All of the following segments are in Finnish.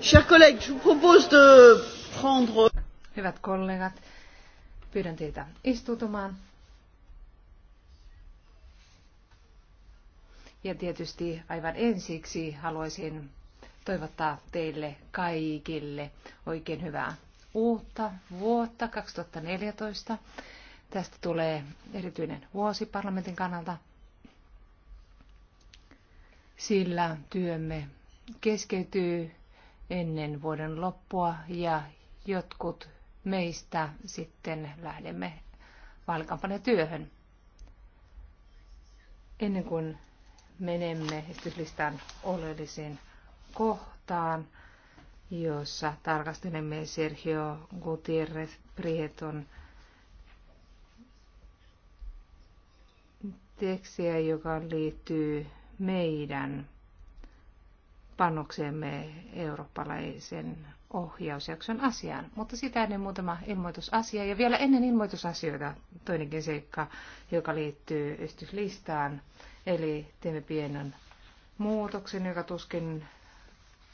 Chers collègues, je vous propose de prendre... Hyvät kollegat, pyydän teitä istutumaan. Ja tietysti aivan ensiksi haluaisin toivottaa teille kaikille oikein hyvää uutta vuotta 2014. Tästä tulee erityinen vuosi parlamentin kannalta, sillä työmme keskeytyy ennen vuoden loppua ja jotkut meistä sitten lähdemme työhön Ennen kuin menemme esityslistan oleellisiin kohtaan, jossa tarkastelemme Sergio Gutierrez Prieton tekstiä, joka liittyy meidän panokseemme eurooppalaisen ohjausjakson asiaan. Mutta sitä ennen muutama ilmoitusasia ja vielä ennen ilmoitusasioita toinenkin seikka, joka liittyy esityslistaan. Eli teemme pienen muutoksen, joka tuskin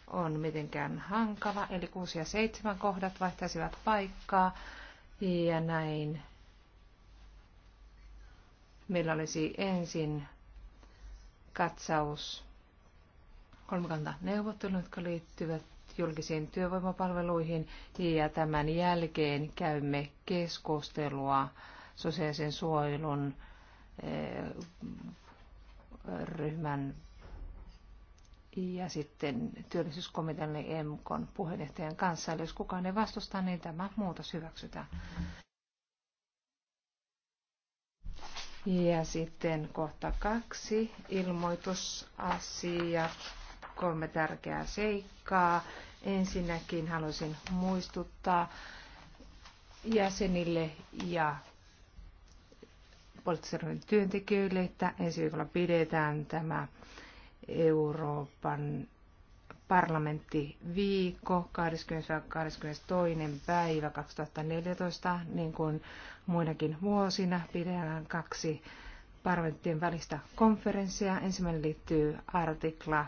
on mitenkään hankala. Eli 6 ja 7 kohdat vaihtaisivat paikkaa ja näin meillä olisi ensin katsaus kolmikanta neuvottelut, jotka liittyvät julkisiin työvoimapalveluihin ja tämän jälkeen käymme keskustelua sosiaalisen suojelun eh, ryhmän ja sitten työllisyyskomitean EMKon puheenjohtajan kanssa. Eli jos kukaan ei vastusta, niin tämä muutos hyväksytään. Ja sitten kohta kaksi ilmoitusasiat kolme tärkeää seikkaa. Ensinnäkin haluaisin muistuttaa jäsenille ja poliittisen työntekijöille, että ensi viikolla pidetään tämä Euroopan parlamenttiviikko 20. 22. päivä 2014, niin kuin muinakin vuosina pidetään kaksi parlamenttien välistä konferenssia. Ensimmäinen liittyy artikla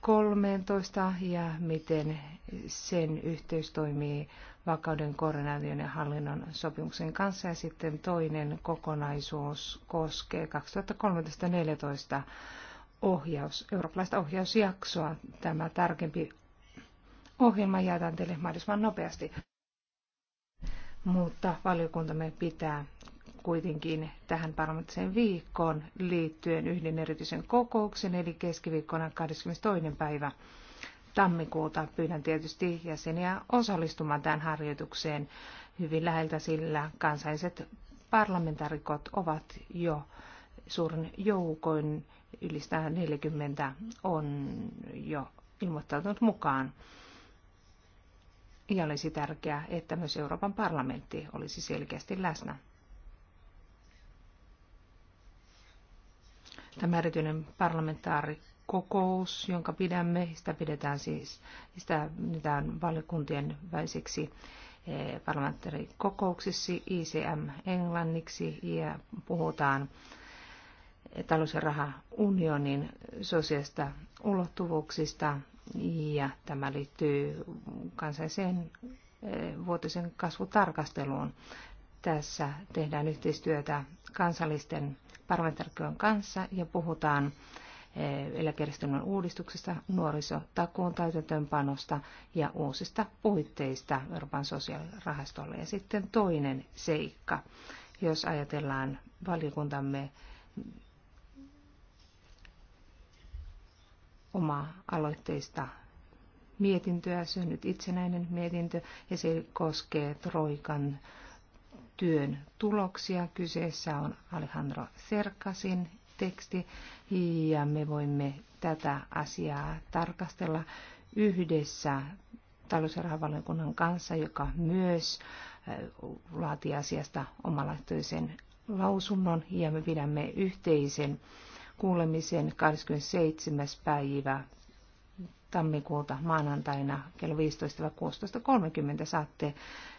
13 ja miten sen yhteys toimii vakauden koordinaation ja hallinnon sopimuksen kanssa. Ja sitten toinen kokonaisuus koskee 2013-2014 ohjaus, eurooppalaista ohjausjaksoa. Tämä tarkempi ohjelma jaetaan teille mahdollisimman nopeasti. Mutta valiokuntamme pitää kuitenkin tähän parlamenttiseen viikkoon liittyen yhden erityisen kokouksen, eli keskiviikkona 22. päivä tammikuuta. Pyydän tietysti jäseniä osallistumaan tähän harjoitukseen hyvin läheltä, sillä kansalliset parlamentaarikot ovat jo suurin joukoin, yli 140 on jo ilmoittautunut mukaan. Ja olisi tärkeää, että myös Euroopan parlamentti olisi selkeästi läsnä. Tämä erityinen parlamentaarikokous, jonka pidämme, sitä pidetään siis, sitä pidetään valiokuntien väiseksi eh, parlamentaarikokouksiksi, ICM englanniksi, ja puhutaan eh, talous- ja rahaunionin sosiaalista ulottuvuuksista, ja tämä liittyy kansalliseen eh, vuotisen kasvutarkasteluun. Tässä tehdään yhteistyötä kansallisten parlamentarikkojen kanssa ja puhutaan eh, eläkejärjestelmän uudistuksesta, nuorisotakuun täytäntöönpanosta ja uusista puitteista Euroopan sosiaalirahastolle. Ja sitten toinen seikka, jos ajatellaan valiokuntamme oma aloitteista mietintöä, se on nyt itsenäinen mietintö ja se koskee Troikan työn tuloksia. Kyseessä on Alejandro Serkasin teksti ja me voimme tätä asiaa tarkastella yhdessä talous- kanssa, joka myös äh, laatii asiasta omalaistoisen lausunnon ja me pidämme yhteisen kuulemisen 27. päivä tammikuuta maanantaina kello 15-16.30 saatte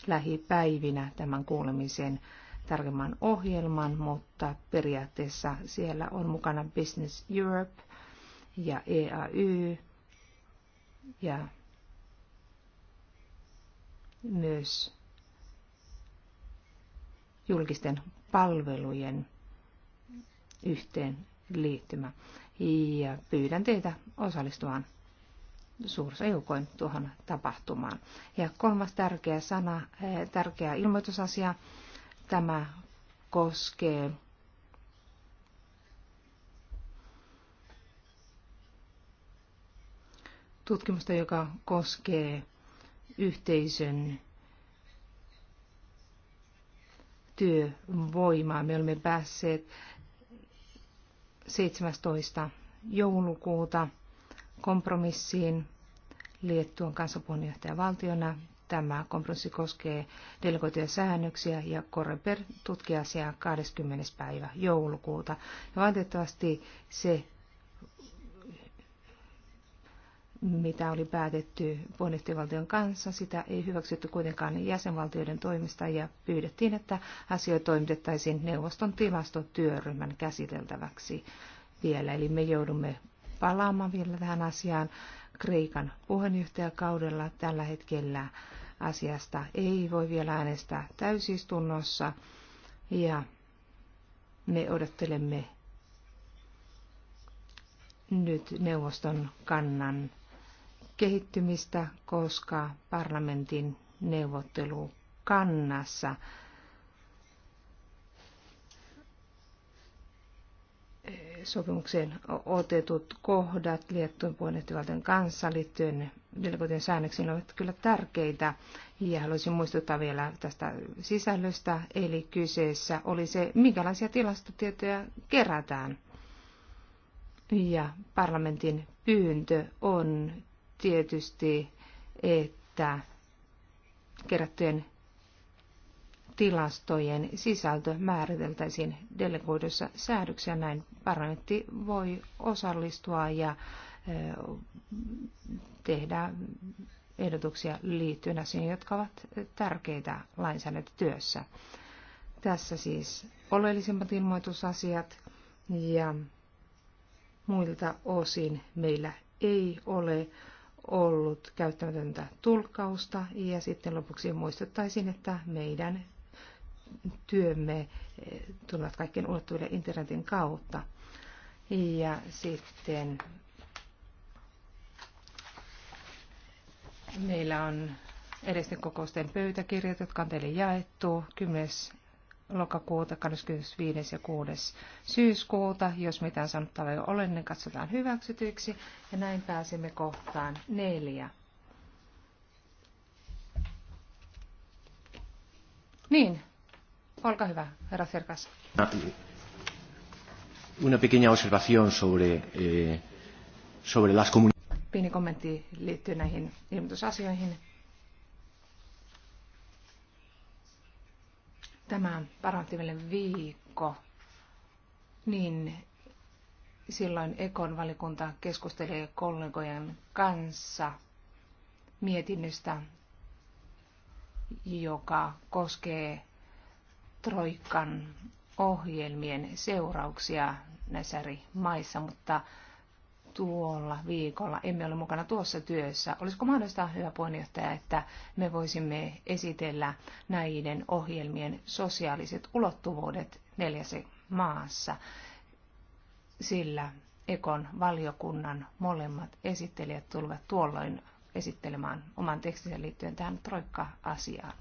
lähipäivinä tämän kuulemisen tarkemman ohjelman, mutta periaatteessa siellä on mukana Business Europe ja EAY ja myös julkisten palvelujen yhteen liittymä. Ja pyydän teitä osallistumaan suurissa joukoin tuohon tapahtumaan. Ja kolmas tärkeä sana, eh, tärkeä ilmoitusasia, tämä koskee tutkimusta, joka koskee yhteisön työvoimaa. Me olemme päässeet 17. joulukuuta kompromissiin Liettuan kansanpuheenjohtaja valtiona. Tämä kompromissi koskee delegoituja säännöksiä ja Koreper tutki asiaa 20. päivä joulukuuta. Ja valitettavasti se, mitä oli päätetty puheenjohtajavaltion kanssa, sitä ei hyväksytty kuitenkaan jäsenvaltioiden toimista ja pyydettiin, että asioita toimitettaisiin neuvoston tilastotyöryhmän käsiteltäväksi vielä. Eli me joudumme palaamaan vielä tähän asiaan Kreikan puheenjohtajakaudella tällä hetkellä asiasta ei voi vielä äänestää täysistunnossa ja me odottelemme nyt neuvoston kannan kehittymistä, koska parlamentin neuvottelukannassa sopimukseen otetut kohdat Liettuan puheenjohtajavaltion kanssa liittyen delegoitujen säännöksiin ovat kyllä tärkeitä. Ja haluaisin muistuttaa vielä tästä sisällöstä, eli kyseessä oli se, minkälaisia tilastotietoja kerätään. Ja parlamentin pyyntö on tietysti, että kerättyjen tilastojen sisältö määriteltäisiin delegoidussa säädöksiä. Näin parlamentti voi osallistua ja tehdä ehdotuksia liittyen asioihin, jotka ovat tärkeitä lainsäädäntötyössä. Tässä siis oleellisimmat ilmoitusasiat ja muilta osin meillä ei ole ollut käyttämätöntä tulkkausta. Ja sitten lopuksi muistuttaisin, että meidän työmme eh, tulevat kaikkien ulottuville internetin kautta. Ja sitten meillä on edellisten kokousten pöytäkirjat, jotka on teille jaettu 10 lokakuuta, 25. ja 6. syyskuuta. Jos mitään sanottavaa ei ole, niin katsotaan hyväksytyiksi. Ja näin pääsemme kohtaan neljä. Niin, Olkaa hyvä, herra Serkas. Ah, una pequeña observación sobre, eh, sobre las comunidades. Pieni kommentti liittyy näihin ilmoitusasioihin. Tämä parantiville viikko, niin silloin Ekon valikunta keskustelee kollegojen kanssa mietinnöstä, joka koskee Troikan ohjelmien seurauksia näissä eri maissa, mutta tuolla viikolla emme ole mukana tuossa työssä. Olisiko mahdollista, hyvä puheenjohtaja, että me voisimme esitellä näiden ohjelmien sosiaaliset ulottuvuudet neljässä maassa, sillä Ekon valiokunnan molemmat esittelijät tulevat tuolloin esittelemään oman tekstinsä liittyen tähän troikka-asiaan.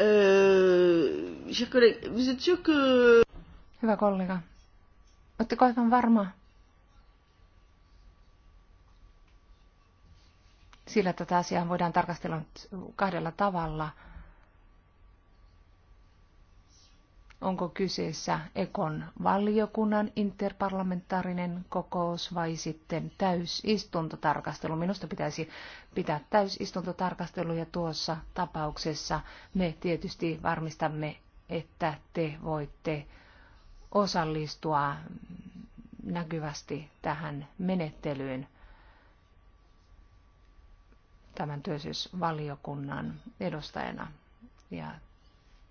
Euh, Hyvä kollega, Oletteko aivan varma? Sillä tätä asiaa voidaan tarkastella kahdella tavalla. onko kyseessä Ekon valiokunnan interparlamentaarinen kokous vai sitten täysistuntotarkastelu. Minusta pitäisi pitää täysistuntotarkastelu ja tuossa tapauksessa me tietysti varmistamme, että te voitte osallistua näkyvästi tähän menettelyyn tämän työllisyysvaliokunnan edustajana ja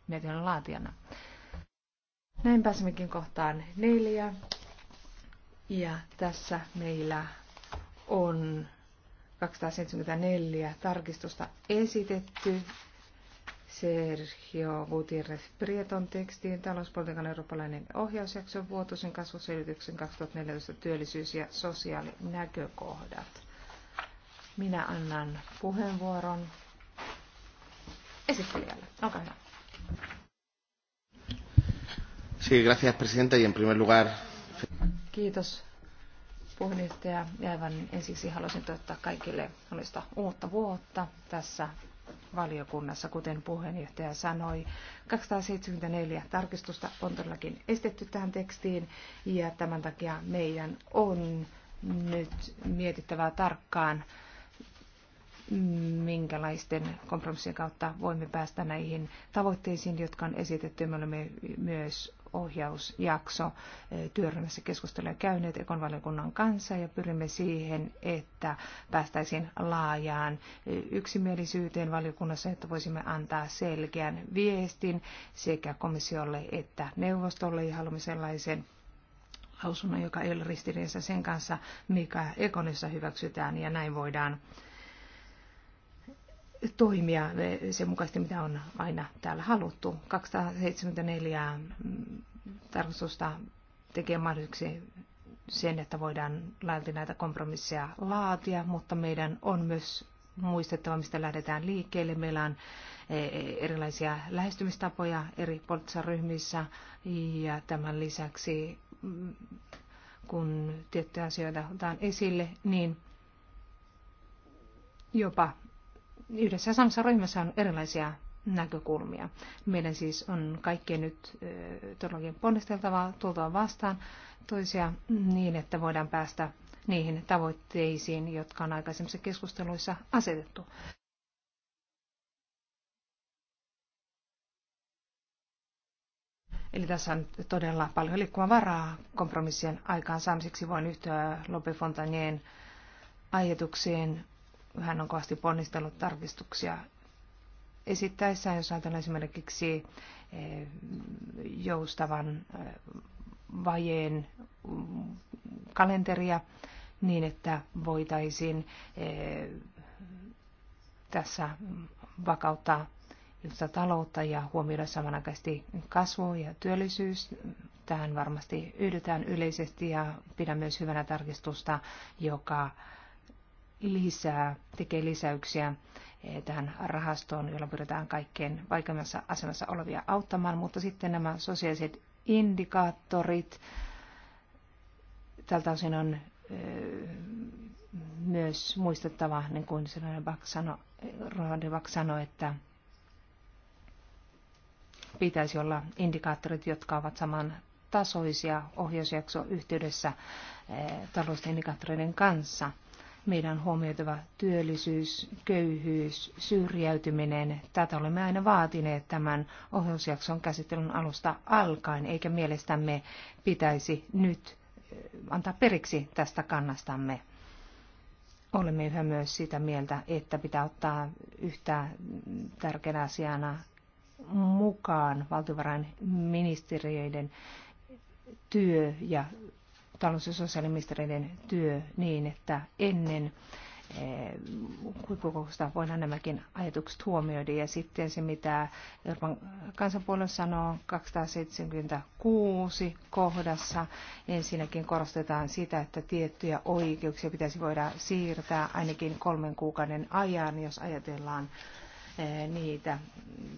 mietinnön laatijana. Näin pääsemmekin kohtaan neljä. Ja tässä meillä on 274 tarkistusta esitetty Sergio Gutierrez Prieton tekstiin talouspolitiikan eurooppalainen ohjausjakson vuotuisen kasvuselityksen 2014 työllisyys- ja sosiaalinäkökohdat. Minä annan puheenvuoron esittelijälle. Olkaa hyvä. Sí, gracias, presidenta. Y en primer lugar... Kiitos puheenjohtaja. Ja aivan ensiksi haluaisin toivottaa kaikille olista uutta vuotta tässä valiokunnassa, kuten puheenjohtaja sanoi. 274 tarkistusta on todellakin estetty tähän tekstiin ja tämän takia meidän on nyt mietittävää tarkkaan, minkälaisten kompromissien kautta voimme päästä näihin tavoitteisiin, jotka on esitetty. Me olemme myös ohjausjakso työryhmässä keskustelua käyneet ekonvaliokunnan kanssa ja pyrimme siihen, että päästäisiin laajaan yksimielisyyteen valiokunnassa, että voisimme antaa selkeän viestin sekä komissiolle että neuvostolle ja haluamme sellaisen lausunnon, joka ei ole ristiriidassa sen kanssa, mikä Ekonissa hyväksytään ja näin voidaan toimia sen mukaisesti, mitä on aina täällä haluttu. 274 mm, tarkastusta tekee mahdolliseksi sen, että voidaan laajalti näitä kompromisseja laatia, mutta meidän on myös muistettava, mistä lähdetään liikkeelle. Meillä on e, erilaisia lähestymistapoja eri poliittisissa ryhmissä ja tämän lisäksi, mm, kun tiettyjä asioita otetaan esille, niin jopa yhdessä samassa ryhmässä on erilaisia näkökulmia. Meidän siis on kaikkien nyt todellakin ponnisteltavaa, tultua vastaan toisia niin, että voidaan päästä niihin tavoitteisiin, jotka on aikaisemmissa keskusteluissa asetettu. Eli tässä on todella paljon liikkumavaraa kompromissien aikaansaamiseksi. Voin yhtyä Lope Fontanien ajatuksiin hän on kovasti ponnistellut tarkistuksia esittäessään, jos ajatellaan esimerkiksi eh, joustavan eh, vajeen mm, kalenteria niin, että voitaisiin eh, tässä vakauttaa jotta taloutta ja huomioida samanaikaisesti kasvu ja työllisyys. Tähän varmasti yhdytään yleisesti ja pidän myös hyvänä tarkistusta, joka lisää, tekee lisäyksiä eh, tähän rahastoon, jolla pyritään kaikkein vaikeimmassa asemassa olevia auttamaan, mutta sitten nämä sosiaaliset indikaattorit, tältä osin on eh, myös muistettava, niin kuin Rohdebach sanoi, että pitäisi olla indikaattorit, jotka ovat saman tasoisia ohjausjakso yhteydessä eh, taloudellisten indikaattoreiden kanssa. Meidän huomioitava työllisyys, köyhyys, syrjäytyminen. Tätä olemme aina vaatineet tämän ohjausjakson käsittelyn alusta alkaen, eikä mielestämme pitäisi nyt eh, antaa periksi tästä kannastamme. Olemme yhä myös sitä mieltä, että pitää ottaa yhtä tärkeänä asiana mukaan valtiovarainministeriöiden työ ja talous- ja sosiaaliministeriöiden työ niin, että ennen eh, huippukokousta voidaan nämäkin ajatukset huomioida. Ja sitten se, mitä Euroopan kansanpuolue sanoo 276 kohdassa, siinäkin korostetaan sitä, että tiettyjä oikeuksia pitäisi voida siirtää ainakin kolmen kuukauden ajan, jos ajatellaan eh, niitä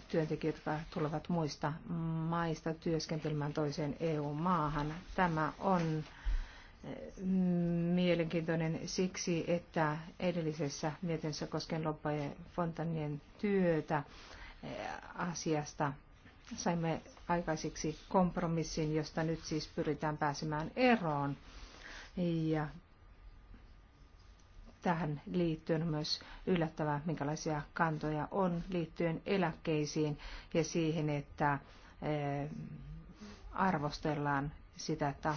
työntekijöitä, jotka tulevat muista maista työskentelemään toiseen EU-maahan. Tämä on mielenkiintoinen siksi, että edellisessä mietinnössä koskien loppujen Fontanien työtä eh, asiasta saimme aikaisiksi kompromissin, josta nyt siis pyritään pääsemään eroon. Ja tähän liittyen myös yllättävää, minkälaisia kantoja on liittyen eläkkeisiin ja siihen, että eh, arvostellaan sitä, että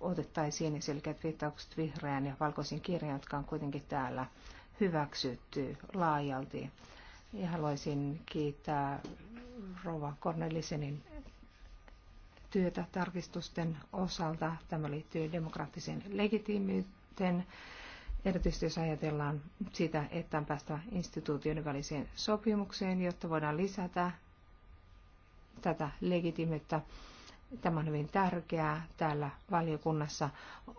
otettaisiin selkeät viittaukset vihreään ja valkoisiin kirjaan, jotka on kuitenkin täällä hyväksytty laajalti. Ja haluaisin kiittää Rova Cornelisenin työtä tarkistusten osalta. Tämä liittyy demokraattiseen legitiimiyteen, erityisesti jos ajatellaan sitä, että on päästä instituutioiden väliseen sopimukseen, jotta voidaan lisätä tätä legitiimiyttä Tämä on hyvin tärkeää. Täällä valiokunnassa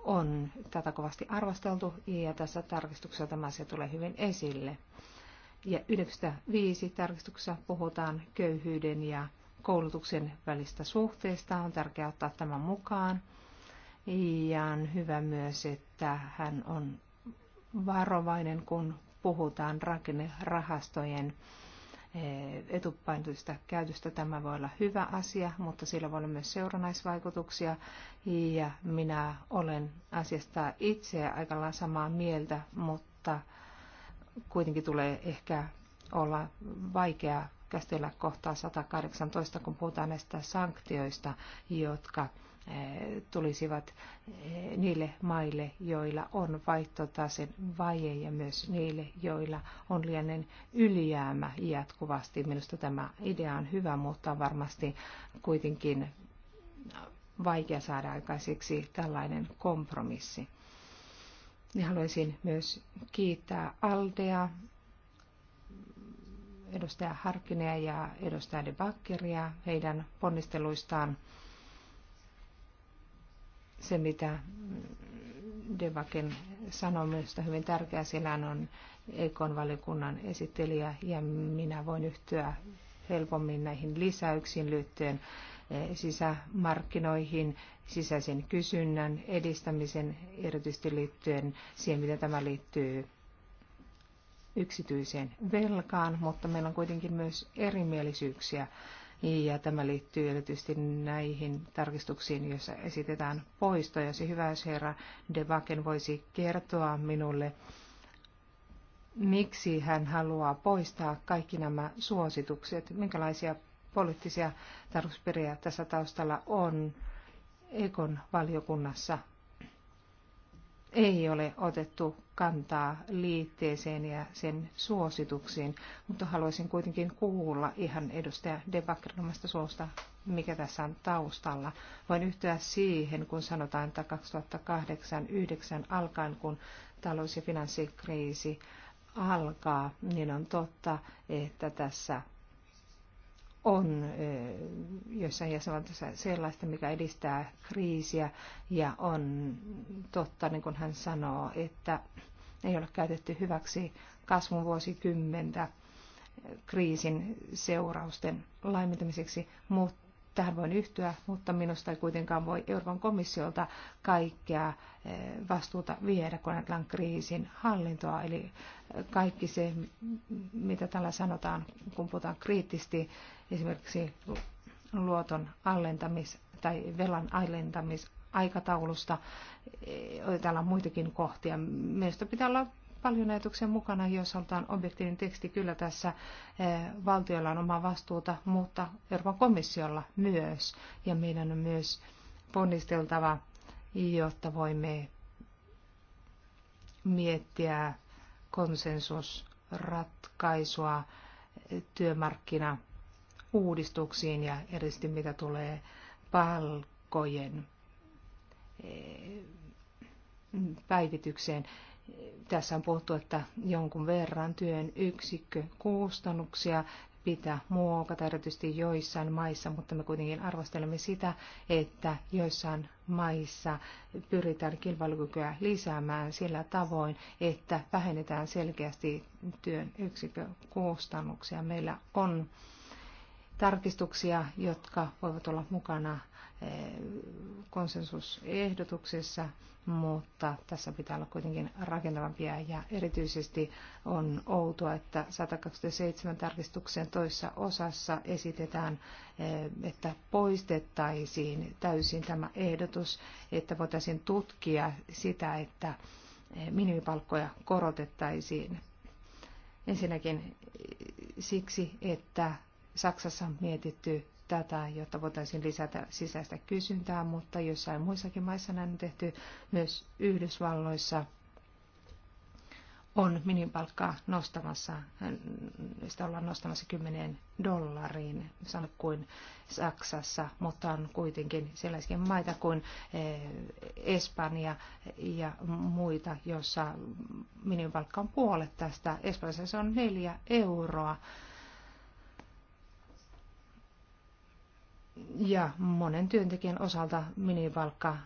on tätä kovasti arvosteltu ja tässä tarkistuksessa tämä asia tulee hyvin esille. Ja 95 tarkistuksessa puhutaan köyhyyden ja koulutuksen välistä suhteesta. On tärkeää ottaa tämä mukaan. Ja on hyvä myös, että hän on varovainen, kun puhutaan rakennerahastojen rahastojen Eh, etupainotusta käytöstä. Tämä voi olla hyvä asia, mutta sillä voi olla myös seurannaisvaikutuksia. Ja minä olen asiasta itse aika lailla samaa mieltä, mutta kuitenkin tulee ehkä olla vaikea käsitellä kohtaa 118, kun puhutaan näistä sanktioista, jotka tulisivat eh, niille maille, joilla on vaihtotasen vaje ja myös niille, joilla on liian ylijäämä jatkuvasti. Minusta tämä idea on hyvä, mutta on varmasti kuitenkin vaikea saada aikaiseksi tällainen kompromissi. Ja haluaisin myös kiittää Aldea, edustaja Harkinea ja edustaja De Bakkeria heidän ponnisteluistaan se, mitä Devaken sanoi, myös, hyvin tärkeää. Siellä on Ekon valiokunnan esittelijä ja minä voin yhtyä helpommin näihin lisäyksiin liittyen eh, sisämarkkinoihin, sisäisen kysynnän edistämisen, erityisesti liittyen siihen, mitä tämä liittyy yksityiseen velkaan, mutta meillä on kuitenkin myös erimielisyyksiä ja tämä liittyy erityisesti näihin tarkistuksiin, joissa esitetään poistoja. Olisi hyvä, jos herra Debaken voisi kertoa minulle, miksi hän haluaa poistaa kaikki nämä suositukset, minkälaisia poliittisia tarkoitusperiä tässä taustalla on Ekon valiokunnassa ei ole otettu kantaa liitteeseen ja sen suosituksiin, mutta haluaisin kuitenkin kuulla ihan edustaja Debakkernomasta suosta, mikä tässä on taustalla. Voin yhtyä siihen, kun sanotaan, että 2008-2009 alkaen, kun talous- ja finanssikriisi alkaa, niin on totta, että tässä on eh, jossain jäsenvaltiossa sellaista, mikä edistää kriisiä ja on totta, niin kuin hän sanoo, että ei ole käytetty hyväksi kasvun vuosikymmentä kriisin seurausten laimentamiseksi, mutta Tähän voin yhtyä, mutta minusta ei kuitenkaan voi Euroopan komissiolta kaikkea eh, vastuuta viedä, kun ajatellaan kriisin hallintoa. Eli eh, kaikki se, mitä tällä sanotaan, kun puhutaan kriittisesti esimerkiksi luoton allentamis- tai velan allentamis aikataulusta. Eh, täällä on muitakin kohtia. Mielestäni pitää olla paljon ajatuksia mukana, jos halutaan objektiivinen teksti. Kyllä tässä eh, valtiolla on omaa vastuuta, mutta Euroopan komissiolla myös. Ja meidän on myös ponnisteltava, jotta voimme miettiä konsensusratkaisua eh, työmarkkina uudistuksiin ja erityisesti mitä tulee palkojen eh, päivitykseen. Tässä on puhuttu, että jonkun verran työn yksikkökustannuksia pitää muokata, erityisesti joissain maissa, mutta me kuitenkin arvostelemme sitä, että joissain maissa pyritään kilpailukykyä lisäämään sillä tavoin, että vähennetään selkeästi työn yksikkökustannuksia. Meillä on tarkistuksia, jotka voivat olla mukana eh, konsensusehdotuksessa, mutta tässä pitää olla kuitenkin rakentavampia ja erityisesti on outoa, että 127 tarkistuksen toisessa osassa esitetään, eh, että poistettaisiin täysin tämä ehdotus, että voitaisiin tutkia sitä, että eh, minimipalkkoja korotettaisiin. Ensinnäkin siksi, että Saksassa on mietitty tätä, jotta voitaisiin lisätä sisäistä kysyntää, mutta jossain muissakin maissa näin on tehty myös Yhdysvalloissa on minimipalkkaa nostamassa, sitä ollaan nostamassa 10 dollariin, sano kuin Saksassa, mutta on kuitenkin sellaisia maita kuin eh, Espanja ja muita, joissa minimipalkka on puolet tästä. Espanjassa se on neljä euroa ja monen työntekijän osalta minipalkka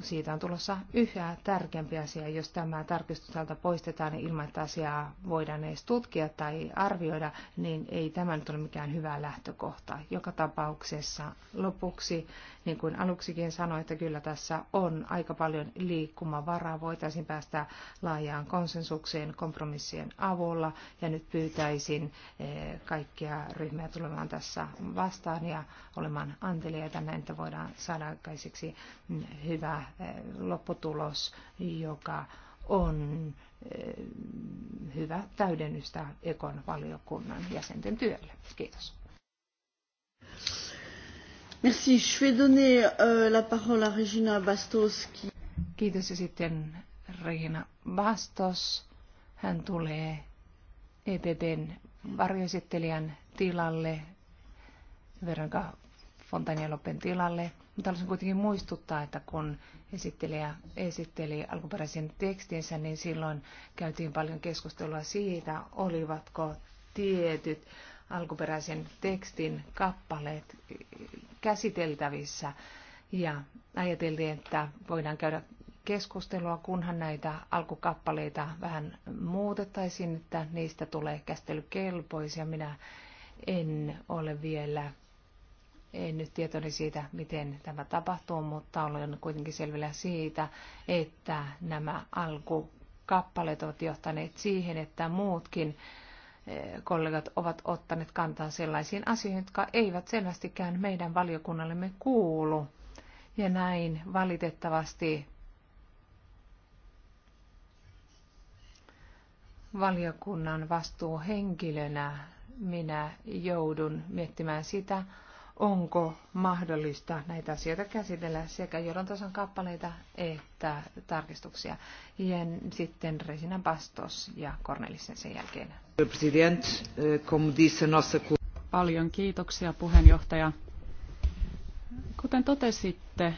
siitä on tulossa yhä tärkeämpi asia, jos tämä tarkistus täältä poistetaan niin ilman, että asiaa voidaan edes tutkia tai arvioida, niin ei tämä nyt ole mikään hyvä lähtökohta. Joka tapauksessa lopuksi, niin kuin aluksikin sanoin, että kyllä tässä on aika paljon liikkumavaraa. Voitaisiin päästä laajaan konsensukseen kompromissien avulla ja nyt pyytäisin eh, kaikkia ryhmiä tulemaan tässä vastaan ja olemaan anteliaita näin, että voidaan saada aikaiseksi mm, hyvää lopputulos, joka on eh, hyvä täydennystä Ekon valiokunnan jäsenten työlle. Kiitos. Merci. Je vais donner euh, la parole à Regina Bastos. Qui... Kiitos ja sitten Regina Bastos. Hän tulee EPPn varjoesittelijän tilalle, Veronka Fontanialoppen tilalle. Mutta haluaisin kuitenkin muistuttaa, että kun esittelijä esitteli alkuperäisen tekstinsä, niin silloin käytiin paljon keskustelua siitä, olivatko tietyt alkuperäisen tekstin kappaleet käsiteltävissä. Ja ajateltiin, että voidaan käydä keskustelua, kunhan näitä alkukappaleita vähän muutettaisiin, että niistä tulee käsittelykelpoisia. Minä en ole vielä en nyt tietoni siitä, miten tämä tapahtuu, mutta olen kuitenkin selvillä siitä, että nämä alkukappaleet ovat johtaneet siihen, että muutkin eh, kollegat ovat ottaneet kantaa sellaisiin asioihin, jotka eivät selvästikään meidän valiokunnallemme kuulu. Ja näin valitettavasti valiokunnan vastuuhenkilönä minä joudun miettimään sitä, onko mahdollista näitä asioita käsitellä sekä johdontason kappaleita että tarkistuksia. Ja sitten Resina Bastos ja Cornelissen sen jälkeen. Eh, Paljon kiitoksia puheenjohtaja. Kuten totesitte,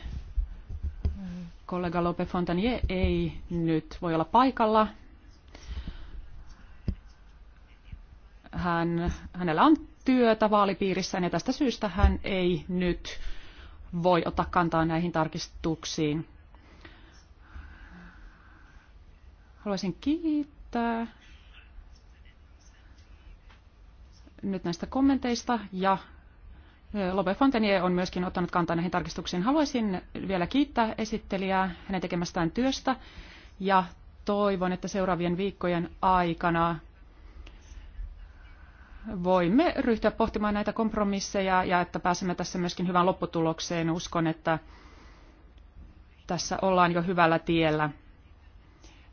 kollega Lope Fontanier ei nyt voi olla paikalla. Hän, hänellä on työtä vaalipiirissään ja tästä syystä hän ei nyt voi ottaa kantaa näihin tarkistuksiin. Haluaisin kiittää nyt näistä kommenteista ja e, Lope Fontenier on myöskin ottanut kantaa näihin tarkistuksiin. Haluaisin vielä kiittää esittelijää hänen tekemästään työstä ja toivon, että seuraavien viikkojen aikana voimme ryhtyä pohtimaan näitä kompromisseja ja että pääsemme tässä myöskin hyvään lopputulokseen. Uskon, että tässä ollaan jo hyvällä tiellä.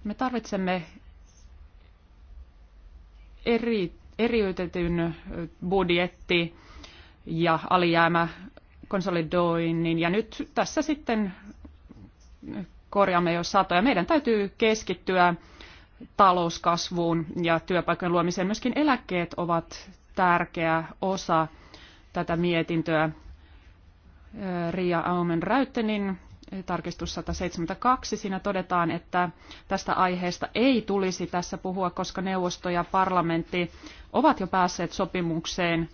Me tarvitsemme eri, eriytetyn budjetti ja alijäämä konsolidoinnin. Ja nyt tässä sitten korjaamme, jos satoja. Meidän täytyy keskittyä talouskasvuun ja työpaikan luomiseen. Myöskin eläkkeet ovat tärkeä osa tätä mietintöä. Ria Aumen Räyttenin tarkistus 172. Siinä todetaan, että tästä aiheesta ei tulisi tässä puhua, koska neuvosto ja parlamentti ovat jo päässeet sopimukseen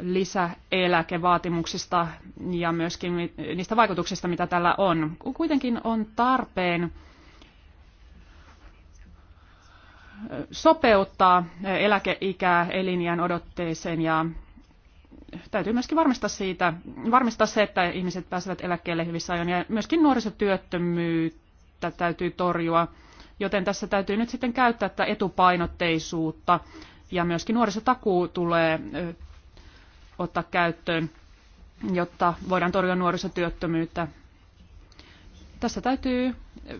lisäeläkevaatimuksista ja myöskin niistä vaikutuksista, mitä tällä on. Kuitenkin on tarpeen sopeuttaa eläkeikää elinjään odotteeseen ja täytyy myöskin varmistaa, siitä, varmistaa se, että ihmiset pääsevät eläkkeelle hyvissä ajoin ja myöskin nuorisotyöttömyyttä täytyy torjua, joten tässä täytyy nyt sitten käyttää tätä etupainotteisuutta ja myöskin nuorisotakuu tulee ottaa käyttöön, jotta voidaan torjua nuorisotyöttömyyttä tässä täytyy eh,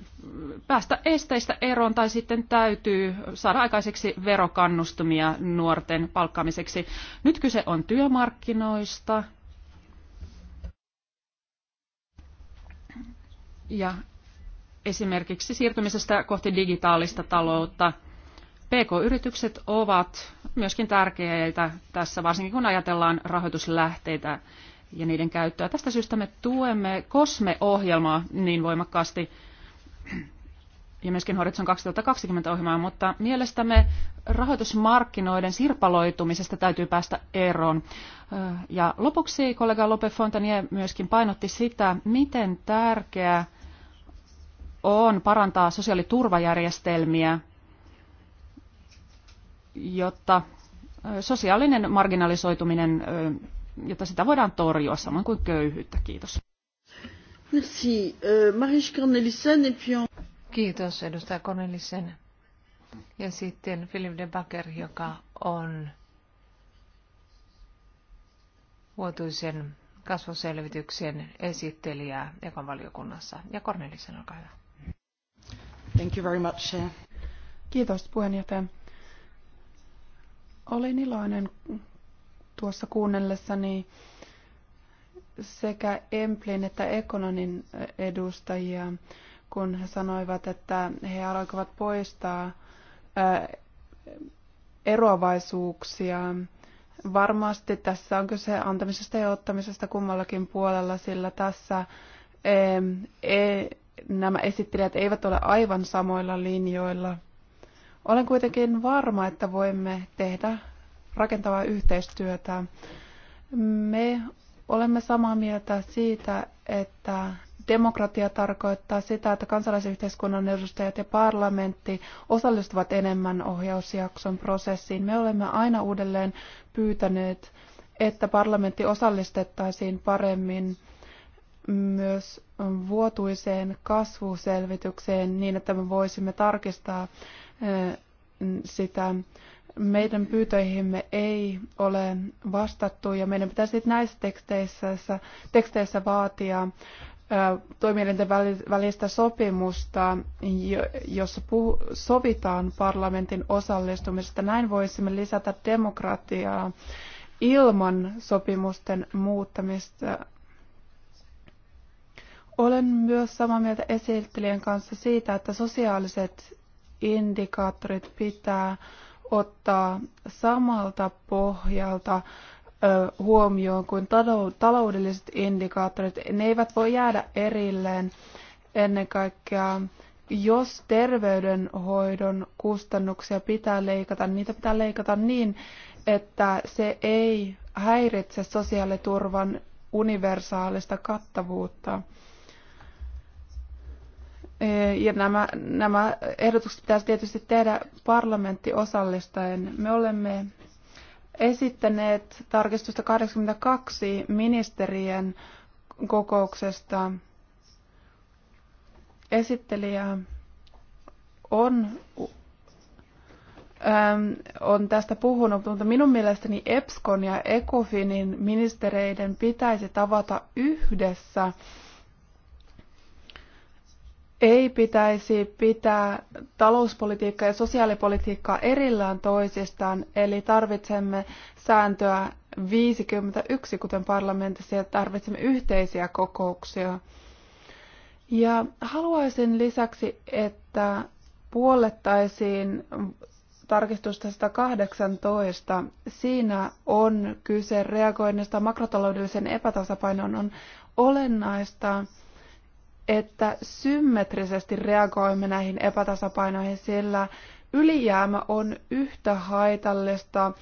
päästä esteistä eroon tai sitten täytyy saada aikaiseksi verokannustumia nuorten palkkaamiseksi. Nyt kyse on työmarkkinoista. Ja esimerkiksi siirtymisestä kohti digitaalista taloutta. PK-yritykset ovat myöskin tärkeitä tässä, varsinkin kun ajatellaan rahoituslähteitä ja niiden käyttöä. Tästä syystä me tuemme COSME-ohjelmaa niin voimakkaasti ja myöskin Horizon 2020 ohjelmaa, mutta mielestämme rahoitusmarkkinoiden sirpaloitumisesta täytyy päästä eroon. Ja lopuksi kollega Lope Fontanier myöskin painotti sitä, miten tärkeää on parantaa sosiaaliturvajärjestelmiä, jotta sosiaalinen marginalisoituminen jotta sitä voidaan torjua, samoin kuin köyhyyttä. Kiitos. Merci. Euh, Cornelissen et puis on... Kiitos edustaja Cornelissen. Ja sitten Philip de Backer, joka on vuotuisen kasvuselvityksen esittelijä Ekon valiokunnassa. Ja Cornelissen, olkaa hyvä. Thank you very much. Kiitos puheenjohtaja. Olin iloinen tuossa kuunnellessani sekä Emplin että Ekononin edustajia, kun he sanoivat, että he alkoivat poistaa eroavaisuuksia. Varmasti tässä on kyse antamisesta ja ottamisesta kummallakin puolella, sillä tässä e, nämä esittelijät eivät ole aivan samoilla linjoilla. Olen kuitenkin varma, että voimme tehdä rakentavaa yhteistyötä. Me olemme samaa mieltä siitä, että demokratia tarkoittaa sitä, että kansalaisyhteiskunnan edustajat ja parlamentti osallistuvat enemmän ohjausjakson prosessiin. Me olemme aina uudelleen pyytäneet, että parlamentti osallistettaisiin paremmin myös vuotuiseen kasvuselvitykseen niin, että me voisimme tarkistaa eh, sitä meidän pyytöihimme ei ole vastattu ja meidän pitäisi näissä teksteissä, teksteissä vaatia toimielinten välistä sopimusta, jossa sovitaan parlamentin osallistumisesta. Näin voisimme lisätä demokratiaa ilman sopimusten muuttamista. Olen myös samaa mieltä esittelijän kanssa siitä, että sosiaaliset indikaattorit pitää äh, ottaa samalta pohjalta huomioon kuin taloudelliset indikaattorit. Ne eivät voi jäädä erilleen ennen kaikkea. Jos terveydenhoidon kustannuksia pitää leikata, niitä pitää leikata niin, että se ei häiritse sosiaaliturvan universaalista kattavuutta. Ja nämä, nämä ehdotukset pitäisi tietysti tehdä parlamentti osallistaen. Me olemme esittäneet tarkistusta 82 ministerien kokouksesta. Esittelijä on, äm, on tästä puhunut, mutta minun mielestäni EPSCON ja ECOFINin ministereiden pitäisi tavata yhdessä ei pitäisi pitää talouspolitiikkaa ja sosiaalipolitiikkaa erillään toisistaan, eli tarvitsemme sääntöä 51, kuten parlamentissa, ja tarvitsemme yhteisiä kokouksia. Ja haluaisin lisäksi, että puolettaisiin tarkistusta 118. Siinä on kyse reagoinnista makrotaloudelliseen epätasapainoon. On olennaista, että symmetrisesti reagoimme näihin epätasapainoihin, sillä ylijäämä on yhtä haitallista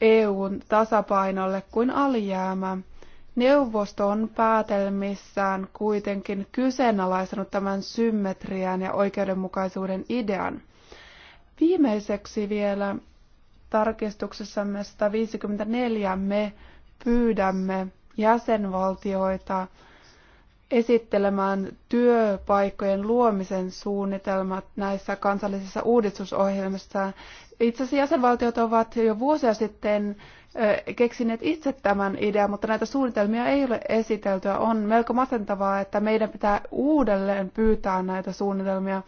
EUn tasapainolle kuin alijäämä. Neuvosto on päätelmissään kuitenkin kyseenalaistanut tämän symmetrian ja oikeudenmukaisuuden idean. Viimeiseksi vielä tarkistuksessamme 154 me pyydämme jäsenvaltioita esittelemään työpaikkojen luomisen suunnitelmat näissä kansallisissa uudistusohjelmissa. Itse asiassa jäsenvaltiot ovat jo vuosia sitten keksineet itse tämän idean, mutta näitä suunnitelmia ei ole esiteltyä. On melko masentavaa, että meidän pitää uudelleen pyytää näitä suunnitelmia.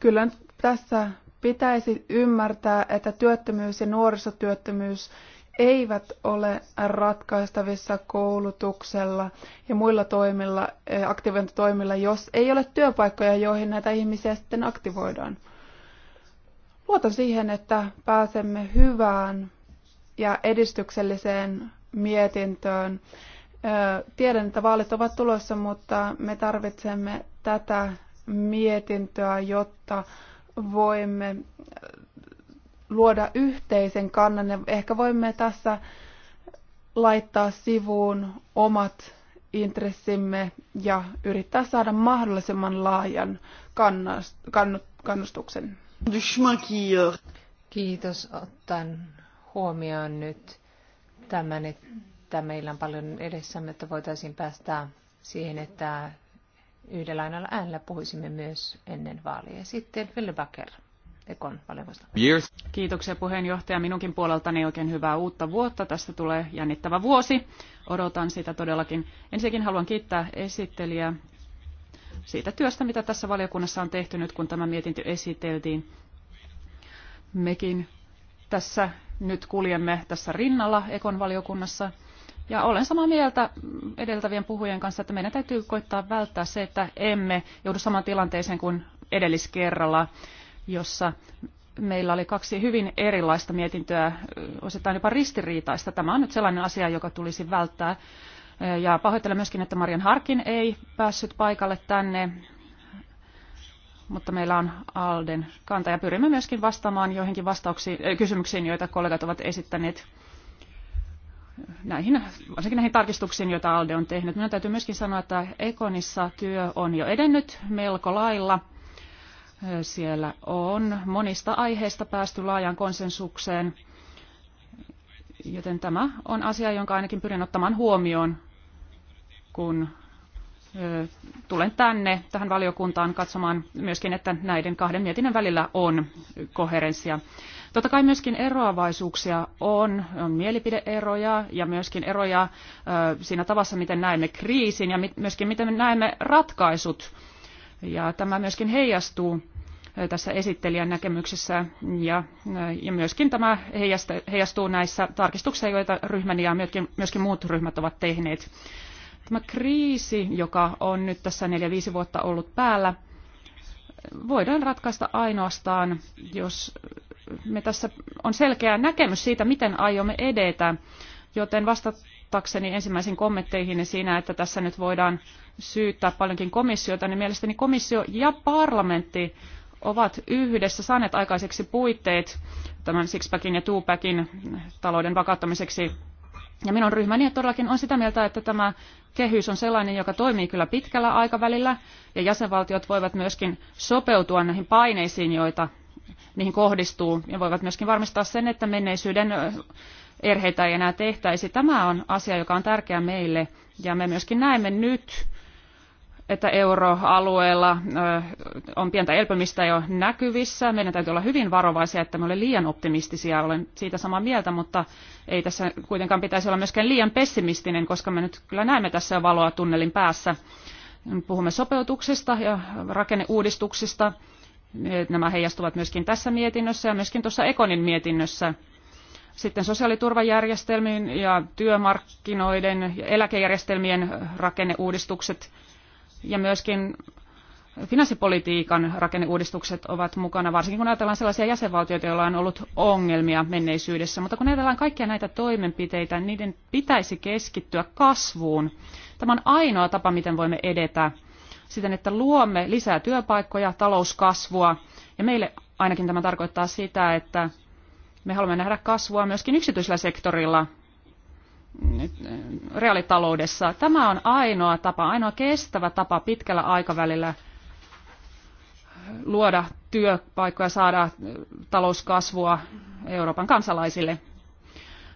Kyllä tässä pitäisi ymmärtää, että työttömyys ja nuorisotyöttömyys – eivät ole ratkaistavissa koulutuksella ja muilla toimilla, eh, aktivointitoimilla, jos ei ole työpaikkoja, joihin näitä ihmisiä sitten aktivoidaan. Luotan siihen, että pääsemme hyvään ja edistykselliseen mietintöön. Eh, tiedän, että vaalit ovat tulossa, mutta me tarvitsemme tätä mietintöä, jotta voimme luoda yhteisen kannan ja ehkä voimme tässä laittaa sivuun omat intressimme ja yrittää saada mahdollisimman laajan kannustuksen. Euh, Kiitos. Otan huomioon nyt tämän, että meillä on paljon edessämme, että voitaisiin päästä siihen, että yhdellä äänellä puhuisimme myös ennen vaalia. Sitten Ville Bakker. Ekon valiokunnasta. Kiitoksia puheenjohtaja. Minunkin puoleltani oikein hyvää uutta vuotta. Tästä tulee jännittävä vuosi. Odotan sitä todellakin. Ensinnäkin haluan kiittää esittelijää siitä työstä, mitä tässä valiokunnassa on tehty nyt, kun tämä mietintö esiteltiin. Mekin tässä nyt kuljemme tässä rinnalla Ekon valiokunnassa. Ja olen samaa mieltä edeltävien puhujien kanssa, että meidän täytyy koittaa välttää se, että emme joudu samaan tilanteeseen kuin edelliskerralla jossa meillä oli kaksi hyvin erilaista mietintöä, osittain jopa ristiriitaista. Tämä on nyt sellainen asia, joka tulisi välttää. Ja pahoittelen myöskin, että Marian Harkin ei päässyt paikalle tänne, mutta meillä on Alden kanta ja pyrimme myöskin vastaamaan joihinkin vastauksiin, eh, kysymyksiin, joita kollegat ovat esittäneet näihin, varsinkin näihin tarkistuksiin, joita Alde on tehnyt. Minun täytyy myöskin sanoa, että Ekonissa työ on jo edennyt melko lailla – siellä on monista aiheista päästy laajan konsensukseen, joten tämä on asia, jonka ainakin pyrin ottamaan huomioon, kun tulen tänne tähän valiokuntaan katsomaan myöskin, että näiden kahden mietinnän välillä on koherenssia. Totta kai myöskin eroavaisuuksia on, on mielipideeroja ja myöskin eroja siinä tavassa, miten näemme kriisin ja myöskin miten näemme ratkaisut ja tämä myöskin heijastuu tässä esittelijän näkemyksessä ja, ja myöskin tämä heijastuu näissä tarkistuksissa, joita ryhmäni ja myöskin, myöskin muut ryhmät ovat tehneet. Tämä kriisi, joka on nyt tässä 4-5 vuotta ollut päällä, voidaan ratkaista ainoastaan, jos me tässä on selkeä näkemys siitä, miten aiomme edetä. Joten vasta tartuttakseni ensimmäisiin kommentteihin siinä, että tässä nyt voidaan syyttää paljonkin komissiota, niin mielestäni komissio ja parlamentti ovat yhdessä saaneet aikaiseksi puitteet tämän Sixpackin ja Twopackin talouden vakauttamiseksi. Ja minun ryhmäni todellakin on sitä mieltä, että tämä kehys on sellainen, joka toimii kyllä pitkällä aikavälillä, ja jäsenvaltiot voivat myöskin sopeutua näihin paineisiin, joita niihin kohdistuu, ja voivat myöskin varmistaa sen, että menneisyyden erheitä ei enää tehtäisi. Tämä on asia, joka on tärkeä meille ja me myöskin näemme nyt, että euroalueella on pientä elpymistä jo näkyvissä. Meidän täytyy olla hyvin varovaisia, että me ole liian optimistisia. Olen siitä samaa mieltä, mutta ei tässä kuitenkaan pitäisi olla myöskään liian pessimistinen, koska me nyt kyllä näemme tässä jo valoa tunnelin päässä. Puhumme sopeutuksista ja rakenneuudistuksista. Nämä heijastuvat myöskin tässä mietinnössä ja myöskin tuossa Ekonin mietinnössä – sitten sosiaaliturvajärjestelmien ja työmarkkinoiden ja eläkejärjestelmien rakenneuudistukset ja myöskin finanssipolitiikan rakenneuudistukset ovat mukana, varsinkin kun ajatellaan sellaisia jäsenvaltioita, joilla on ollut ongelmia menneisyydessä. Mutta kun ajatellaan kaikkia näitä toimenpiteitä, niiden pitäisi keskittyä kasvuun. Tämä on ainoa tapa, miten voimme edetä siten, että luomme lisää työpaikkoja, talouskasvua. Ja meille ainakin tämä tarkoittaa sitä, että me haluamme nähdä kasvua myöskin yksityisellä sektorilla eh, reaalitaloudessa. Tämä on ainoa tapa, ainoa kestävä tapa pitkällä aikavälillä luoda työpaikkoja, saada eh, talouskasvua Euroopan kansalaisille.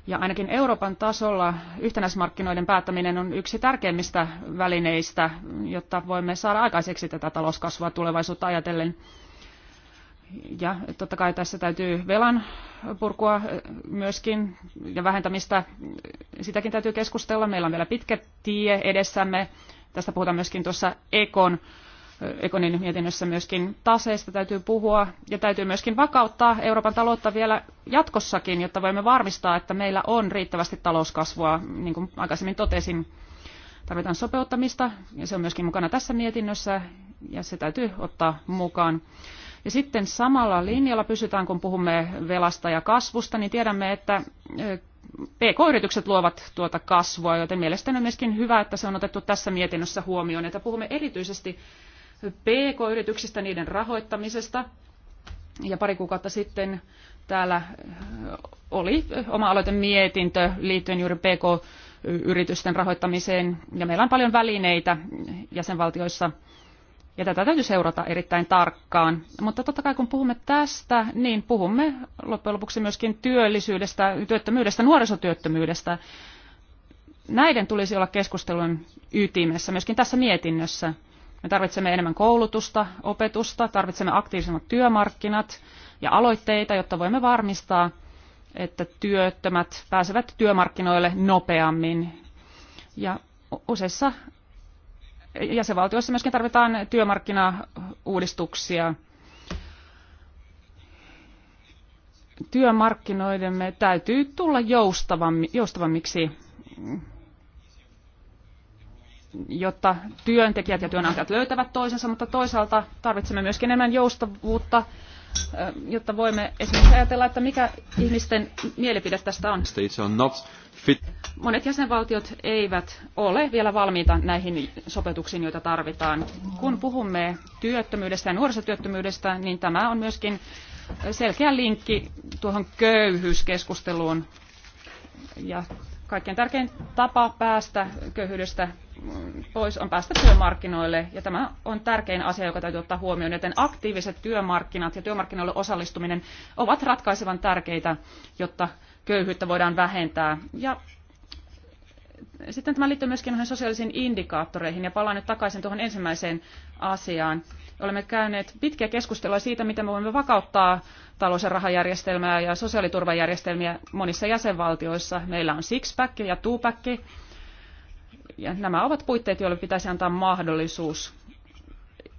Ja ainakin Euroopan tasolla yhtenäismarkkinoiden päättäminen on yksi tärkeimmistä välineistä, jotta voimme saada aikaiseksi tätä talouskasvua tulevaisuutta ajatellen. Ja totta kai tässä täytyy velan purkua myöskin ja vähentämistä, sitäkin täytyy keskustella. Meillä on vielä pitkä tie edessämme. Tästä puhutaan myöskin tuossa Ekon, Ekonin mietinnössä myöskin taseista täytyy puhua. Ja täytyy myöskin vakauttaa Euroopan taloutta vielä jatkossakin, jotta voimme varmistaa, että meillä on riittävästi talouskasvua, niin kuin aikaisemmin totesin tarvitaan sopeuttamista ja se on myöskin mukana tässä mietinnössä ja se täytyy ottaa mukaan. Ja sitten samalla linjalla pysytään, kun puhumme velasta ja kasvusta, niin tiedämme, että PK-yritykset luovat tuota kasvua, joten mielestäni on myöskin hyvä, että se on otettu tässä mietinnössä huomioon, että puhumme erityisesti PK-yrityksistä, niiden rahoittamisesta. Ja pari kuukautta sitten täällä oli oma mietintö liittyen juuri PK-yritysten rahoittamiseen. Ja meillä on paljon välineitä jäsenvaltioissa ja tätä täytyy seurata erittäin tarkkaan. Mutta totta kai kun puhumme tästä, niin puhumme loppujen lopuksi myöskin työllisyydestä, työttömyydestä, nuorisotyöttömyydestä. Näiden tulisi olla keskustelun ytimessä, myöskin tässä mietinnössä. Me tarvitsemme enemmän koulutusta, opetusta, tarvitsemme aktiivisemmat työmarkkinat ja aloitteita, jotta voimme varmistaa, että työttömät pääsevät työmarkkinoille nopeammin. Ja useissa jäsenvaltioissa myöskin tarvitaan työmarkkinauudistuksia. Työmarkkinoidemme täytyy tulla joustavammiksi, jotta työntekijät ja työnantajat löytävät toisensa, mutta toisaalta tarvitsemme myöskin enemmän joustavuutta, jotta voimme esimerkiksi ajatella, että mikä ihmisten mielipide tästä on. States are not fit. Monet jäsenvaltiot eivät ole vielä valmiita näihin sopeutuksiin, joita tarvitaan. Kun puhumme työttömyydestä ja nuorisotyöttömyydestä, niin tämä on myöskin selkeä linkki tuohon köyhyyskeskusteluun. Ja kaikkein tärkein tapa päästä köyhyydestä pois on päästä työmarkkinoille, ja tämä on tärkein asia, joka täytyy ottaa huomioon, joten aktiiviset työmarkkinat ja työmarkkinoille osallistuminen ovat ratkaisevan tärkeitä, jotta köyhyyttä voidaan vähentää. Ja sitten tämä liittyy myöskin noihin sosiaalisiin indikaattoreihin, ja palaan nyt takaisin tuohon ensimmäiseen asiaan. Olemme käyneet pitkiä keskustelua siitä, miten me voimme vakauttaa talous- ja rahajärjestelmää ja sosiaaliturvajärjestelmiä monissa jäsenvaltioissa. Meillä on six-pack ja two-pack, ja nämä ovat puitteet, joille pitäisi antaa mahdollisuus.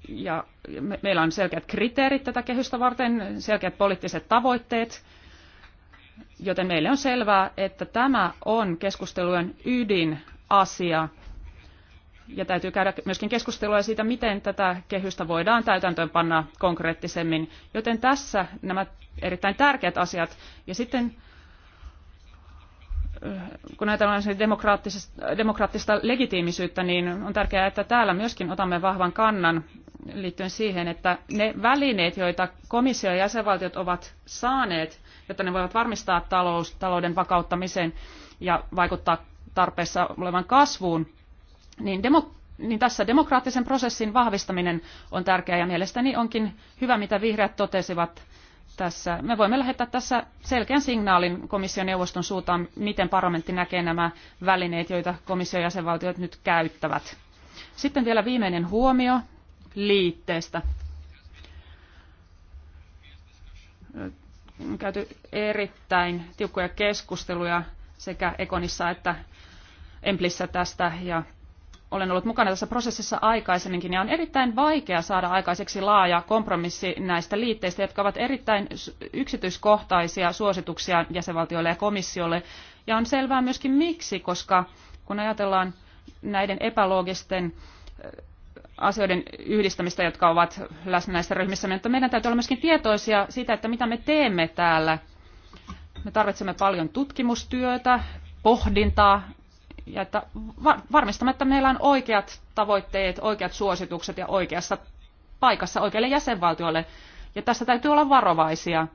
Ja me, meillä on selkeät kriteerit tätä kehystä varten, selkeät poliittiset tavoitteet, Joten meille on selvää, että tämä on keskustelujen ydinasia. Ja täytyy käydä myöskin keskustelua siitä, miten tätä kehystä voidaan täytäntöönpanna konkreettisemmin. Joten tässä nämä erittäin tärkeät asiat. Ja sitten eh, kun ajatellaan demokraattista, demokraattista legitiimisyyttä, niin on tärkeää, että täällä myöskin otamme vahvan kannan liittyen siihen, että ne välineet, joita komissio ja jäsenvaltiot ovat saaneet jotta ne voivat varmistaa talous, talouden vakauttamisen ja vaikuttaa tarpeessa olevan kasvuun, niin, demo, niin tässä demokraattisen prosessin vahvistaminen on tärkeää ja mielestäni onkin hyvä, mitä vihreät totesivat tässä. Me voimme lähettää tässä selkeän signaalin komission neuvoston suuntaan, miten parlamentti näkee nämä välineet, joita komission jäsenvaltiot nyt käyttävät. Sitten vielä viimeinen huomio liitteestä on käyty erittäin tiukkoja keskusteluja sekä Ekonissa että Emplissä tästä ja olen ollut mukana tässä prosessissa aikaisemminkin ja on erittäin vaikea saada aikaiseksi laaja kompromissi näistä liitteistä, jotka ovat erittäin yksityiskohtaisia suosituksia jäsenvaltioille ja komissiolle. Ja on selvää myöskin miksi, koska kun ajatellaan näiden epäloogisten asioiden yhdistämistä, jotka ovat läsnä näissä ryhmissä, mutta meidän täytyy olla myöskin tietoisia siitä, että mitä me teemme täällä. Me tarvitsemme paljon tutkimustyötä, pohdintaa ja että varmistamme, että meillä on oikeat tavoitteet, oikeat suositukset ja oikeassa paikassa oikeille jäsenvaltioille. Ja tässä täytyy olla varovaisia.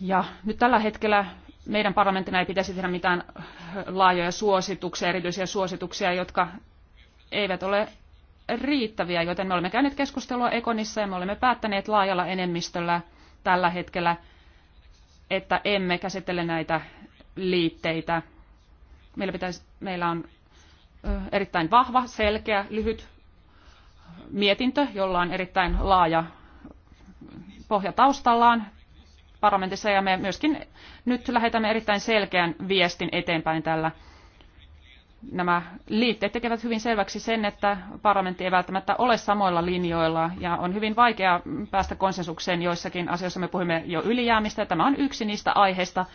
Ja nyt tällä hetkellä meidän parlamenttina ei pitäisi tehdä mitään laajoja suosituksia, erityisiä suosituksia, jotka eivät ole riittäviä, joten me olemme käyneet keskustelua Ekonissa ja me olemme päättäneet laajalla enemmistöllä tällä hetkellä, että emme käsittele näitä liitteitä. Meillä, pitäisi, meillä on erittäin vahva, selkeä, lyhyt mietintö, jolla on erittäin laaja pohja taustallaan parlamentissa ja me myöskin nyt lähetämme erittäin selkeän viestin eteenpäin tällä nämä liitteet tekevät hyvin selväksi sen, että parlamentti ei välttämättä ole samoilla linjoilla ja on hyvin vaikea päästä konsensukseen joissakin asioissa. Me puhumme jo ylijäämistä ja tämä on yksi niistä aiheista.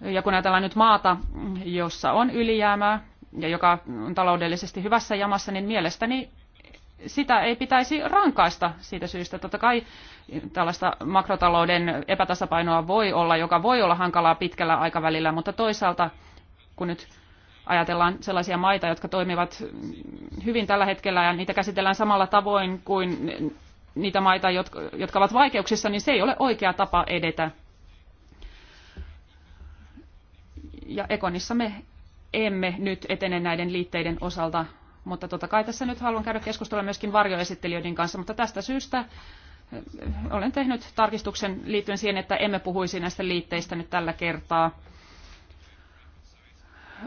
Ja kun ajatellaan nyt maata, jossa on ylijäämää ja joka on taloudellisesti hyvässä jamassa, niin mielestäni sitä ei pitäisi rankaista siitä syystä. Totta kai tällaista makrotalouden epätasapainoa voi olla, joka voi olla hankalaa pitkällä aikavälillä, mutta toisaalta kun nyt ajatellaan sellaisia maita, jotka toimivat hyvin tällä hetkellä ja niitä käsitellään samalla tavoin kuin niitä maita, jotka, jotka ovat vaikeuksissa, niin se ei ole oikea tapa edetä. Ja Ekonissa me emme nyt etene näiden liitteiden osalta, mutta totta kai tässä nyt haluan käydä keskustelua myöskin varjoesittelijöiden kanssa, mutta tästä syystä eh, olen tehnyt tarkistuksen liittyen siihen, että emme puhuisi näistä liitteistä nyt tällä kertaa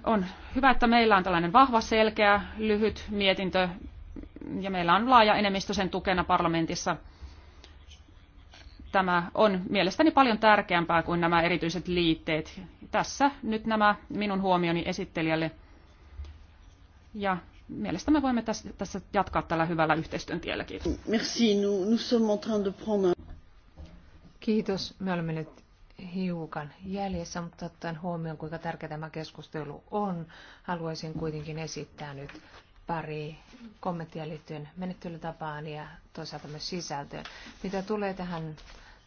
on hyvä, että meillä on tällainen vahva, selkeä, lyhyt mietintö ja meillä on laaja enemmistö sen tukena parlamentissa. Tämä on mielestäni paljon tärkeämpää kuin nämä erityiset liitteet. Tässä nyt nämä minun huomioni esittelijälle. Ja mielestäni me voimme tässä jatkaa tällä hyvällä yhteistyön tiellä. Kiitos. Merci. Nous, nous sommes en train de prendre... Kiitos. Me olemme nyt hiukan jäljessä, mutta ottaen huomioon, kuinka tärkeä tämä keskustelu on, haluaisin kuitenkin esittää nyt pari kommenttia liittyen menettelytapaan ja toisaalta myös sisältöön. Mitä tulee tähän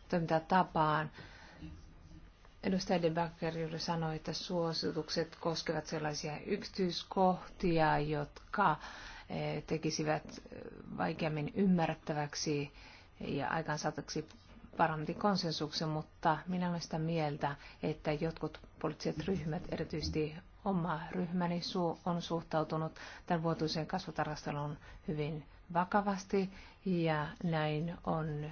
toimintatapaan, Edustaja De Backer juuri sanoi, että suositukset koskevat sellaisia yksityiskohtia, jotka eh, tekisivät eh, vaikeammin ymmärrettäväksi ja aikaansaataksi varmasti konsensuksen, mutta minä olen sitä mieltä, että jotkut poliittiset ryhmät, erityisesti oma ryhmäni on suhtautunut tämän vuotuiseen kasvutarkasteluun hyvin vakavasti ja näin on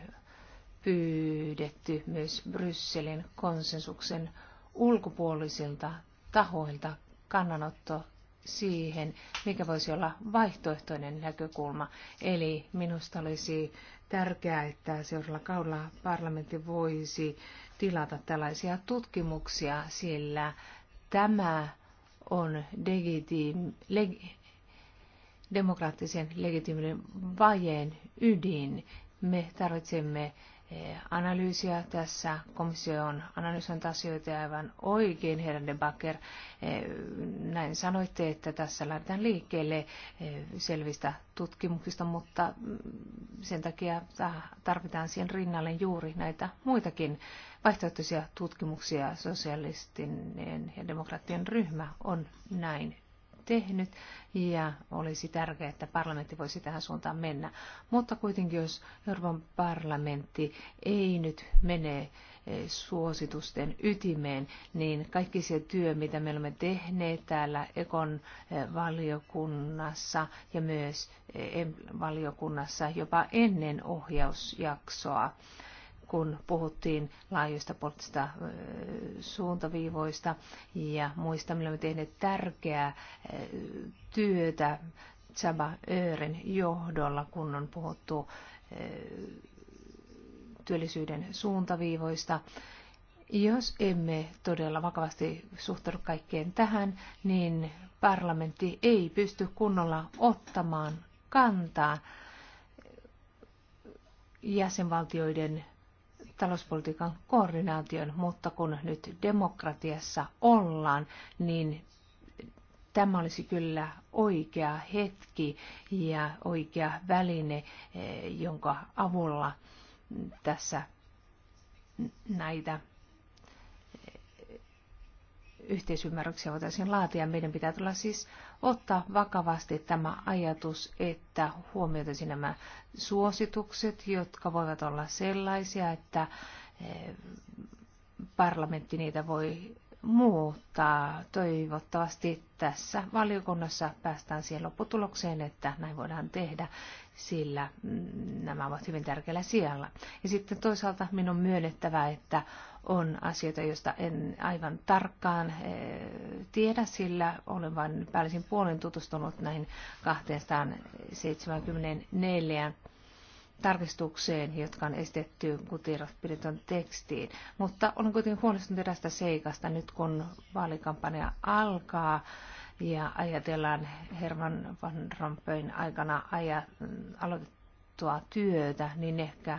pyydetty myös Brysselin konsensuksen ulkopuolisilta tahoilta kannanotto siihen, mikä voisi olla vaihtoehtoinen näkökulma. Eli minusta olisi tärkeää, että seuraavalla kaudella parlamentti voisi tilata tällaisia tutkimuksia, sillä tämä on legitim, leg, demokraattisen legitiimin vajeen ydin. Me tarvitsemme Eh, analyysiä. Tässä komissio on analysoinut asioita aivan oikein, herra de Backer. Eh, näin sanoitte, että tässä lähdetään liikkeelle eh, selvistä tutkimuksista, mutta mm, sen takia tarvitaan siihen rinnalle juuri näitä muitakin vaihtoehtoisia tutkimuksia. Sosialistinen ja demokraattien ryhmä on näin tehnyt ja olisi tärkeää, että parlamentti voisi tähän suuntaan mennä. Mutta kuitenkin, jos Euroopan parlamentti ei nyt mene eh, suositusten ytimeen, niin kaikki se työ, mitä me olemme tehneet täällä Ekon eh, valiokunnassa ja myös eh, valiokunnassa jopa ennen ohjausjaksoa, kun puhuttiin laajoista poliittisista suuntaviivoista ja muista, millä me tehneet tärkeää työtä Tsaba Öörin johdolla, kun on puhuttu työllisyyden suuntaviivoista. Jos emme todella vakavasti suhtaudu kaikkeen tähän, niin parlamentti ei pysty kunnolla ottamaan kantaa jäsenvaltioiden talouspolitiikan koordinaation, mutta kun nyt demokratiassa ollaan, niin tämä olisi kyllä oikea hetki ja oikea väline, eh, jonka avulla tässä näitä eh, yhteisymmärryksiä voitaisiin laatia. Meidän pitää tulla siis ottaa vakavasti tämä ajatus, että huomioitaisiin nämä suositukset, jotka voivat olla sellaisia, että eh, parlamentti niitä voi muuttaa. Toivottavasti tässä valiokunnassa päästään siihen lopputulokseen, että näin voidaan tehdä, sillä mm, nämä ovat hyvin tärkeällä sijalla. Ja sitten toisaalta minun myönnettävä, että on asioita, joista en aivan tarkkaan eh, tiedä, sillä olen vain päällisin puolen tutustunut näihin 274 tarkistukseen, jotka on estetty kutirapiriton tekstiin. Mutta olen kuitenkin huolestunut tästä seikasta nyt, kun vaalikampanja alkaa ja ajatellaan Herman van Rompuyn aikana aja, aloitettu jaettua työtä, niin ehkä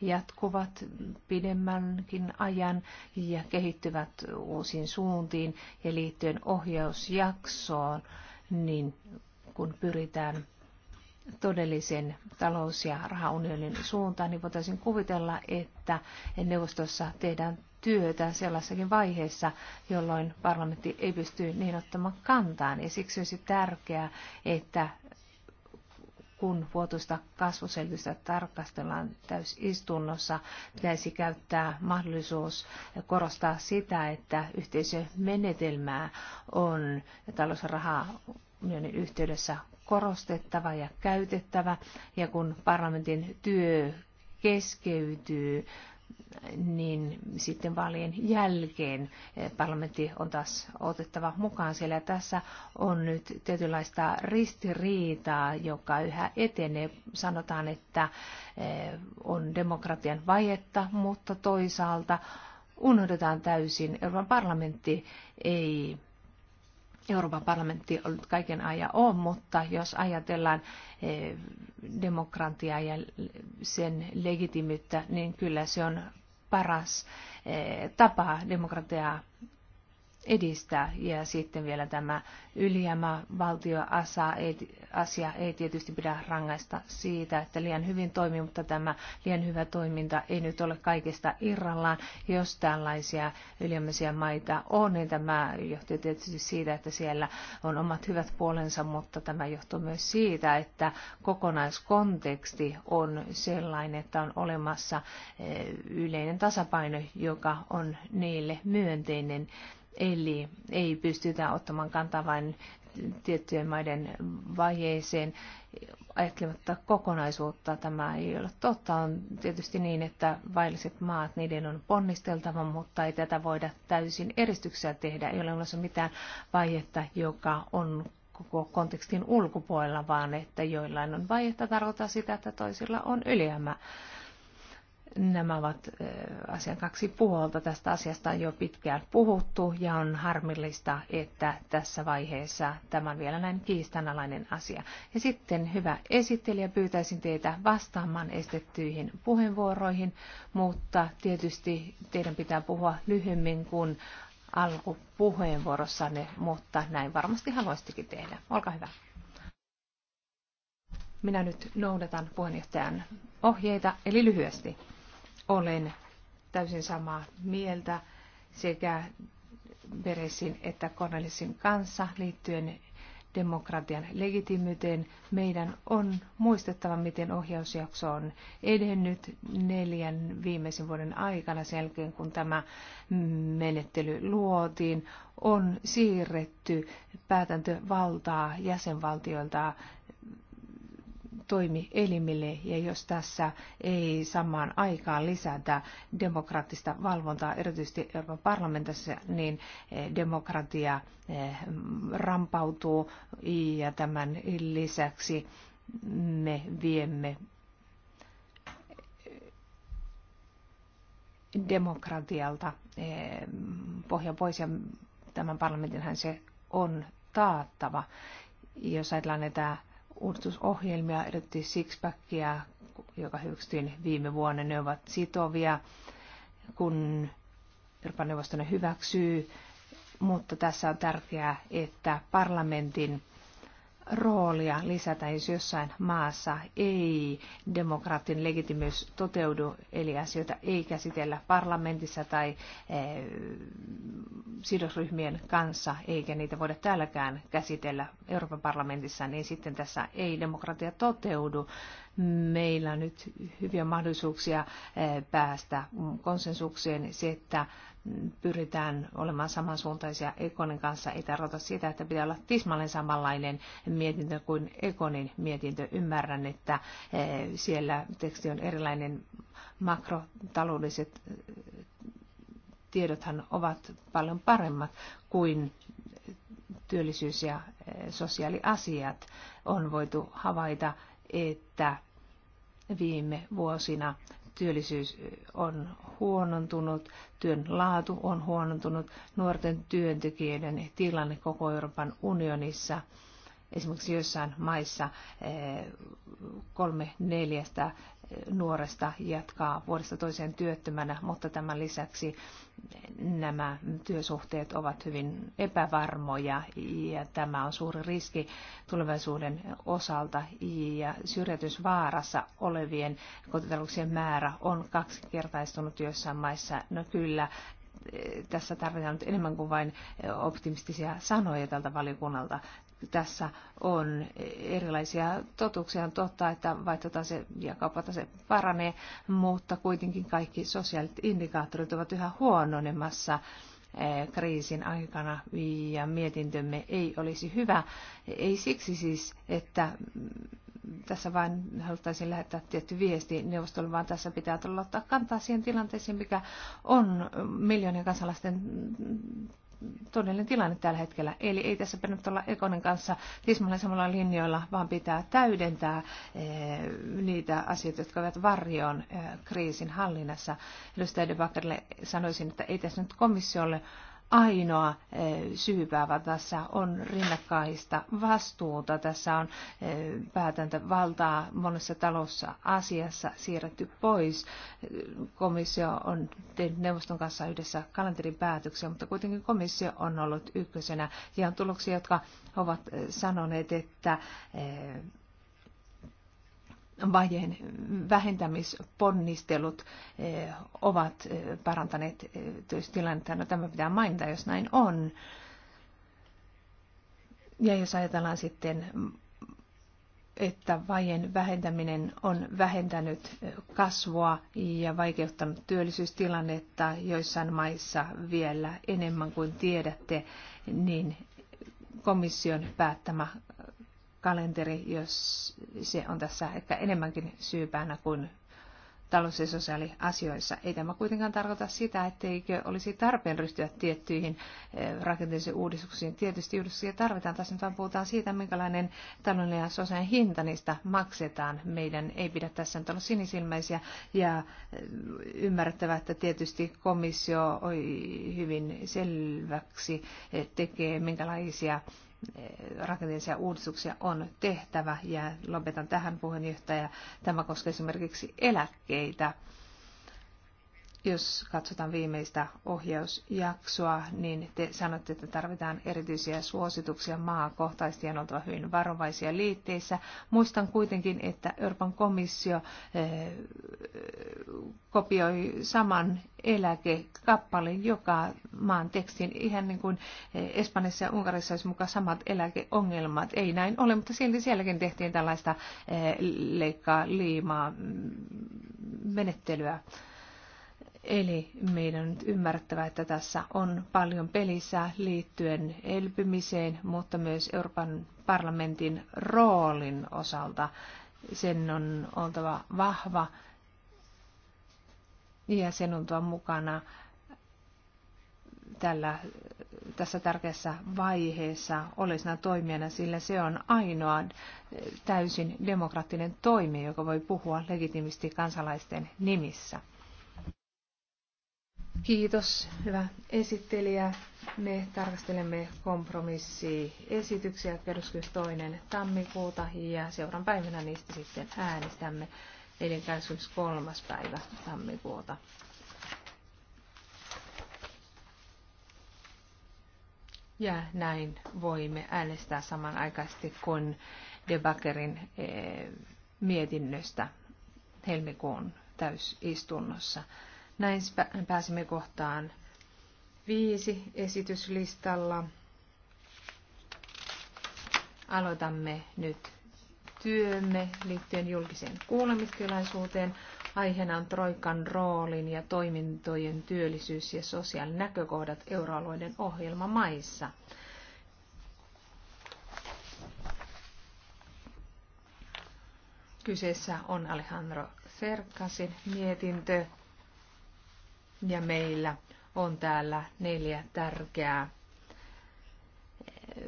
jatkuvat pidemmänkin ajan ja kehittyvät uusiin suuntiin ja liittyen ohjausjaksoon, niin kun pyritään todellisen talous- ja rahaunionin suuntaan, niin voitaisiin kuvitella, että neuvostossa tehdään työtä sellaisessakin vaiheessa, jolloin parlamentti ei pysty niin ottamaan kantaan. Ja siksi olisi tärkeää, että kun vuotuista kasvuselvitystä tarkastellaan täysistunnossa, pitäisi käyttää mahdollisuus korostaa sitä, että yhteisömenetelmää on talousrahaa unionin yhteydessä korostettava ja käytettävä, ja kun parlamentin työ keskeytyy niin sitten vaalien jälkeen eh, parlamentti on taas otettava mukaan, Siellä tässä on nyt tietynlaista ristiriitaa, joka yhä etenee. Sanotaan, että eh, on demokratian vajetta, mutta toisaalta unohdetaan täysin. Euroopan parlamentti ei Euroopan parlamentti on ollut kaiken ajan on, mutta jos ajatellaan eh, demokratiaa ja sen legitimyyttä, niin kyllä se on paras eh, tapa demokratiaa edistää. Ja sitten vielä tämä ylijäämä valtioasia ei tietysti pidä rangaista siitä, että liian hyvin toimii, mutta tämä liian hyvä toiminta ei nyt ole kaikesta irrallaan. Jos tällaisia ylijäämäisiä maita on, niin tämä johtuu tietysti siitä, että siellä on omat hyvät puolensa, mutta tämä johtuu myös siitä, että kokonaiskonteksti on sellainen, että on olemassa eh, yleinen tasapaino, joka on niille myönteinen Eli ei pystytä ottamaan kantaa vain tiettyjen maiden vaiheeseen ajattelematta kokonaisuutta. Tämä ei ole totta. On tietysti niin, että vailliset maat, niiden on ponnisteltava, mutta ei tätä voida täysin eristyksiä tehdä. Ei ole olemassa mitään vaihetta, joka on koko kontekstin ulkopuolella, vaan että joillain on vaihetta tarkoittaa sitä, että toisilla on ylijäämä. Nämä ovat asian kaksi puolta. Tästä asiasta on jo pitkään puhuttu ja on harmillista, että tässä vaiheessa tämä on vielä näin kiistanalainen asia. Ja sitten hyvä esittelijä, pyytäisin teitä vastaamaan estettyihin puheenvuoroihin, mutta tietysti teidän pitää puhua lyhyemmin kuin alkupuheenvuorossanne, mutta näin varmasti haluaisittekin tehdä. Olkaa hyvä. Minä nyt noudatan puheenjohtajan ohjeita, eli lyhyesti. Olen täysin samaa mieltä sekä Beresin että Cornelisin kanssa liittyen demokratian legitimyyteen. Meidän on muistettava, miten ohjausjakso on edennyt neljän viimeisen vuoden aikana sen jälkeen, kun tämä menettely luotiin. On siirretty päätäntövaltaa jäsenvaltioilta toimielimille ja jos tässä ei samaan aikaan lisätä demokraattista valvontaa, erityisesti Euroopan parlamentissa, niin eh, demokratia eh, rampautuu ja tämän lisäksi me viemme eh, demokratialta pohja pois ja tämän parlamentinhan se on taattava. Jos ajatellaan näitä uudistusohjelmia, erityisesti Sixpackia, joka hyväksyttiin viime vuonna. Ne ovat sitovia, kun Euroopan neuvosto ne hyväksyy, mutta tässä on tärkeää, että parlamentin roolia lisätä, jos jossain maassa ei demokraattinen legitimeys toteudu, eli asioita ei käsitellä parlamentissa tai eh, sidosryhmien kanssa, eikä niitä voida täälläkään käsitellä Euroopan parlamentissa, niin sitten tässä ei demokratia toteudu. Meillä on nyt hyviä mahdollisuuksia eh, päästä konsensukseen se, että pyritään olemaan samansuuntaisia Ekonin kanssa, ei tarkoita sitä, että pitää olla tismalleen samanlainen mietintö kuin Ekonin mietintö. Ymmärrän, että eh, siellä teksti on erilainen makrotaloudelliset eh, tiedothan ovat paljon paremmat kuin työllisyys- ja eh, sosiaaliasiat. On voitu havaita, että viime vuosina työllisyys on huonontunut, työn laatu on huonontunut, nuorten työntekijöiden tilanne koko Euroopan unionissa. Esimerkiksi jossain maissa eh, kolme neljästä nuoresta jatkaa vuodesta toiseen työttömänä, mutta tämän lisäksi nämä työsuhteet ovat hyvin epävarmoja ja tämä on suuri riski tulevaisuuden osalta ja syrjäytysvaarassa olevien kotitalouksien määrä on kaksinkertaistunut joissain maissa. No kyllä, tässä tarvitaan nyt enemmän kuin vain optimistisia sanoja tältä valiokunnalta tässä on erilaisia totuuksia. On totta, että vaihtotase ja se paranee, mutta kuitenkin kaikki sosiaaliset indikaattorit ovat yhä huononemassa eh, kriisin aikana ja mietintömme ei olisi hyvä. Ei siksi siis, että tässä vain haluttaisiin lähettää tietty viesti neuvostolle, vaan tässä pitää ottaa kantaa siihen tilanteeseen, mikä on miljoonien kansalaisten todellinen tilanne tällä hetkellä. Eli ei tässä pitänyt olla Ekonen kanssa tismalleen samalla linjoilla, vaan pitää täydentää eh, niitä asioita, jotka ovat varjoon eh, kriisin hallinnassa. Edustaja Debakerille sanoisin, että ei tässä nyt komissiolle ainoa eh, syypäävä tässä on rinnakkaista vastuuta. Tässä on eh, päätäntä valtaa monessa talossa asiassa siirretty pois. Komissio on tehnyt neuvoston kanssa yhdessä kalenterin päätöksiä, mutta kuitenkin komissio on ollut ykkösenä ja on tuloksia, jotka ovat eh, sanoneet, että vajeen vähentämisponnistelut eh, ovat eh, parantaneet eh, tilannetta. No, tämä pitää mainita, jos näin on. Ja jos ajatellaan sitten, että vajeen vähentäminen on vähentänyt kasvua ja vaikeuttanut työllisyystilannetta joissain maissa vielä enemmän kuin tiedätte, niin komission päättämä kalenteri, jos se on tässä ehkä enemmänkin syypäänä kuin talous- ja sosiaaliasioissa. Ei tämä kuitenkaan tarkoita sitä, etteikö olisi tarpeen ryhtyä tiettyihin eh, rakenteellisiin uudistuksiin. Tietysti uudistuksia tarvitaan. Tässä nyt vaan puhutaan siitä, minkälainen talouden ja sosiaalinen hinta niistä maksetaan. Meidän ei pidä tässä nyt olla sinisilmäisiä ja eh, ymmärrettävä, että tietysti komissio hyvin selväksi eh, tekee, minkälaisia rakenteellisia uudistuksia on tehtävä ja lopetan tähän puheenjohtaja. Tämä koskee esimerkiksi eläkkeitä. Jos katsotaan viimeistä ohjausjaksoa, niin te sanotte, että tarvitaan erityisiä suosituksia maakohtaisesti ja on oltava hyvin varovaisia liitteissä. Muistan kuitenkin, että Euroopan komissio eh, kopioi saman eläkekappalin, joka maan tekstin, ihan niin kuin eh, Espanjassa ja Unkarissa olisi mukaan samat eläkeongelmat. Ei näin ole, mutta silti sielläkin tehtiin tällaista eh, leikkaa liimaa mm, menettelyä. Eli meidän on nyt ymmärrettävä, että tässä on paljon pelissä liittyen elpymiseen, mutta myös Euroopan parlamentin roolin osalta. Sen on oltava vahva ja sen on oltava mukana tällä, tässä tärkeässä vaiheessa olisena toimijana, sillä se on ainoa täysin demokraattinen toimi, joka voi puhua legitimisti kansalaisten nimissä. Kiitos, hyvä esittelijä. Me tarkastelemme kompromissiesityksiä toinen tammikuuta ja seuran päivänä niistä sitten äänestämme, eli kolmas päivä tammikuuta. Ja näin voimme äänestää samanaikaisesti kuin Debakerin eh, mietinnöstä helmikuun täysistunnossa. Näin pääsimme kohtaan viisi esityslistalla. Aloitamme nyt työmme liittyen julkiseen kuulemistilaisuuteen. Aiheena on Troikan roolin ja toimintojen työllisyys- ja sosiaalinen näkökohdat euroalueiden ohjelmamaissa. Kyseessä on Alejandro Serkasin mietintö ja meillä on täällä neljä tärkeää eh,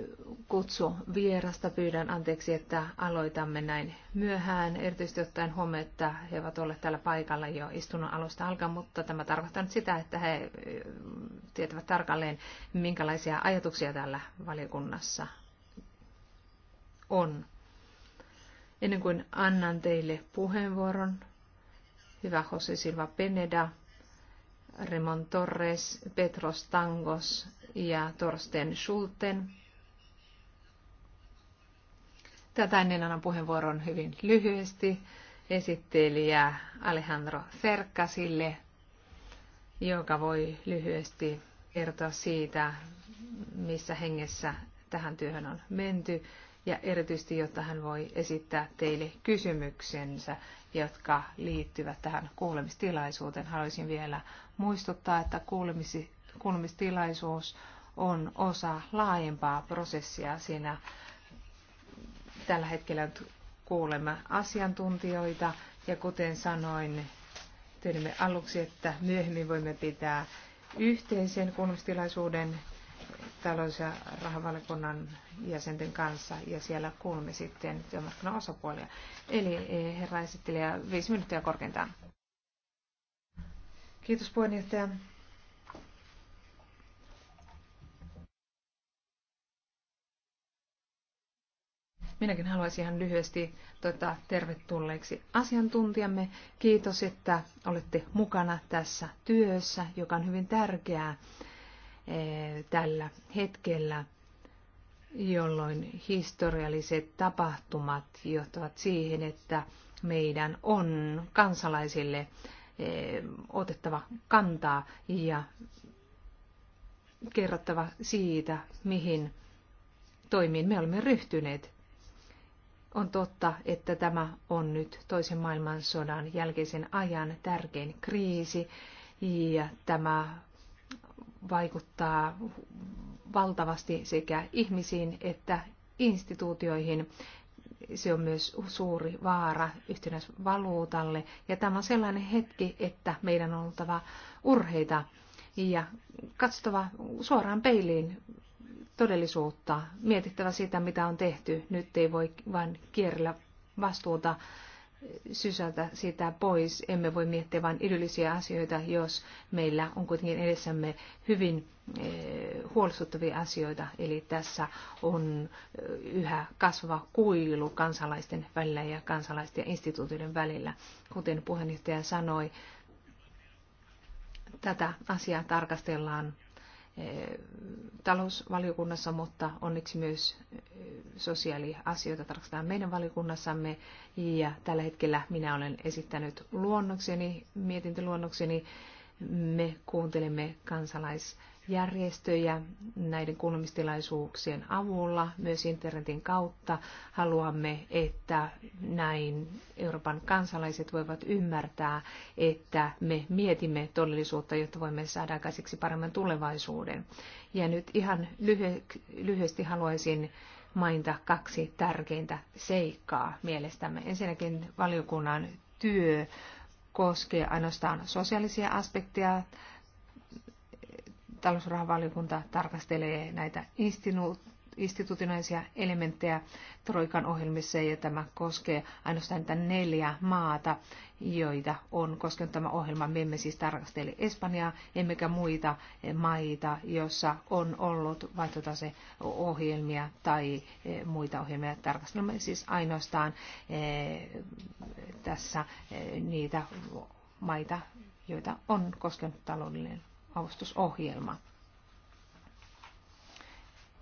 kutsu vierasta. Pyydän anteeksi, että aloitamme näin myöhään, erityisesti ottaen huomioon, että he ovat olleet täällä paikalla jo istunnon alusta alkaen, mutta tämä tarkoittaa nyt sitä, että he eh, tietävät tarkalleen, minkälaisia ajatuksia täällä valiokunnassa on. Ennen kuin annan teille puheenvuoron, hyvä Jose Silva Peneda, Remon Torres, Petros Tangos ja Torsten Schulten. Tätä ennen annan puheenvuoron hyvin lyhyesti esittelijä Alejandro Ferkasille, joka voi lyhyesti kertoa siitä, missä hengessä tähän työhön on menty ja erityisesti, jotta hän voi esittää teille kysymyksensä, jotka liittyvät tähän kuulemistilaisuuteen. Haluaisin vielä muistuttaa, että kuulemisi, kuulemistilaisuus on osa laajempaa prosessia. Siinä tällä hetkellä kuulemme asiantuntijoita ja kuten sanoin, tiedämme aluksi, että myöhemmin voimme pitää yhteisen kuulemistilaisuuden talous- ja rahavalikunnan jäsenten kanssa ja siellä kuulumme sitten työmarkkinaosapuolia. Eli eh, herra esittelijä, viisi minuuttia korkeintaan. Kiitos puheenjohtaja. Minäkin haluaisin ihan lyhyesti tuota, tervetulleeksi asiantuntijamme. Kiitos, että olette mukana tässä työssä, joka on hyvin tärkeää Eh, tällä hetkellä, jolloin historialliset tapahtumat johtavat siihen, että meidän on kansalaisille eh, otettava kantaa ja kerrottava siitä, mihin toimiin me olemme ryhtyneet. On totta, että tämä on nyt toisen maailmansodan jälkeisen ajan tärkein kriisi ja tämä vaikuttaa valtavasti sekä ihmisiin että instituutioihin. Se on myös suuri vaara yhtenäisvaluutalle. Ja tämä on sellainen hetki, että meidän on oltava urheita ja katsottava suoraan peiliin todellisuutta, mietittävä sitä, mitä on tehty. Nyt ei voi vain kierrellä vastuuta sysältä sitä pois. Emme voi miettiä vain idyllisiä asioita, jos meillä on kuitenkin edessämme hyvin eh, huolestuttavia asioita. Eli tässä on eh, yhä kasvava kuilu kansalaisten välillä ja kansalaisten ja instituutioiden välillä. Kuten puheenjohtaja sanoi, tätä asiaa tarkastellaan Eh, talousvaliokunnassa, mutta onneksi myös eh, sosiaaliasioita tarkastetaan meidän valiokunnassamme. Ja tällä hetkellä minä olen esittänyt luonnokseni, mietintöluonnokseni. Me kuuntelemme kansalais- järjestöjä näiden kuulemistilaisuuksien avulla, myös internetin kautta. Haluamme, että näin Euroopan kansalaiset voivat ymmärtää, että me mietimme todellisuutta, jotta voimme saada aikaiseksi paremman tulevaisuuden. Ja nyt ihan lyhyesti haluaisin mainita kaksi tärkeintä seikkaa mielestämme. Ensinnäkin valiokunnan työ koskee ainoastaan sosiaalisia aspekteja talousrahavaliokunta tarkastelee näitä institutionaalisia elementtejä Troikan ohjelmissa ja tämä koskee ainoastaan niitä neljä maata, joita on koskenut tämä ohjelma. Me emme siis tarkastele Espanjaa emmekä muita maita, joissa on ollut ohjelmia tai e, muita ohjelmia. Tarkastelemme siis ainoastaan e, tässä e, niitä maita, joita on koskenut taloudellinen avustusohjelma.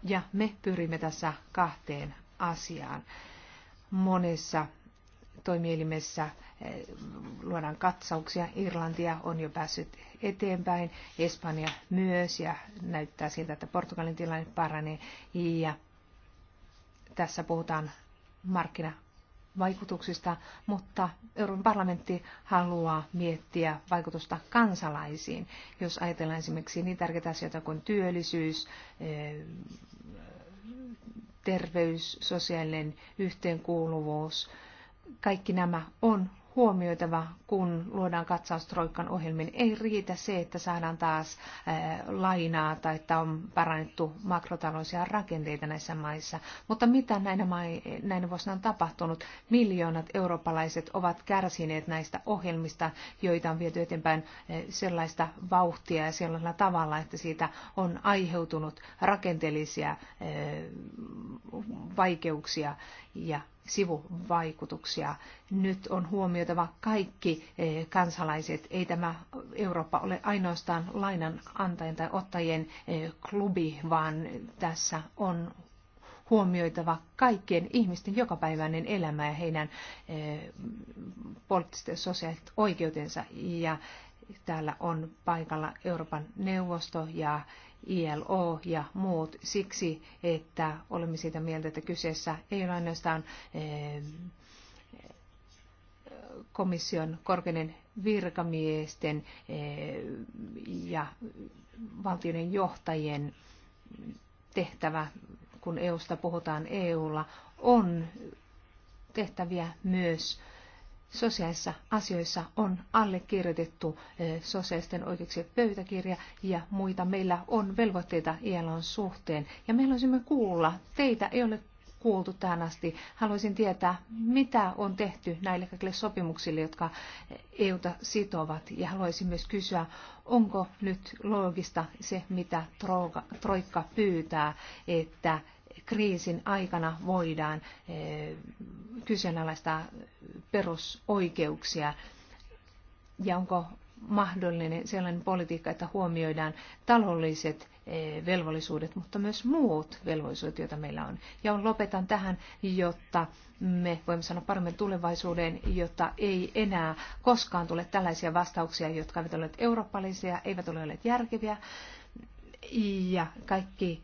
Ja me pyrimme tässä kahteen asiaan. Monessa toimielimessä eh, luodaan katsauksia. Irlantia on jo päässyt eteenpäin, Espanja myös ja näyttää siltä, että Portugalin tilanne paranee. Ja tässä puhutaan markkina vaikutuksista, mutta Euroopan parlamentti haluaa miettiä vaikutusta kansalaisiin. Jos ajatellaan esimerkiksi niin tärkeitä asioita kuin työllisyys, eh, terveys, sosiaalinen yhteenkuuluvuus, kaikki nämä on huomioitava, kun luodaan katsaustroikan ohjelmin, ohjelmiin. Ei riitä se, että saadaan taas eh, lainaa tai että on parannettu makrotaloisia rakenteita näissä maissa. Mutta mitä näinä, mai, näinä vuosina on tapahtunut? Miljoonat eurooppalaiset ovat kärsineet näistä ohjelmista, joita on viety eteenpäin eh, sellaista vauhtia ja sellaisella tavalla, että siitä on aiheutunut rakenteellisia eh, vaikeuksia ja sivuvaikutuksia. Nyt on huomioitava kaikki eh, kansalaiset. Ei tämä Eurooppa ole ainoastaan lainan tai ottajien eh, klubi, vaan tässä on huomioitava kaikkien ihmisten jokapäiväinen elämä ja heidän eh, poliittiset ja sosiaaliset oikeutensa. Ja täällä on paikalla Euroopan neuvosto ja ILO ja muut siksi, että olemme siitä mieltä, että kyseessä ei ole ainoastaan eh, komission korkeinen virkamiesten eh, ja valtioiden johtajien tehtävä, kun EUsta puhutaan EUlla, on tehtäviä myös sosiaalisissa asioissa on allekirjoitettu sosiaalisten oikeuksien pöytäkirja ja muita. Meillä on velvoitteita ILOn suhteen ja me haluaisimme kuulla. Teitä ei ole kuultu tähän asti. Haluaisin tietää, mitä on tehty näille kaikille sopimuksille, jotka EUta sitovat. Ja haluaisin myös kysyä, onko nyt loogista se, mitä Troika pyytää, että kriisin aikana voidaan eh, kyseenalaistaa perusoikeuksia ja onko mahdollinen sellainen politiikka, että huomioidaan taloudelliset eh, velvollisuudet, mutta myös muut velvollisuudet, joita meillä on. Ja on lopetan tähän, jotta me voimme sanoa paremmin tulevaisuuden, jotta ei enää koskaan tule tällaisia vastauksia, jotka eivät ole eurooppalaisia, eivät ole olleet järkeviä. Ja kaikki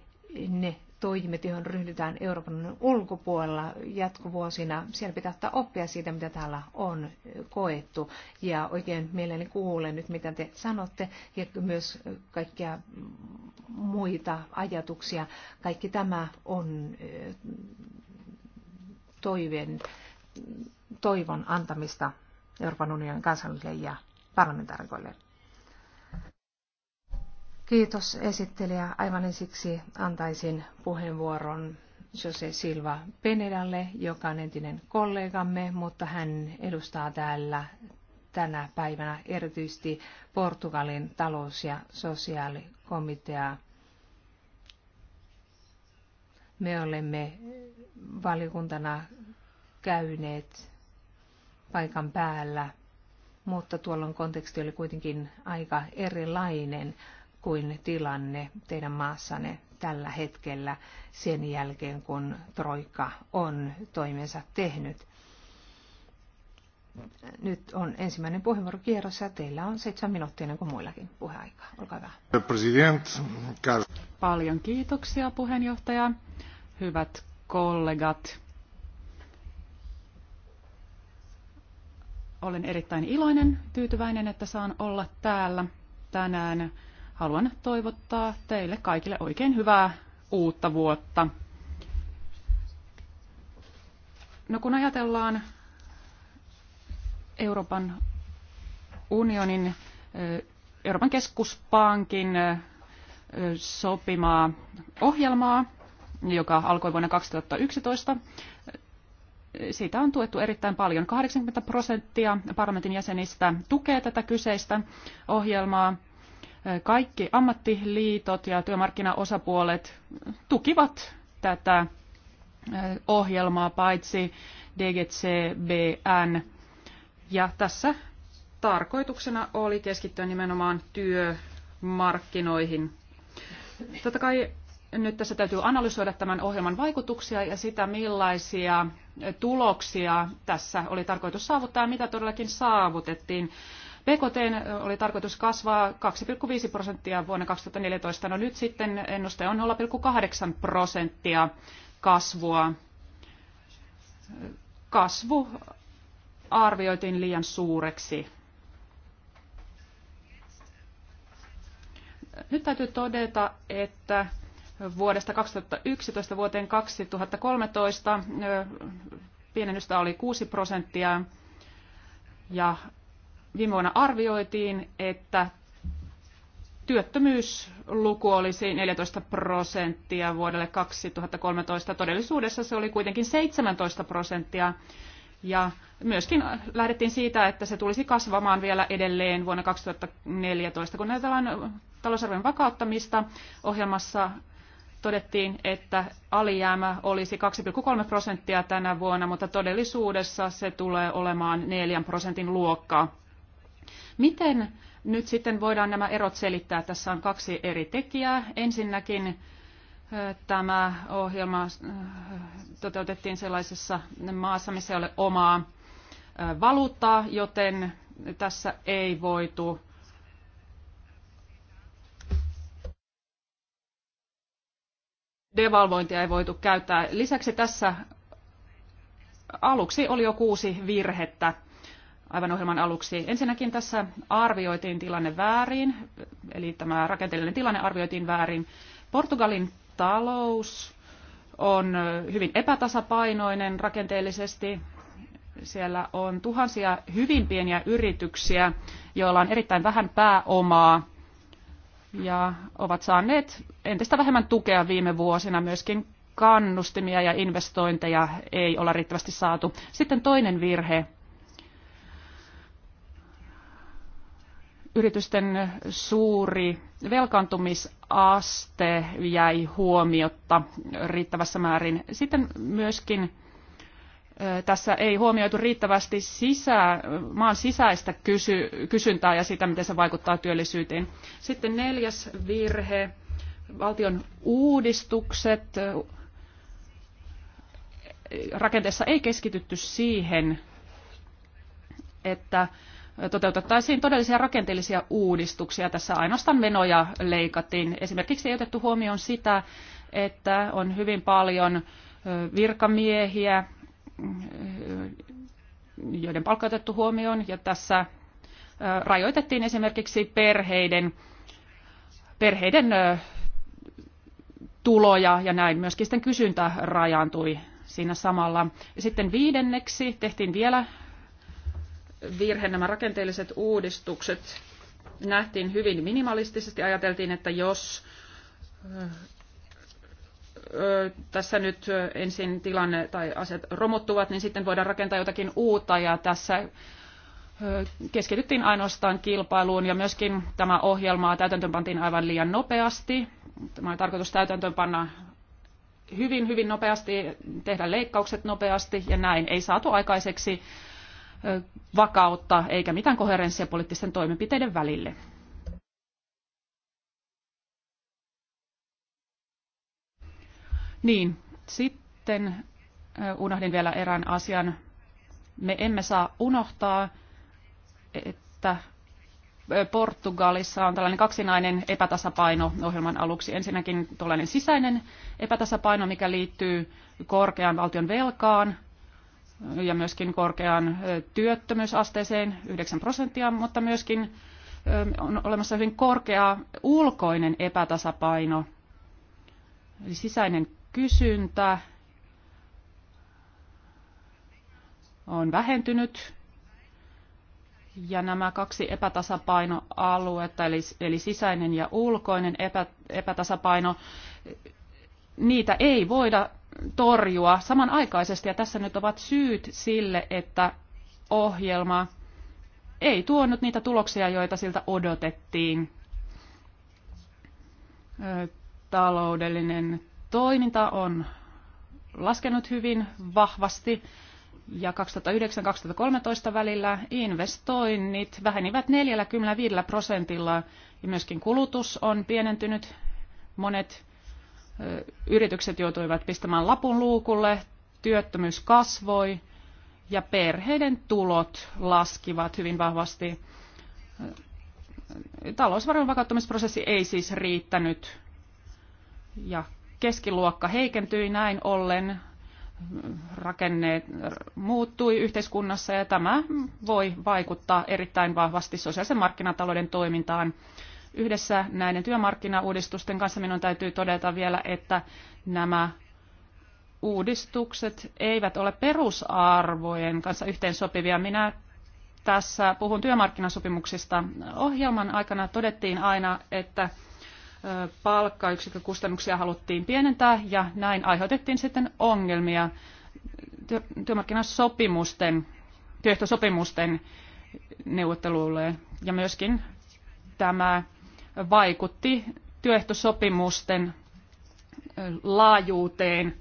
ne toimet, joihin ryhdytään Euroopan ulkopuolella jatkuvuosina. Siellä pitää ottaa oppia siitä, mitä täällä on koettu. Ja oikein mielelläni kuulen nyt, mitä te sanotte, ja myös kaikkia muita ajatuksia. Kaikki tämä on toiveen, toivon antamista Euroopan unionin kansallisille ja parlamentaarikoille. Kiitos esittelijä. Aivan ensiksi antaisin puheenvuoron Jose Silva Penedalle, joka on entinen kollegamme, mutta hän edustaa täällä tänä päivänä erityisesti Portugalin talous- ja sosiaalikomiteaa. Me olemme valiokuntana käyneet paikan päällä, mutta tuolloin konteksti oli kuitenkin aika erilainen kuin tilanne teidän maassanne tällä hetkellä sen jälkeen, kun Troika on toimensa tehnyt. Nyt on ensimmäinen puheenvuorokierros ja teillä on seitsemän minuuttia ennen kuin muillakin puheaikaa. Olkaa hyvä. President. Paljon kiitoksia puheenjohtaja. Hyvät kollegat. Olen erittäin iloinen, tyytyväinen, että saan olla täällä tänään haluan toivottaa teille kaikille oikein hyvää uutta vuotta. No kun ajatellaan Euroopan unionin, Euroopan keskuspankin sopimaa ohjelmaa, joka alkoi vuonna 2011. Siitä on tuettu erittäin paljon. 80 prosenttia parlamentin jäsenistä tukee tätä kyseistä ohjelmaa kaikki ammattiliitot ja työmarkkinaosapuolet tukivat tätä ohjelmaa paitsi DGCBN. Ja tässä tarkoituksena oli keskittyä nimenomaan työmarkkinoihin. Totta kai nyt tässä täytyy analysoida tämän ohjelman vaikutuksia ja sitä, millaisia tuloksia tässä oli tarkoitus saavuttaa ja mitä todellakin saavutettiin. BKT oli tarkoitus kasvaa 2,5 prosenttia vuonna 2014. No nyt sitten ennuste on 0,8 prosenttia kasvua. Kasvu arvioitiin liian suureksi. Nyt täytyy todeta, että vuodesta 2011 vuoteen 2013 pienennystä oli 6 prosenttia ja viime vuonna arvioitiin, että työttömyysluku olisi 14 prosenttia vuodelle 2013. Todellisuudessa se oli kuitenkin 17 prosenttia. Ja myöskin lähdettiin siitä, että se tulisi kasvamaan vielä edelleen vuonna 2014. Kun ajatellaan talousarvion vakauttamista, ohjelmassa todettiin, että alijäämä olisi 2,3 prosenttia tänä vuonna, mutta todellisuudessa se tulee olemaan 4 prosentin luokkaa. Miten nyt sitten voidaan nämä erot selittää? Tässä on kaksi eri tekijää. Ensinnäkin tämä ohjelma toteutettiin sellaisessa maassa, missä ei ole omaa valuuttaa, joten tässä ei voitu devalvointia ei voitu käyttää. Lisäksi tässä aluksi oli jo kuusi virhettä aivan ohjelman aluksi. Ensinnäkin tässä arvioitiin tilanne väärin, eli tämä rakenteellinen tilanne arvioitiin väärin. Portugalin talous on hyvin epätasapainoinen rakenteellisesti. Siellä on tuhansia hyvin pieniä yrityksiä, joilla on erittäin vähän pääomaa ja ovat saaneet entistä vähemmän tukea viime vuosina. Myöskin kannustimia ja investointeja ei olla riittävästi saatu. Sitten toinen virhe yritysten suuri velkaantumisaste jäi huomiotta riittävässä määrin. Sitten myöskin tässä ei huomioitu riittävästi sisä, maan sisäistä kysy, kysyntää ja sitä, miten se vaikuttaa työllisyyteen. Sitten neljäs virhe, valtion uudistukset. Rakenteessa ei keskitytty siihen, että toteutettaisiin todellisia rakenteellisia uudistuksia. Tässä ainoastaan menoja leikattiin. Esimerkiksi ei otettu huomioon sitä, että on hyvin paljon virkamiehiä, joiden palkka otettu huomioon, ja tässä rajoitettiin esimerkiksi perheiden, perheiden tuloja, ja näin myöskin sitten kysyntä rajaantui siinä samalla. Sitten viidenneksi tehtiin vielä virhe. Nämä rakenteelliset uudistukset nähtiin hyvin minimalistisesti. Ajateltiin, että jos tässä nyt ensin tilanne tai aset romuttuvat, niin sitten voidaan rakentaa jotakin uutta ja tässä keskityttiin ainoastaan kilpailuun ja myöskin tämä ohjelma täytäntöönpantiin aivan liian nopeasti. Tämä on tarkoitus täytäntöönpanna hyvin, hyvin nopeasti, tehdä leikkaukset nopeasti ja näin ei saatu aikaiseksi vakautta eikä mitään koherenssia poliittisten toimenpiteiden välille. Niin, sitten äh, unohdin vielä erään asian. Me emme saa unohtaa, että äh, Portugalissa on tällainen kaksinainen epätasapaino ohjelman aluksi. Ensinnäkin tällainen sisäinen epätasapaino, mikä liittyy korkeaan valtion velkaan ja myöskin korkeaan työttömyysasteeseen 9 prosenttia, mutta myöskin on olemassa hyvin korkea ulkoinen epätasapaino, eli sisäinen kysyntä on vähentynyt ja nämä kaksi epätasapainoaluetta, eli, eli sisäinen ja ulkoinen epä, epätasapaino, niitä ei voida torjua samanaikaisesti. Ja tässä nyt ovat syyt sille, että ohjelma ei tuonut niitä tuloksia, joita siltä odotettiin. Taloudellinen toiminta on laskenut hyvin vahvasti ja 2009-2013 välillä investoinnit vähenivät 45 prosentilla ja myöskin kulutus on pienentynyt. Monet yritykset joutuivat pistämään lapun luukulle, työttömyys kasvoi ja perheiden tulot laskivat hyvin vahvasti. Talousvarojen vakauttamisprosessi ei siis riittänyt ja keskiluokka heikentyi näin ollen, rakenne muuttui yhteiskunnassa ja tämä voi vaikuttaa erittäin vahvasti sosiaalisen markkinatalouden toimintaan Yhdessä näiden työmarkkinauudistusten kanssa minun täytyy todeta vielä, että nämä uudistukset eivät ole perusarvojen kanssa yhteensopivia. Minä tässä puhun työmarkkinasopimuksista. Ohjelman aikana todettiin aina, että palkkayksikkökustannuksia haluttiin pienentää ja näin aiheutettiin sitten ongelmia työmarkkinasopimusten, työehtosopimusten neuvotteluille ja myöskin tämä vaikutti työehtosopimusten laajuuteen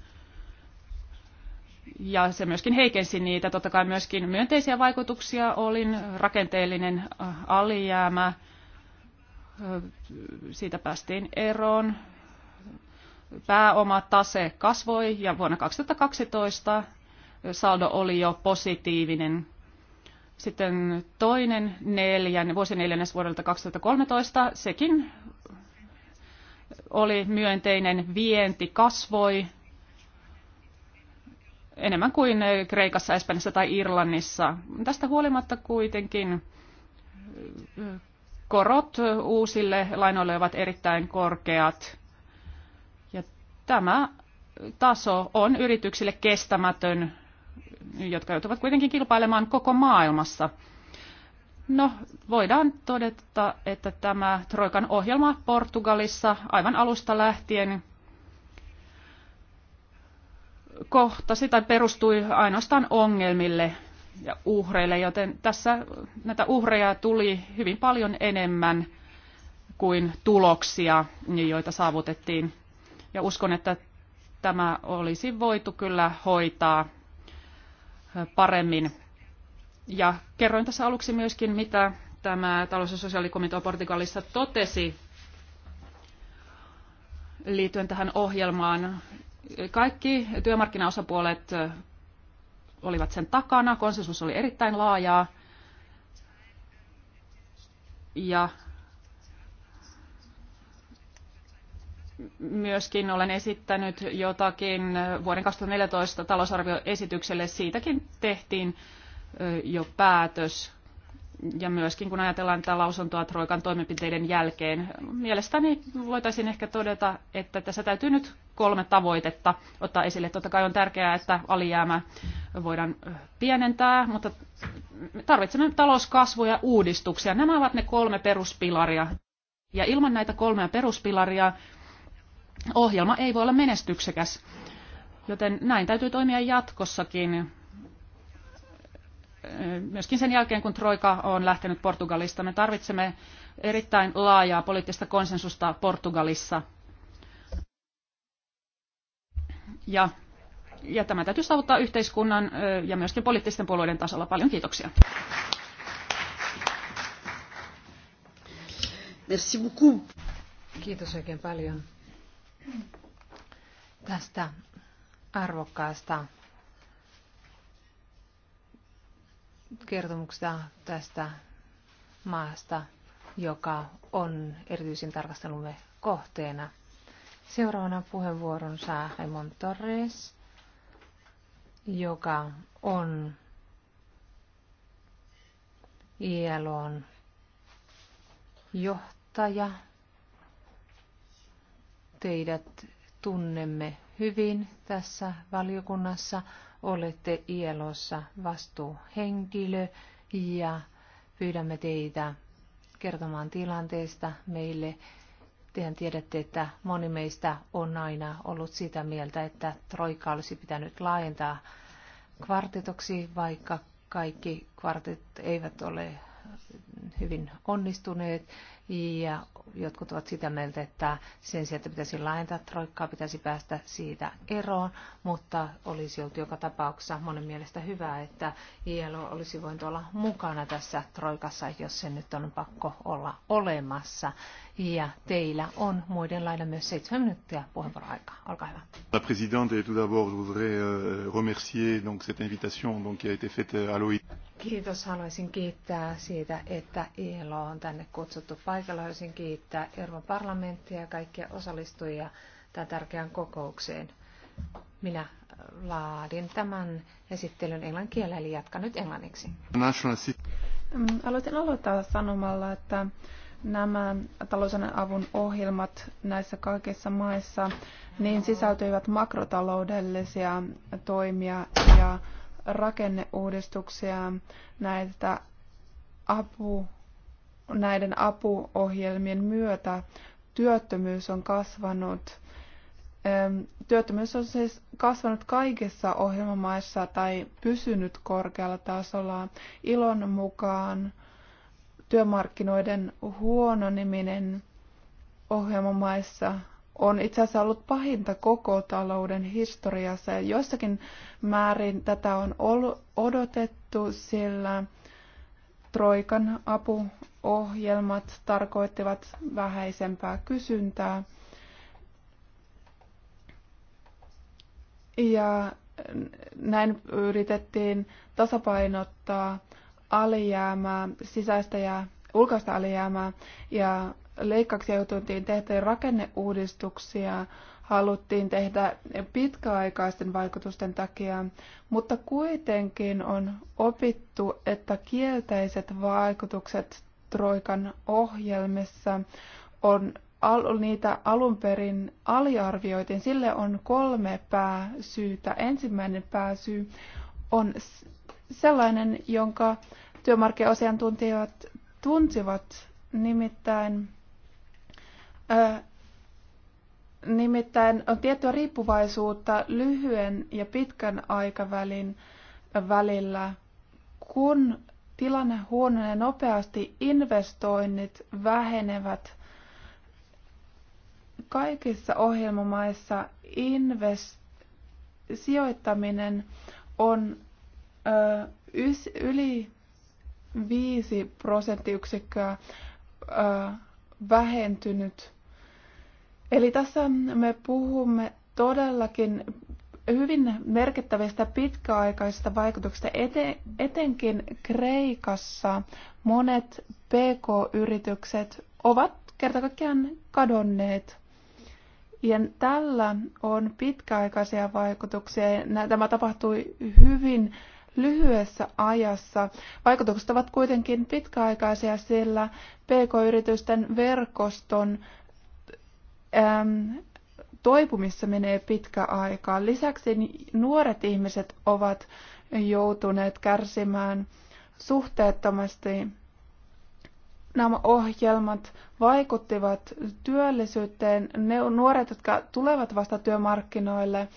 ja se myöskin heikensi niitä. Totta kai myöskin myönteisiä vaikutuksia oli rakenteellinen alijäämä, siitä päästiin eroon, pääomatase kasvoi ja vuonna 2012 saldo oli jo positiivinen. Sitten toinen neljän, neljännes vuodelta 2013, sekin oli myönteinen, vienti kasvoi enemmän kuin Kreikassa, Espanjassa tai Irlannissa. Tästä huolimatta kuitenkin korot uusille lainoille ovat erittäin korkeat. Ja tämä taso on yrityksille kestämätön jotka joutuvat kuitenkin kilpailemaan koko maailmassa. No, voidaan todeta, että tämä Troikan ohjelma Portugalissa aivan alusta lähtien kohtasi tai perustui ainoastaan ongelmille ja uhreille, joten tässä näitä uhreja tuli hyvin paljon enemmän kuin tuloksia, joita saavutettiin. Ja uskon, että tämä olisi voitu kyllä hoitaa paremmin. Ja kerroin tässä aluksi myöskin, mitä tämä talous- ja sosiaalikomitea Portugalissa totesi liittyen tähän ohjelmaan. Kaikki työmarkkinaosapuolet olivat sen takana, konsensus oli erittäin laajaa. Ja myöskin olen esittänyt jotakin vuoden 2014 talousarvioesitykselle. Siitäkin tehtiin jo päätös. Ja myöskin kun ajatellaan tätä lausuntoa Troikan toimenpiteiden jälkeen, mielestäni voitaisiin ehkä todeta, että tässä täytyy nyt kolme tavoitetta ottaa esille. Totta kai on tärkeää, että alijäämä voidaan pienentää, mutta tarvitsemme talouskasvua ja uudistuksia. Nämä ovat ne kolme peruspilaria. Ja ilman näitä kolmea peruspilaria ohjelma ei voi olla menestyksekäs. Joten näin täytyy toimia jatkossakin. Myöskin sen jälkeen, kun Troika on lähtenyt Portugalista, me tarvitsemme erittäin laajaa poliittista konsensusta Portugalissa. Ja, ja tämä täytyy saavuttaa yhteiskunnan ja myöskin poliittisten puolueiden tasolla. Paljon kiitoksia. Merci beaucoup. Kiitos oikein paljon tästä arvokkaasta kertomuksesta tästä maasta, joka on erityisen tarkastelumme kohteena. Seuraavana puheenvuoron saa Raimon Torres, joka on ILOn johtaja Teidät tunnemme hyvin tässä valiokunnassa. Olette ielossa vastuuhenkilö ja pyydämme teitä kertomaan tilanteesta meille. Tehän tiedätte, että moni meistä on aina ollut sitä mieltä, että troika olisi pitänyt laajentaa kvartetoksi, vaikka kaikki kvartet eivät ole hyvin onnistuneet ja jotkut ovat sitä mieltä, että sen sijaan, että pitäisi laajentaa troikkaa, pitäisi päästä siitä eroon, mutta olisi ollut joka tapauksessa monen mielestä hyvä, että ILO olisi voinut olla mukana tässä troikassa, jos se nyt on pakko olla olemassa. Ja teillä on muiden lailla myös seitsemän minuuttia puheenvuoroaikaa. Olkaa hyvä. La présidente, et tout d'abord, je voudrais euh, remercier donc, cette invitation donc, qui a été faite à l'OIT. Kiitos. Haluaisin kiittää siitä, että ILO on tänne kutsuttu paikalla. Haluaisin kiittää Euroopan parlamenttia ja kaikkia osallistujia tämän tärkeään kokoukseen. Minä laadin tämän esittelyn englanninkielellä, eli jatkan nyt englanniksi. Mm, aloitin aloittaa sanomalla, että nämä talousalan avun ohjelmat näissä kaikissa maissa, niin sisältyivät makrotaloudellisia toimia ja rakenneuudistuksia näitä apu, näiden apuohjelmien myötä työttömyys on kasvanut. Työttömyys on siis kasvanut kaikissa ohjelmamaissa tai pysynyt korkealla tasolla. Ilon mukaan työmarkkinoiden huononiminen ohjelmamaissa on itse asiassa ollut pahinta koko talouden historiassa. Ja jossakin määrin tätä on odotettu, sillä Troikan apuohjelmat tarkoittivat vähäisempää kysyntää. Ja näin yritettiin tasapainottaa alijäämää, sisäistä ja ulkoista alijäämää ja leikkauksia joututtiin tehdä rakenneuudistuksia, haluttiin tehdä pitkäaikaisten vaikutusten takia, mutta kuitenkin on opittu, että kielteiset vaikutukset Troikan ohjelmissa on niitä alun perin aliarvioitiin. Sille on kolme pääsyytä. Ensimmäinen pääsy on sellainen, jonka työmarkkinaosiantuntijat tunsivat, nimittäin Nimittäin on tiettyä riippuvaisuutta lyhyen ja pitkän aikavälin välillä. Kun tilanne huononee nopeasti, investoinnit vähenevät. Kaikissa ohjelmamaissa invest- sijoittaminen on ö, ys- yli 5 prosenttiyksikköä ö, vähentynyt Eli tässä me puhumme todellakin hyvin merkittävistä pitkäaikaisista vaikutuksista, etenkin Kreikassa monet PK-yritykset ovat kertakaikkiaan kadonneet. Ja tällä on pitkäaikaisia vaikutuksia. Tämä tapahtui hyvin lyhyessä ajassa. Vaikutukset ovat kuitenkin pitkäaikaisia, sillä PK-yritysten verkoston toipumissa menee pitkä aika. Lisäksi nuoret ihmiset ovat joutuneet kärsimään suhteettomasti. Nämä ohjelmat vaikuttivat työllisyyteen. Ne nuoret, jotka tulevat vasta työmarkkinoille,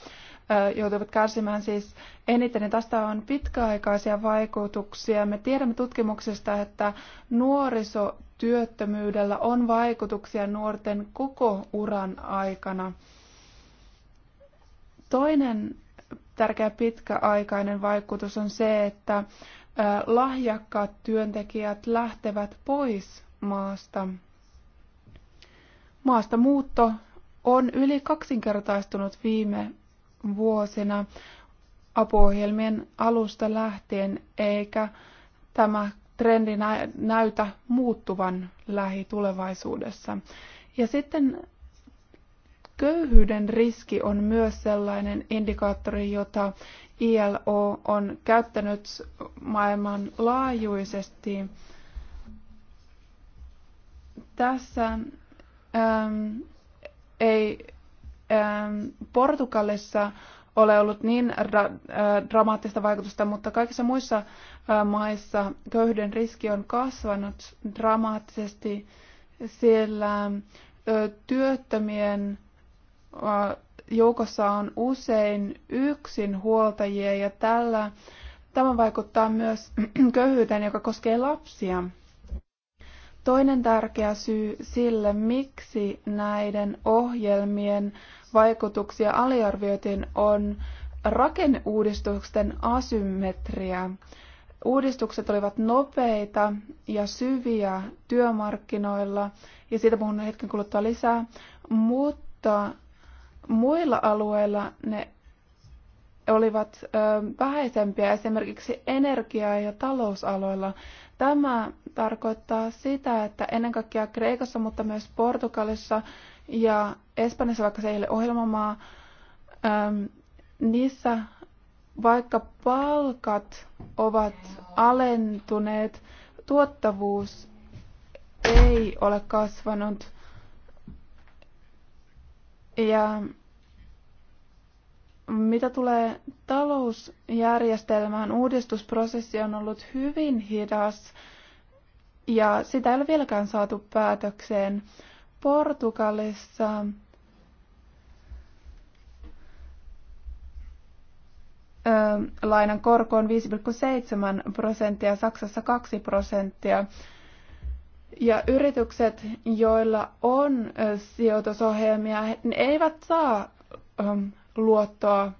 joutuvat kärsimään siis eniten. Ja tästä on pitkäaikaisia vaikutuksia. Me tiedämme tutkimuksesta, että nuorisotyöttömyydellä on vaikutuksia nuorten koko uran aikana. Toinen tärkeä pitkäaikainen vaikutus on se, että lahjakkaat työntekijät lähtevät pois maasta. Maasta muutto on yli kaksinkertaistunut viime vuosina apuohjelmien alusta lähtien, eikä tämä trendi näytä muuttuvan lähitulevaisuudessa. Ja sitten köyhyyden riski on myös sellainen indikaattori, jota ILO on käyttänyt maailman laajuisesti. Tässä ähm, ei Portugalissa ole ollut niin dramaattista vaikutusta, mutta kaikissa muissa maissa köyhyyden riski on kasvanut dramaattisesti, siellä työttömien joukossa on usein yksin huoltajia ja tällä, tämä vaikuttaa myös köyhyyteen, joka koskee lapsia. Toinen tärkeä syy sille, miksi näiden ohjelmien vaikutuksia aliarvioitiin, on rakenneuudistusten asymmetria. Uudistukset olivat nopeita ja syviä työmarkkinoilla, ja siitä puhun hetken kuluttua lisää, mutta muilla alueilla ne olivat vähäisempiä esimerkiksi energia- ja talousaloilla. Tämä tarkoittaa sitä, että ennen kaikkea Kreikassa, mutta myös Portugalissa ja Espanjassa, vaikka se ei ole ohjelmamaa, niissä vaikka palkat ovat alentuneet, tuottavuus ei ole kasvanut. Ja mitä tulee talousjärjestelmään, uudistusprosessi on ollut hyvin hidas ja sitä ei ole vieläkään saatu päätökseen. Portugalissa lainan korko on 5,7 prosenttia, Saksassa 2 prosenttia. Ja yritykset, joilla on sijoitusohjelmia, ne eivät saa luottoa.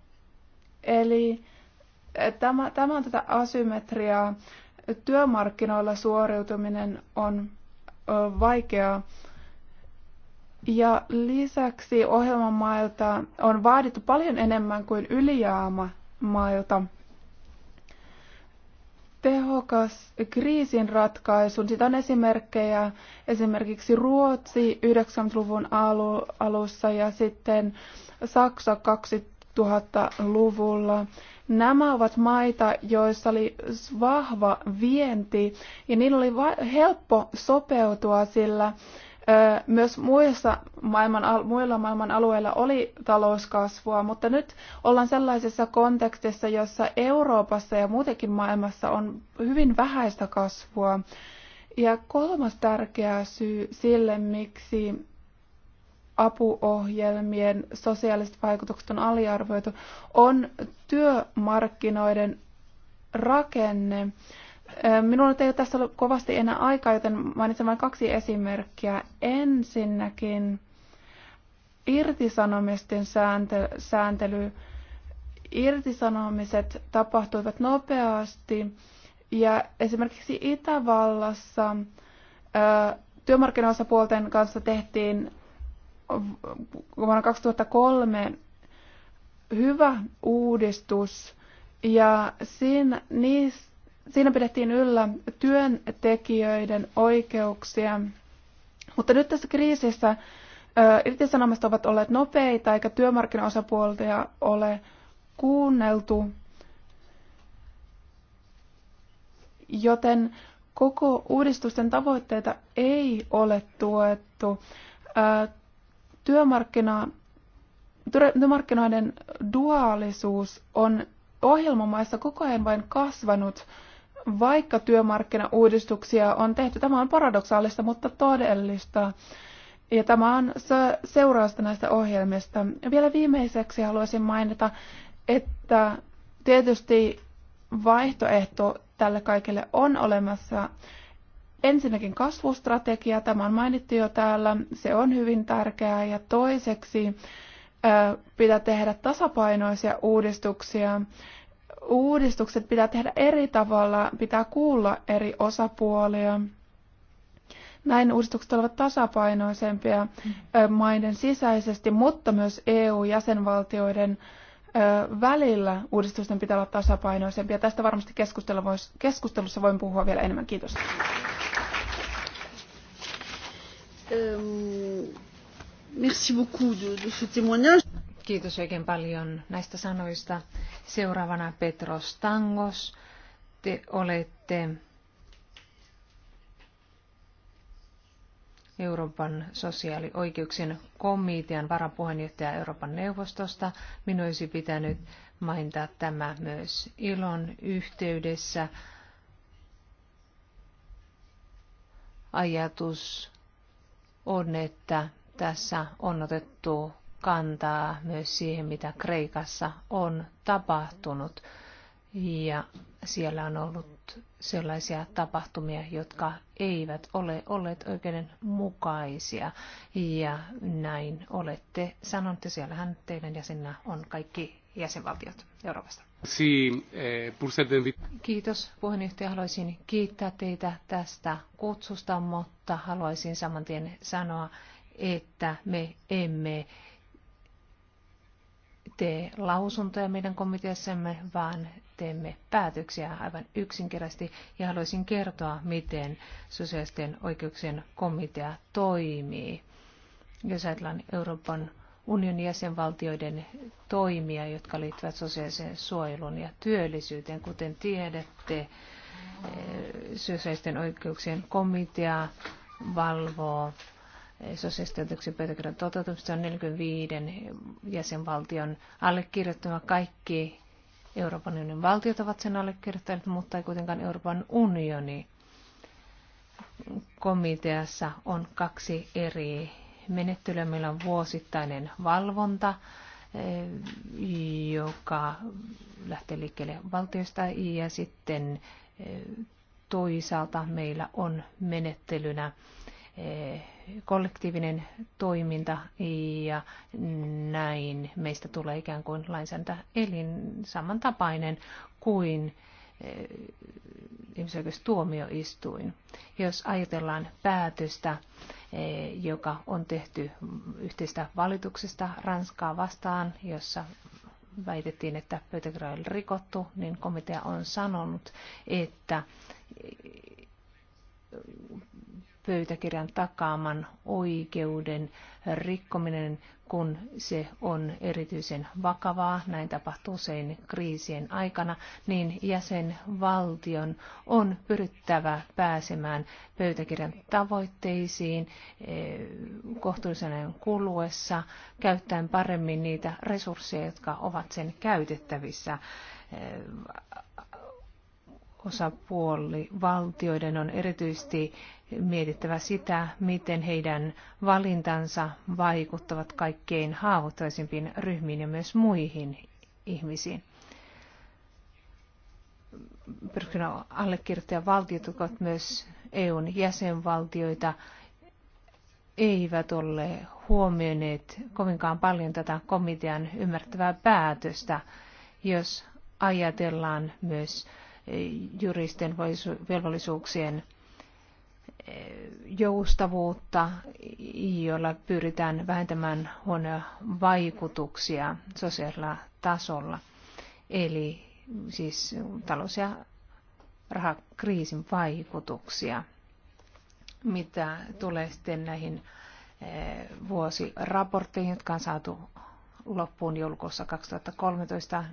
Eli eh, tämä, tämä on tätä asymmetriaa. Työmarkkinoilla suoriutuminen on vaikeaa. Ja lisäksi ohjelmamailta on vaadittu paljon enemmän kuin mailta tehokas kriisinratkaisu. Sitä on esimerkkejä esimerkiksi Ruotsi 90-luvun alu, alussa ja sitten Saksa 2000-luvulla. Nämä ovat maita, joissa oli vahva vienti ja niillä oli helppo sopeutua, sillä myös muissa maailman, muilla maailman alueilla oli talouskasvua, mutta nyt ollaan sellaisessa kontekstissa, jossa Euroopassa ja muutenkin maailmassa on hyvin vähäistä kasvua. Ja kolmas tärkeä syy sille, miksi apuohjelmien sosiaaliset vaikutukset on aliarvoitu, on työmarkkinoiden rakenne. Minulla ei ole tässä ollut kovasti enää aikaa, joten mainitsen vain kaksi esimerkkiä. Ensinnäkin irtisanomisten sääntely. Irtisanomiset tapahtuivat nopeasti ja esimerkiksi Itävallassa työmarkkinaosapuolten kanssa tehtiin vuonna 2003 hyvä uudistus ja siinä niissä siinä pidettiin yllä työntekijöiden oikeuksia. Mutta nyt tässä kriisissä irtisanomiset ovat olleet nopeita eikä työmarkkinaosapuolta ole kuunneltu, joten koko uudistusten tavoitteita ei ole tuettu. Työmarkkina, työmarkkinoiden duaalisuus on ohjelmamaissa koko ajan vain kasvanut vaikka työmarkkinauudistuksia on tehty. Tämä on paradoksaalista, mutta todellista. Ja tämä on seurausta näistä ohjelmista. Ja vielä viimeiseksi haluaisin mainita, että tietysti vaihtoehto tälle kaikelle on olemassa. Ensinnäkin kasvustrategia, tämä on mainittu jo täällä, se on hyvin tärkeää. Ja toiseksi pitää tehdä tasapainoisia uudistuksia uudistukset pitää tehdä eri tavalla, pitää kuulla eri osapuolia. Näin uudistukset ovat tasapainoisempia maiden sisäisesti, mutta myös EU-jäsenvaltioiden välillä uudistusten pitää olla tasapainoisempia. Tästä varmasti keskustelussa voin puhua vielä enemmän. Kiitos. Merci beaucoup de, de ce témoignage. Kiitos oikein paljon näistä sanoista. Seuraavana Petros Tangos. Te olette Euroopan sosiaalioikeuksien komitean varapuheenjohtaja Euroopan neuvostosta. Minun olisi pitänyt mainita tämä myös ilon yhteydessä. Ajatus on, että tässä on otettu kantaa myös siihen, mitä Kreikassa on tapahtunut. Ja siellä on ollut sellaisia tapahtumia, jotka eivät ole olleet oikeudenmukaisia. Ja näin olette sanonut, ja siellähän teidän jäsenä on kaikki jäsenvaltiot Euroopasta. Eh, Kiitos puheenjohtaja. Haluaisin kiittää teitä tästä kutsusta, mutta haluaisin saman tien sanoa, että me emme tee lausuntoja meidän komiteassamme, vaan teemme päätöksiä aivan yksinkertaisesti ja haluaisin kertoa, miten sosiaalisten oikeuksien komitea toimii. Jos ajatellaan Euroopan unionin jäsenvaltioiden toimia, jotka liittyvät sosiaaliseen suojeluun ja työllisyyteen, kuten tiedätte, eh, sosiaalisten oikeuksien komitea valvoo sosiaalistatuksen pöytäkirjan toteutumista on 45 jäsenvaltion allekirjoittama. Kaikki Euroopan unionin valtiot ovat sen allekirjoittaneet, mutta ei kuitenkaan Euroopan unioni. Komiteassa on kaksi eri menettelyä. Meillä on vuosittainen valvonta, joka lähtee liikkeelle valtioista ja sitten toisaalta meillä on menettelynä kollektiivinen toiminta ja näin meistä tulee ikään kuin lainsäädäntöelin samantapainen kuin eh, ihmisoikeustuomioistuin. Jos ajatellaan päätöstä, eh, joka on tehty yhteistä valituksesta Ranskaa vastaan, jossa väitettiin, että pöytäkirja oli rikottu, niin komitea on sanonut, että eh, pöytäkirjan takaaman oikeuden rikkominen, kun se on erityisen vakavaa, näin tapahtuu usein kriisien aikana, niin jäsenvaltion on pyrittävä pääsemään pöytäkirjan tavoitteisiin eh, kohtuullisen ajan kuluessa, käyttäen paremmin niitä resursseja, jotka ovat sen käytettävissä eh, osapuoli valtioiden on erityisesti mietittävä sitä, miten heidän valintansa vaikuttavat kaikkein haavoittuvaisimpiin ryhmiin ja myös muihin ihmisiin. Pyrkkinä allekirjoittajan valtiot, jotka ovat myös EUn jäsenvaltioita, eivät ole huomioineet kovinkaan paljon tätä komitean ymmärtävää päätöstä, jos ajatellaan myös juristin velvollisuuksien eh, joustavuutta, jolla pyritään vähentämään huonoja vaikutuksia sosiaalisella tasolla. Eli siis talous- ja rahakriisin vaikutuksia, mitä tulee sitten näihin eh, vuosiraportteihin, jotka on saatu loppuun joulukuussa 2013.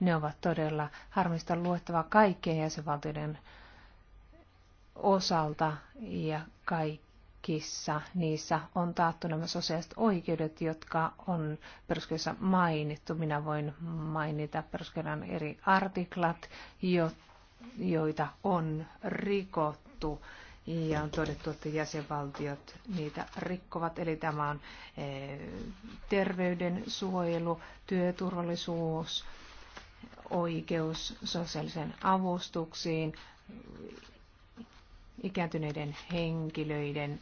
Ne ovat todella harmista luettavaa kaikkien jäsenvaltioiden osalta ja kaikissa niissä on taattu nämä sosiaaliset oikeudet, jotka on peruskirjassa mainittu. Minä voin mainita peruskirjan eri artiklat, joita on rikottu ja on todettu, että jäsenvaltiot niitä rikkovat. Eli tämä on eh, terveyden suojelu, työturvallisuus, oikeus sosiaalisen avustuksiin, ikääntyneiden henkilöiden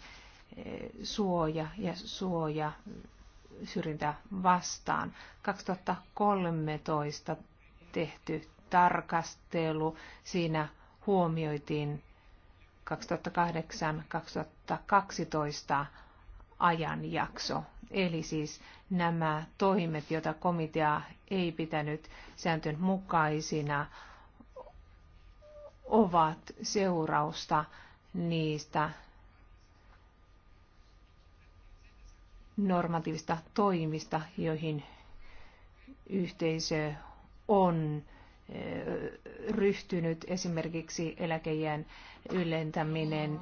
eh, suoja ja suoja syrjintä vastaan. 2013 tehty tarkastelu, siinä huomioitiin 2008-2012 ajanjakso, eli siis nämä toimet, joita komitea ei pitänyt sääntön mukaisina, ovat seurausta niistä normatiivista toimista, joihin yhteisö on ryhtynyt, esimerkiksi eläkejen ylentäminen,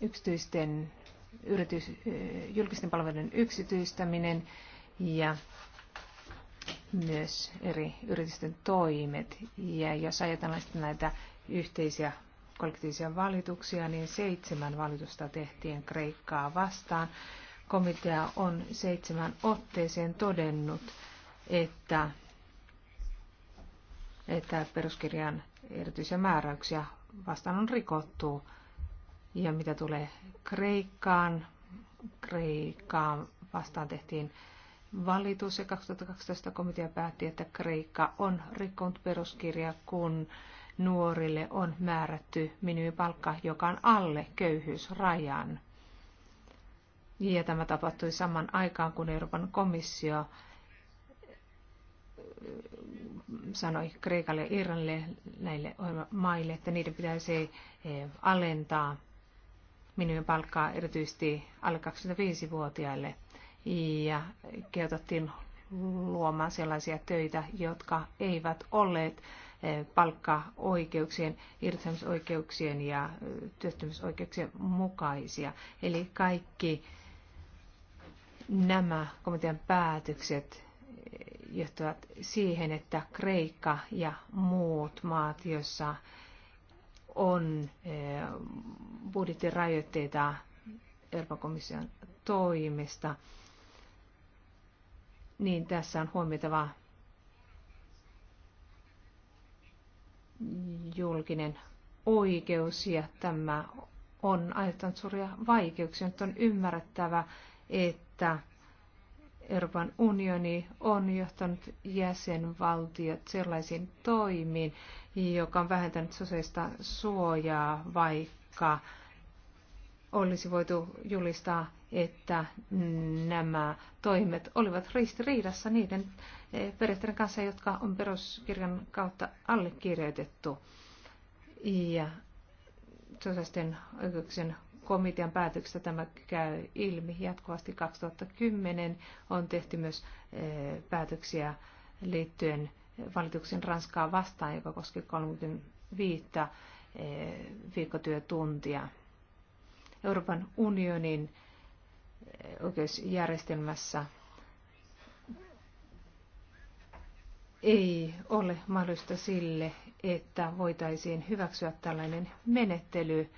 yksityisten yritys, julkisten palveluiden yksityistäminen ja myös eri yritysten toimet. Ja jos ajatellaan sitten näitä yhteisiä kollektiivisia valituksia, niin seitsemän valitusta tehtiin Kreikkaa vastaan. Komitea on seitsemän otteeseen todennut, että, että peruskirjan erityisiä määräyksiä vastaan on rikottu ja mitä tulee Kreikkaan, Kreikkaan vastaan tehtiin valitus ja 2012 komitea päätti, että Kreikka on rikkonut peruskirja, kun nuorille on määrätty minimipalkka, joka on alle köyhyysrajan. Ja tämä tapahtui saman aikaan, kun Euroopan komissio äh, sanoi Kreikalle ja Irlannille näille maille, että niiden pitäisi äh, alentaa palkkaa erityisesti alle 25-vuotiaille ja kehotettiin luomaan sellaisia töitä, jotka eivät olleet e, palkkaoikeuksien, irtisanomisoikeuksien ja e, työttömyysoikeuksien mukaisia. Eli kaikki nämä komitean päätökset e, johtavat siihen, että Kreikka ja muut maat, joissa on eh, budjettirajoitteita Euroopan komission toimesta, niin tässä on huomioitava julkinen oikeus ja tämä on aiheuttanut suuria vaikeuksia. mutta on ymmärrettävä, että Euroopan unioni on johtanut jäsenvaltiot sellaisiin toimiin, joka on vähentänyt sosiaalista suojaa, vaikka olisi voitu julistaa, että nämä toimet olivat ristiriidassa niiden eh, periaatteiden kanssa, jotka on peruskirjan kautta allekirjoitettu. Ja sosiaalisten oikeuksien komitean päätöksestä tämä käy ilmi. Jatkuvasti 2010 on tehty myös eh, päätöksiä liittyen valituksen Ranskaa vastaan, joka koski 35 eh, viikkotyötuntia. Euroopan unionin eh, oikeusjärjestelmässä ei ole mahdollista sille, että voitaisiin hyväksyä tällainen menettely,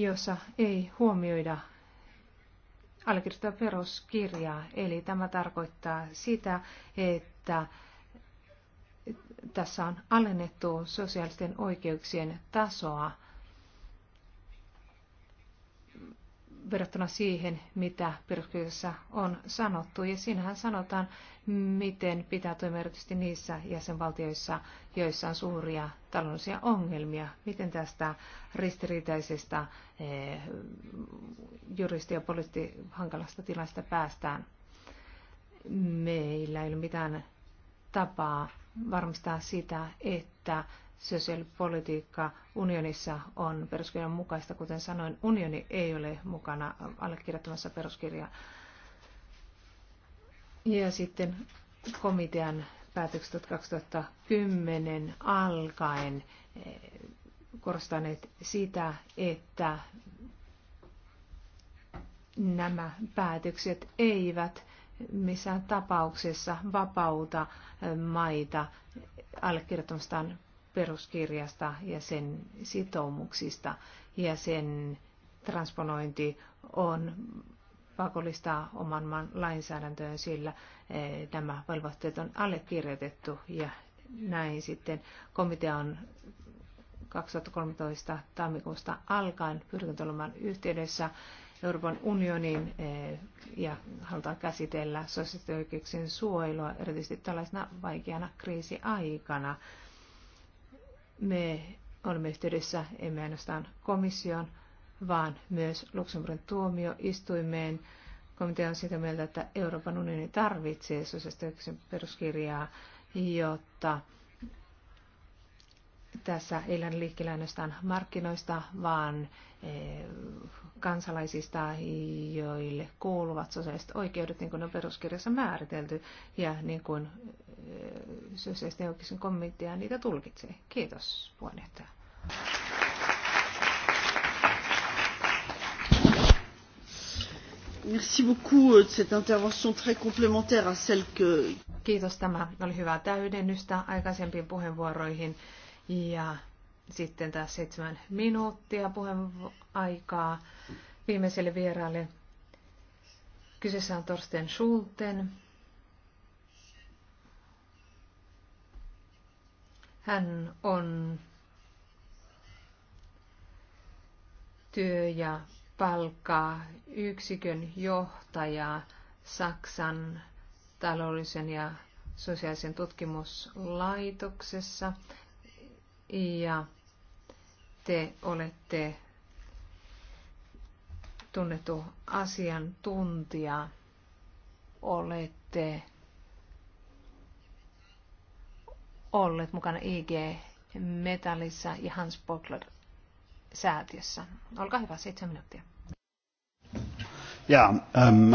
jossa ei huomioida allekirjoittaa peruskirjaa. Eli tämä tarkoittaa sitä, että tässä on alennettu sosiaalisten oikeuksien tasoa verrattuna siihen, mitä peruskirjassa on sanottu. Ja siinähän sanotaan, miten pitää toimia erityisesti niissä jäsenvaltioissa, joissa on suuria taloudellisia ongelmia. Miten tästä ristiriitaisesta eh, juristi- ja poliittisesti hankalasta tilasta päästään. Meillä ei ole mitään tapaa varmistaa sitä, että sosiaalipolitiikka unionissa on peruskirjan mukaista. Kuten sanoin, unioni ei ole mukana allekirjoittamassa peruskirjaa. Ja sitten komitean päätökset 2010 alkaen eh, korostaneet sitä, että nämä päätökset eivät missään tapauksessa vapauta eh, maita allekirjoittamastaan peruskirjasta ja sen sitoumuksista ja sen transponointi on pakollista oman maan lainsäädäntöön, sillä eh, nämä velvoitteet on allekirjoitettu ja näin sitten komitea on 2013 tammikuusta alkaen pyrkinyt olemaan yhteydessä Euroopan unionin eh, ja halutaan käsitellä oikeuksien suojelua erityisesti tällaisena vaikeana kriisiaikana. Me olemme yhteydessä emme ainoastaan komission, vaan myös Luxemburgin tuomioistuimeen. Komitea on sitä mieltä, että Euroopan unioni tarvitsee sosiaalista peruskirjaa, jotta tässä ei lähde liikkeelle ainoastaan markkinoista, vaan eh, kansalaisista, joille kuuluvat sosiaaliset oikeudet, niin kuin on peruskirjassa määritelty, ja niin kuin sosiaalisten kommenttia ja niitä tulkitsee. Kiitos puheenjohtaja. Merci beaucoup euh, de cette intervention très complémentaire à celle que... Kiitos tämä. Oli hyvää täydennystä aikaisempiin puheenvuoroihin. Ja sitten taas seitsemän minuuttia puheenaikaa viimeiselle vieraalle. Kyseessä on Torsten Schulten, Hän on työ- ja palkkaa yksikön johtaja Saksan taloudellisen ja sosiaalisen tutkimuslaitoksessa. Ja te olette tunnettu asiantuntija. Olette olleet mukana IG Metallissa ja Hans Boklod säätiössä. Olkaa hyvä, seitsemän minuuttia. Ja, äm...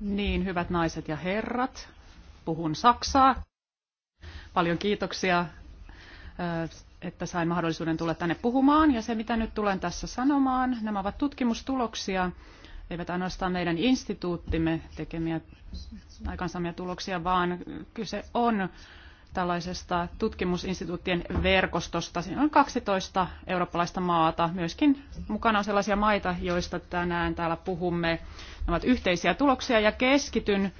Niin, hyvät naiset ja herrat, puhun Saksaa. Paljon kiitoksia, äh, että sain mahdollisuuden tulla tänne puhumaan. Ja se, mitä nyt tulen tässä sanomaan, nämä ovat tutkimustuloksia, eivät ainoastaan meidän instituuttimme tekemiä aikansaamia tuloksia, vaan kyse on tällaisesta tutkimusinstituuttien verkostosta. Siinä on 12 eurooppalaista maata. Myöskin mukana on sellaisia maita, joista tänään täällä puhumme. ne ovat yhteisiä tuloksia ja keskityn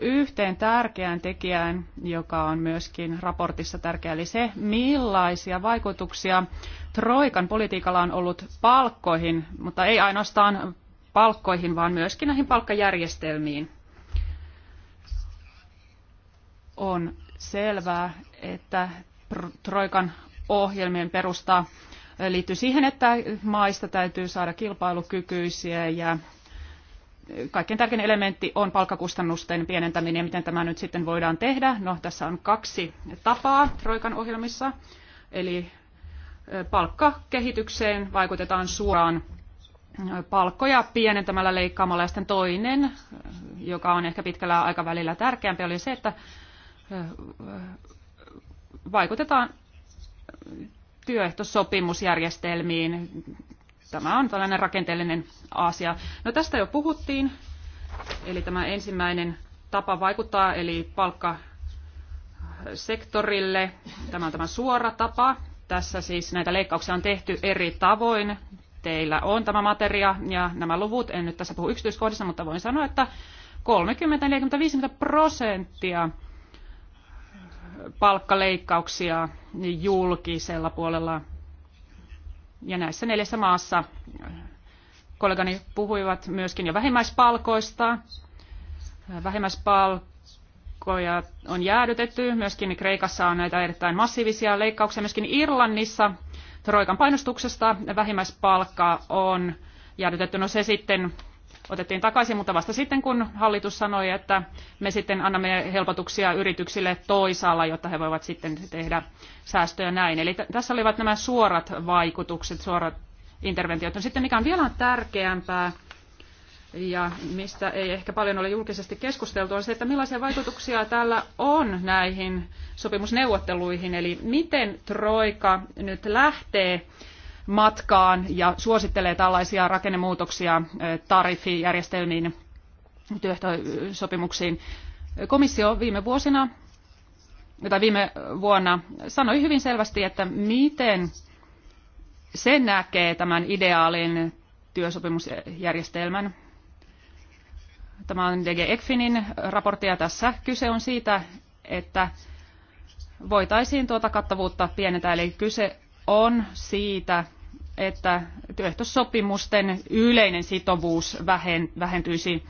yhteen tärkeään tekijään, joka on myöskin raportissa tärkeä, eli se, millaisia vaikutuksia Troikan politiikalla on ollut palkkoihin, mutta ei ainoastaan palkkoihin, vaan myöskin näihin palkkajärjestelmiin. On selvää, että Troikan ohjelmien perusta liittyy siihen, että maista täytyy saada kilpailukykyisiä ja kaikkein tärkein elementti on palkkakustannusten pienentäminen ja miten tämä nyt sitten voidaan tehdä. No, tässä on kaksi tapaa Troikan ohjelmissa, eli palkkakehitykseen vaikutetaan suoraan palkkoja pienentämällä leikkaamalla. Ja sitten toinen, joka on ehkä pitkällä aikavälillä tärkeämpi, oli se, että vaikutetaan työehtosopimusjärjestelmiin. Tämä on tällainen rakenteellinen asia. No tästä jo puhuttiin, eli tämä ensimmäinen tapa vaikuttaa, eli sektorille, Tämä on tämä suora tapa. Tässä siis näitä leikkauksia on tehty eri tavoin. Teillä on tämä materia ja nämä luvut. En nyt tässä puhu yksityiskohdista, mutta voin sanoa, että 30, 40, 50 prosenttia palkkaleikkauksia julkisella puolella. Ja näissä neljässä maassa äh, kollegani puhuivat myöskin jo vähimmäispalkoista. Äh, vähimmäispalkkoja on jäädytetty. Myöskin Kreikassa on näitä erittäin massiivisia leikkauksia. Myöskin Irlannissa Troikan painostuksesta vähimmäispalkka on jäädytetty. No se sitten otettiin takaisin, mutta vasta sitten kun hallitus sanoi, että me sitten annamme helpotuksia yrityksille toisaalla, jotta he voivat sitten tehdä säästöjä näin. Eli tässä olivat nämä suorat vaikutukset, suorat interventiot. No sitten mikä on vielä tärkeämpää, ja mistä ei ehkä paljon ole julkisesti keskusteltu, on se, että millaisia vaikutuksia tällä on näihin sopimusneuvotteluihin, eli miten Troika nyt lähtee matkaan ja suosittelee tällaisia rakennemuutoksia tariffijärjestelmiin, työehtosopimuksiin. Komissio viime vuosina jota viime vuonna sanoi hyvin selvästi, että miten se näkee tämän ideaalin työsopimusjärjestelmän. Tämä on DG Ekfinin raportti ja tässä kyse on siitä, että voitaisiin tuota kattavuutta pienentää. Eli kyse on siitä, että työehtosopimusten yleinen sitovuus vähentyisi.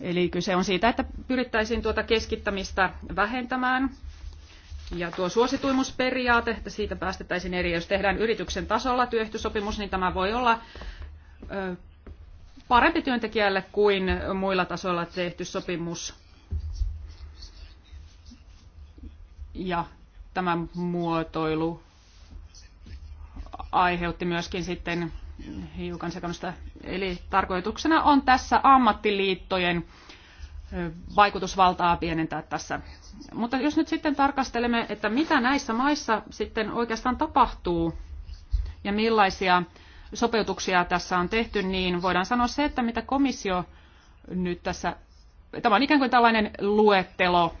Eli kyse on siitä, että pyrittäisiin tuota keskittämistä vähentämään. Ja tuo suosituimusperiaate, että siitä päästettäisiin eri, jos tehdään yrityksen tasolla työehtosopimus, niin tämä voi olla parempi työntekijälle kuin muilla tasoilla tehty sopimus. Ja tämä muotoilu aiheutti myöskin sitten hiukan sekannusta. Eli tarkoituksena on tässä ammattiliittojen vaikutusvaltaa pienentää tässä. Mutta jos nyt sitten tarkastelemme, että mitä näissä maissa sitten oikeastaan tapahtuu ja millaisia sopeutuksia tässä on tehty, niin voidaan sanoa se, että mitä komissio nyt tässä, tämä on ikään kuin tällainen luettelo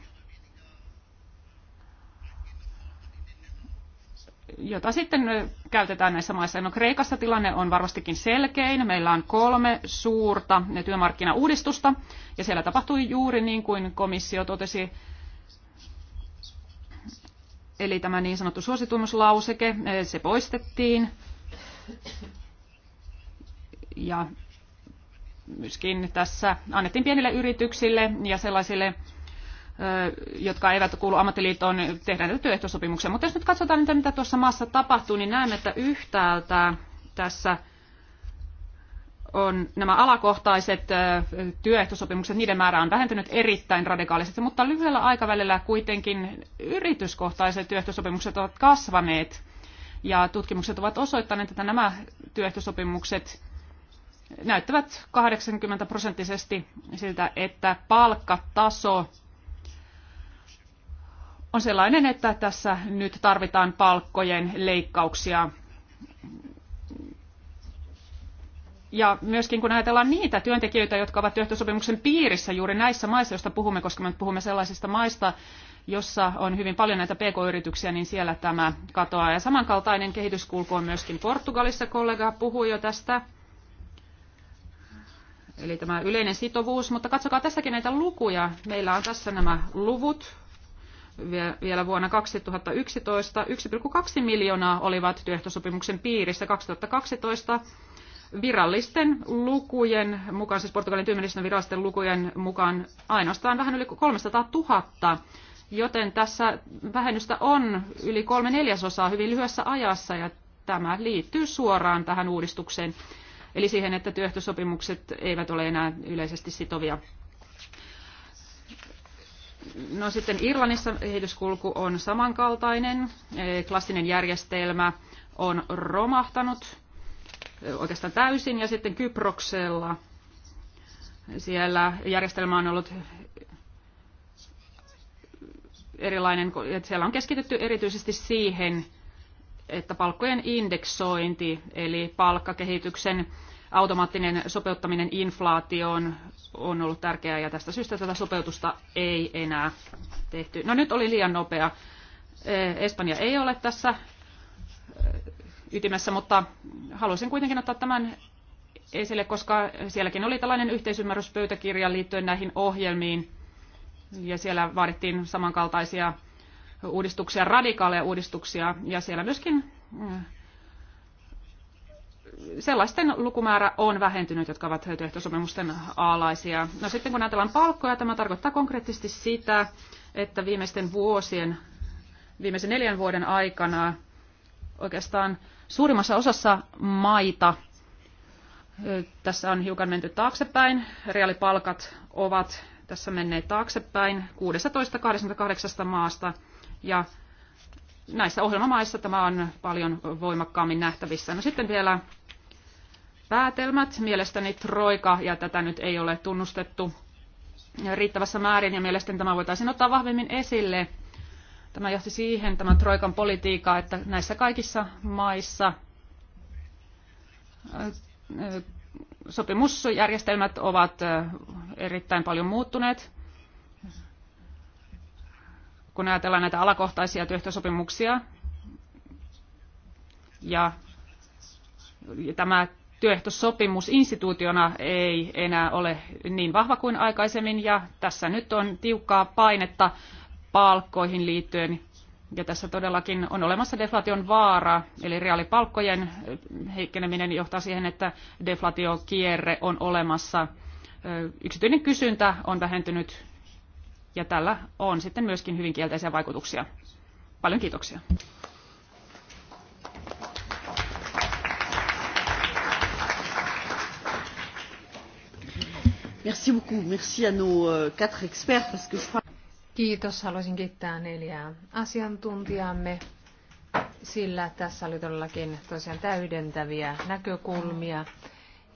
jota sitten käytetään näissä maissa. No Kreikassa tilanne on varmastikin selkein. Meillä on kolme suurta työmarkkinauudistusta ja siellä tapahtui juuri niin kuin komissio totesi, eli tämä niin sanottu suositumuslauseke, se poistettiin. Ja myöskin tässä annettiin pienille yrityksille ja sellaisille jotka eivät kuulu ammattiliittoon, niin tehdään näitä työehtosopimuksia. Mutta jos nyt katsotaan niitä, mitä tuossa maassa tapahtuu, niin näemme, että yhtäältä tässä on nämä alakohtaiset työehtosopimukset, niiden määrä on vähentynyt erittäin radikaalisesti, mutta lyhyellä aikavälillä kuitenkin yrityskohtaiset työehtosopimukset ovat kasvaneet. Ja tutkimukset ovat osoittaneet, että nämä työehtosopimukset näyttävät 80 prosenttisesti siltä, että palkkataso on sellainen, että tässä nyt tarvitaan palkkojen leikkauksia. Ja myöskin kun ajatellaan niitä työntekijöitä, jotka ovat työehtosopimuksen piirissä juuri näissä maissa, joista puhumme, koska me puhumme sellaisista maista, jossa on hyvin paljon näitä pk-yrityksiä, niin siellä tämä katoaa. Ja samankaltainen kehityskulku on myöskin Portugalissa, kollega puhui jo tästä. Eli tämä yleinen sitovuus, mutta katsokaa tässäkin näitä lukuja. Meillä on tässä nämä luvut vielä vuonna 2011 1,2 miljoonaa olivat työehtosopimuksen piirissä 2012 virallisten lukujen mukaan, siis Portugalin työministeriön virallisten lukujen mukaan ainoastaan vähän yli 300 000, joten tässä vähennystä on yli kolme neljäsosaa hyvin lyhyessä ajassa ja tämä liittyy suoraan tähän uudistukseen, eli siihen, että työehtosopimukset eivät ole enää yleisesti sitovia No sitten Irlannissa kehityskulku on samankaltainen. E, klassinen järjestelmä on romahtanut e, oikeastaan täysin ja sitten Kyproksella siellä järjestelmä on ollut erilainen, siellä on keskitytty erityisesti siihen, että palkkojen indeksointi, eli palkkakehityksen automaattinen sopeuttaminen inflaatioon on ollut tärkeää ja tästä syystä tätä sopeutusta ei enää tehty. No nyt oli liian nopea. E, Espanja ei ole tässä e, ytimessä, mutta halusin kuitenkin ottaa tämän esille, koska sielläkin oli tällainen yhteisymmärryspöytäkirja liittyen näihin ohjelmiin ja siellä vaadittiin samankaltaisia uudistuksia, radikaaleja uudistuksia ja siellä myöskin e, sellaisten lukumäärä on vähentynyt, jotka ovat työehtosopimusten alaisia. No sitten kun ajatellaan palkkoja, tämä tarkoittaa konkreettisesti sitä, että viimeisten vuosien, viimeisen neljän vuoden aikana oikeastaan suurimmassa osassa maita tässä on hiukan menty taaksepäin. Reaalipalkat ovat tässä menneet taaksepäin 16-28 maasta ja näissä ohjelmamaissa tämä on paljon voimakkaammin nähtävissä. No sitten vielä päätelmät. Mielestäni Troika, ja tätä nyt ei ole tunnustettu riittävässä määrin, ja mielestäni tämä voitaisiin ottaa vahvemmin esille. Tämä johti siihen, tämä Troikan politiikka, että näissä kaikissa maissa äh, sopimusjärjestelmät ovat äh, erittäin paljon muuttuneet. Kun ajatellaan näitä alakohtaisia työhtösopimuksia, ja tämä työehtosopimus instituutiona ei enää ole niin vahva kuin aikaisemmin ja tässä nyt on tiukkaa painetta palkkoihin liittyen ja tässä todellakin on olemassa deflaation vaara, eli reaalipalkkojen heikkeneminen johtaa siihen, että deflaatiokierre on olemassa. Yksityinen kysyntä on vähentynyt ja tällä on sitten myöskin hyvin kielteisiä vaikutuksia. Paljon kiitoksia. Merci beaucoup. Merci à nos euh, quatre experts parce que je crois... Kiitos. Haluaisin kiittää neljää asiantuntijamme, sillä tässä oli todellakin tosiaan täydentäviä näkökulmia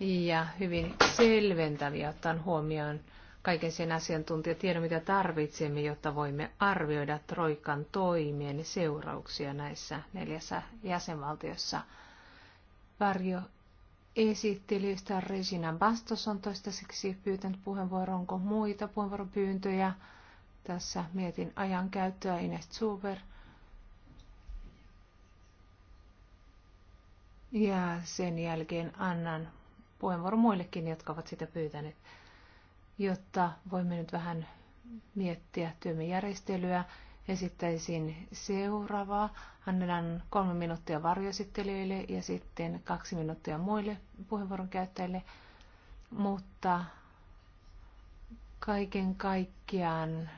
ja hyvin selventäviä ottaen huomioon kaiken sen asiantuntijatiedon, mitä tarvitsemme, jotta voimme arvioida Troikan toimien seurauksia näissä neljässä jäsenvaltiossa. Varjo esittelystä. Regina Bastos on toistaiseksi pyytänyt puheenvuoron. Onko muita puheenvuoropyyntöjä? Tässä mietin ajankäyttöä Ines Zuber. Ja sen jälkeen annan puheenvuoron muillekin, jotka ovat sitä pyytäneet, jotta voimme nyt vähän miettiä työmme järjestelyä esittäisin seuraavaa. Annetaan kolme minuuttia varjoesittelijöille ja sitten kaksi minuuttia muille puheenvuoron käyttäjille. Mutta kaiken kaikkiaan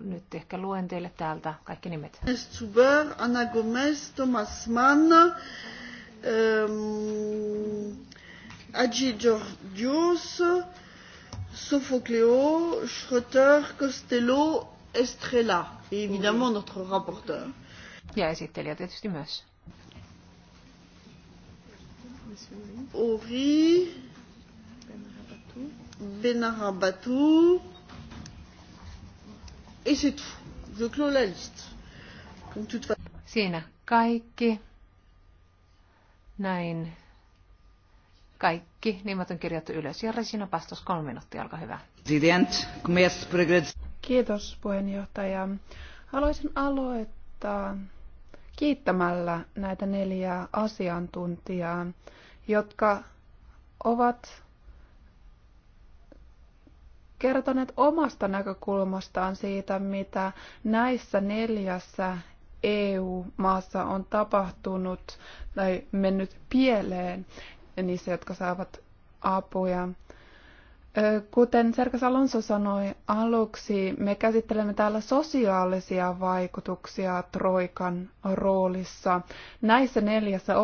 nyt ehkä luen teille täältä kaikki nimet. Zuber, Anna Gomez, Thomas Mann, ähm, Agi Georgios, Sofocleo, Schröter, Costello Estrella et évidemment notre rapporteur. Ja esittelijä tietysti myös. Ori, Benarabatou, et c'est tout. Je clôt la liste. Donc, toute façon... Siinä kaikki. Näin. Kaikki nimet on kirjattu ylös. Jarri, sinä vastaus kolme minuuttia, olkaa hyvä. Presidente, President, Kiitos puheenjohtaja. Haluaisin aloittaa kiittämällä näitä neljää asiantuntijaa, jotka ovat kertoneet omasta näkökulmastaan siitä, mitä näissä neljässä EU-maassa on tapahtunut tai mennyt pieleen niissä, jotka saavat apuja. Kuten Serkas Alonso sanoi aluksi, me käsittelemme täällä sosiaalisia vaikutuksia Troikan roolissa näissä neljässä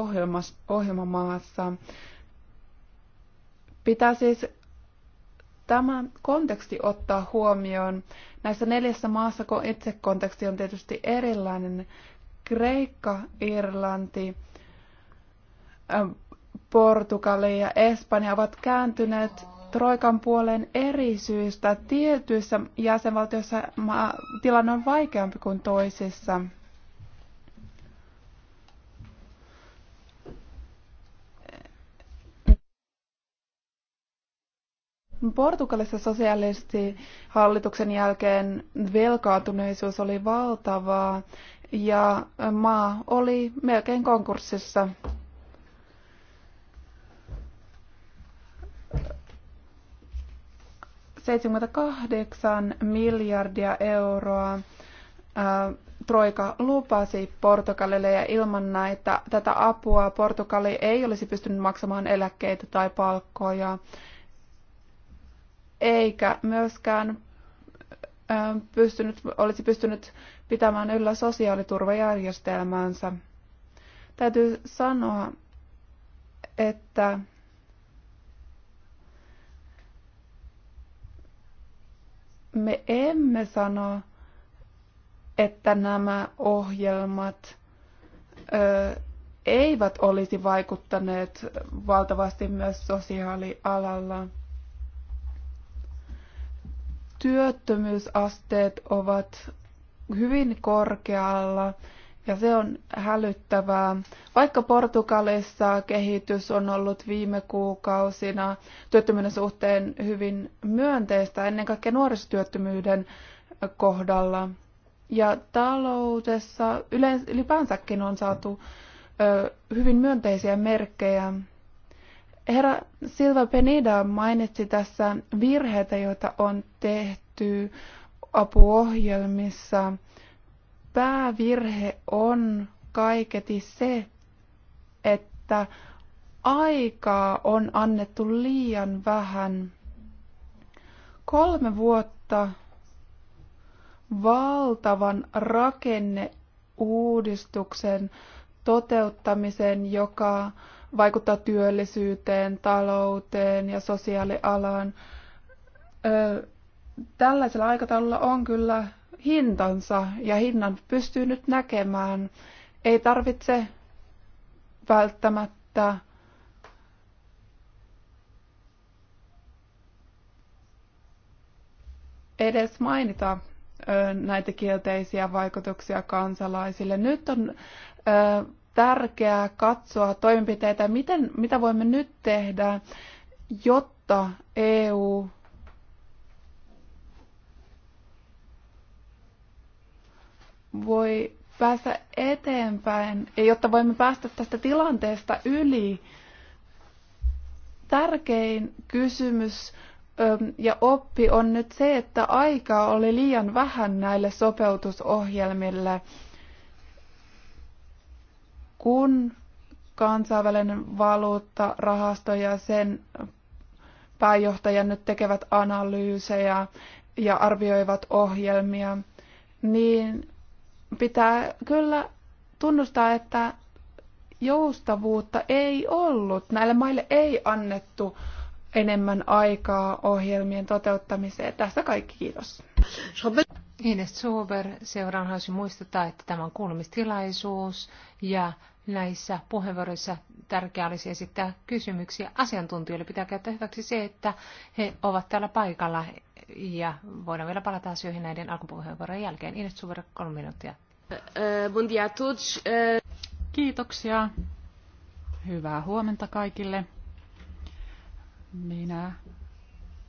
ohjelmamaassa. Pitää siis tämä konteksti ottaa huomioon. Näissä neljässä maassa itse konteksti on tietysti erilainen. Kreikka, Irlanti, Portugali ja Espanja ovat kääntyneet Troikan puolen eri syistä. Tietyissä jäsenvaltioissa tilanne on vaikeampi kuin toisissa. Portugalissa hallituksen jälkeen velkaantuneisuus oli valtavaa ja maa oli melkein konkurssissa. 78 miljardia euroa Troika lupasi Portugalille ja ilman näitä, tätä apua Portugali ei olisi pystynyt maksamaan eläkkeitä tai palkkoja, eikä myöskään pystynyt, olisi pystynyt pitämään yllä sosiaaliturvajärjestelmäänsä. Täytyy sanoa, että me emme sano, että nämä ohjelmat ö, eivät olisi vaikuttaneet valtavasti myös sosiaalialalla. Työttömyysasteet ovat hyvin korkealla ja se on hälyttävää. Vaikka Portugalissa kehitys on ollut viime kuukausina työttömyyden suhteen hyvin myönteistä, ennen kaikkea nuorisotyöttömyyden kohdalla. Ja taloudessa yleensä, ylipäänsäkin on saatu ö, hyvin myönteisiä merkkejä. Herra Silva Penida mainitsi tässä virheitä, joita on tehty apuohjelmissa päävirhe on kaiketi se, että aikaa on annettu liian vähän. Kolme vuotta valtavan rakenneuudistuksen toteuttamiseen, joka vaikuttaa työllisyyteen, talouteen ja sosiaalialaan. Tällaisella aikataululla on kyllä hintansa ja hinnan pystyy nyt näkemään. Ei tarvitse välttämättä edes mainita näitä kielteisiä vaikutuksia kansalaisille. Nyt on tärkeää katsoa toimenpiteitä, miten, mitä voimme nyt tehdä, jotta EU voi päästä eteenpäin ja jotta voimme päästä tästä tilanteesta yli, tärkein kysymys ja oppi on nyt se, että aikaa oli liian vähän näille sopeutusohjelmille. Kun kansainvälinen rahasto ja sen pääjohtaja nyt tekevät analyysejä ja arvioivat ohjelmia, niin pitää kyllä tunnustaa, että joustavuutta ei ollut. Näille maille ei annettu enemmän aikaa ohjelmien toteuttamiseen. Tästä kaikki kiitos. Ines Zuber, seuraan haluaisin muistuttaa, että tämä on kuulumistilaisuus ja näissä puheenvuoroissa tärkeää olisi esittää kysymyksiä asiantuntijoille. Pitää käyttää hyväksi se, että he ovat täällä paikalla ja voidaan vielä palata asioihin näiden alkupuheenvuorojen jälkeen. Ines Zuber, kolme minuuttia Eh, Bom dia a todos. Eh, Kiitoksia. Hyvää huomenta kaikille. Minä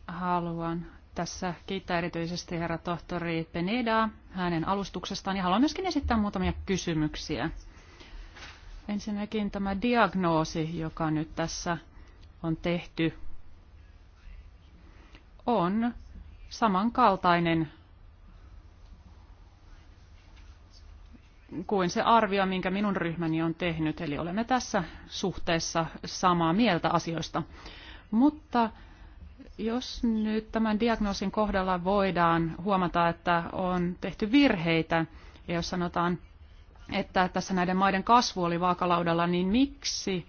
haluan tässä kiittää erityisesti herra tohtori Penedaa hänen alustuksestaan ja haluan myöskin esittää muutamia kysymyksiä. Ensinnäkin tämä diagnoosi, joka nyt tässä on tehty, on samankaltainen kuin se arvio, minkä minun ryhmäni on tehnyt. Eli olemme tässä suhteessa samaa mieltä asioista. Mutta jos nyt tämän diagnoosin kohdalla voidaan huomata, että on tehty virheitä, ja jos sanotaan, että tässä näiden maiden kasvu oli vaakalaudalla, niin miksi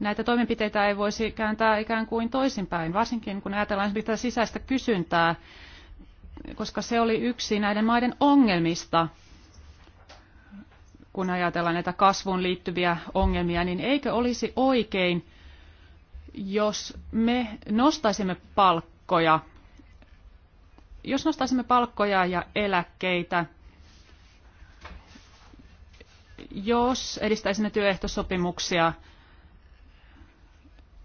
näitä toimenpiteitä ei voisi kääntää ikään kuin toisinpäin, varsinkin kun ajatellaan esimerkiksi sisäistä kysyntää, koska se oli yksi näiden maiden ongelmista, kun ajatellaan näitä kasvuun liittyviä ongelmia, niin eikö olisi oikein, jos me nostaisimme palkkoja, jos nostaisimme palkkoja ja eläkkeitä, jos edistäisimme työehtosopimuksia,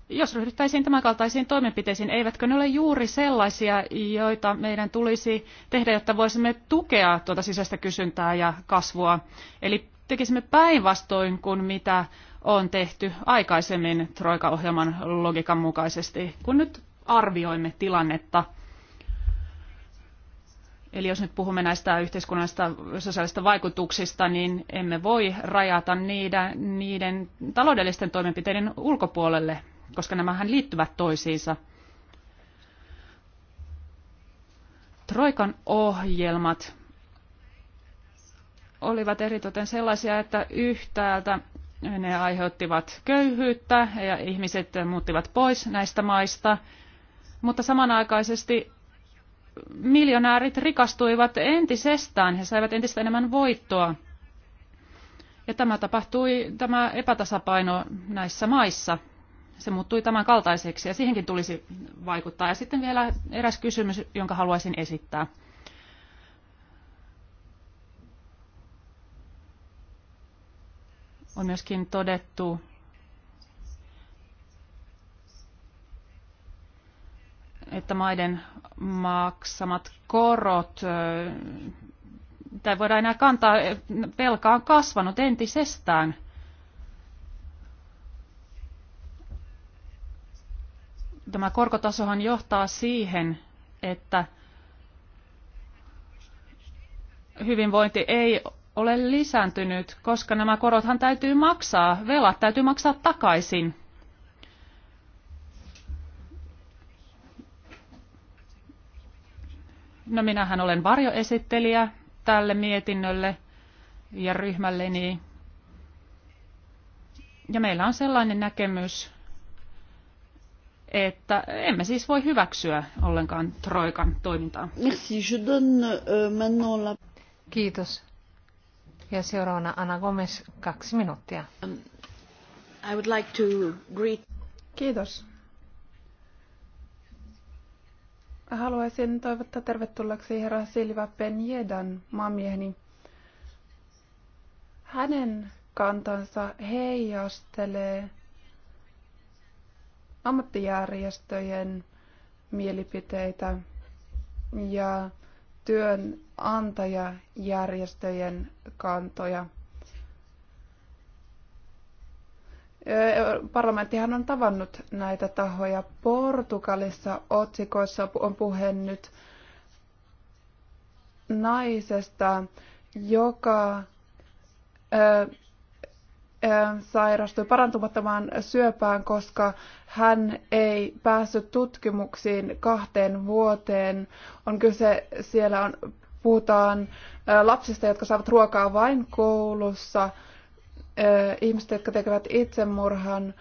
jos ryhdyttäisiin tämänkaltaisiin toimenpiteisiin, eivätkö ne ole juuri sellaisia, joita meidän tulisi tehdä, jotta voisimme tukea tuota sisäistä kysyntää ja kasvua? Eli tekisimme päinvastoin kuin mitä on tehty aikaisemmin Troika-ohjelman logiikan mukaisesti, kun nyt arvioimme tilannetta. Eli jos nyt puhumme näistä yhteiskunnallisista sosiaalista vaikutuksista, niin emme voi rajata niiden, niiden taloudellisten toimenpiteiden ulkopuolelle, koska nämähän liittyvät toisiinsa. Troikan ohjelmat olivat eritoten sellaisia, että yhtäältä ne aiheuttivat köyhyyttä ja ihmiset muuttivat pois näistä maista, mutta samanaikaisesti miljonäärit rikastuivat entisestään, he saivat entistä enemmän voittoa. Ja tämä tapahtui, tämä epätasapaino näissä maissa, se muuttui tämän kaltaiseksi ja siihenkin tulisi vaikuttaa. Ja sitten vielä eräs kysymys, jonka haluaisin esittää. On myöskin todettu, että maiden maksamat korot, tai voidaan enää kantaa, velka on kasvanut entisestään. Tämä korkotasohan johtaa siihen, että hyvinvointi ei ole lisääntynyt, koska nämä korothan täytyy maksaa, velat täytyy maksaa takaisin. No minähän olen varjoesittelijä tälle mietinnölle ja ryhmälleni. Ja meillä on sellainen näkemys, että emme siis voi hyväksyä ollenkaan Troikan toimintaa. Merci. Je donne, euh, la... Kiitos. Ja seuraavana Anna Gomes, kaksi minuuttia. Um, I would like to greet... Kiitos. Haluaisin toivottaa tervetulleeksi herra Silva Penjedan maamieheni. Hänen kantansa heijastelee ammattijärjestöjen mielipiteitä ja työn antajajärjestöjen kantoja. Parlamenttihan on tavannut näitä tahoja. Portugalissa otsikoissa on puhe nyt naisesta, joka ö, sairastui parantumattomaan syöpään, koska hän ei päässyt tutkimuksiin kahteen vuoteen. On kyse, siellä on puhutaan lapsista, jotka saavat ruokaa vain koulussa, ihmistä, jotka tekevät itsemurhan.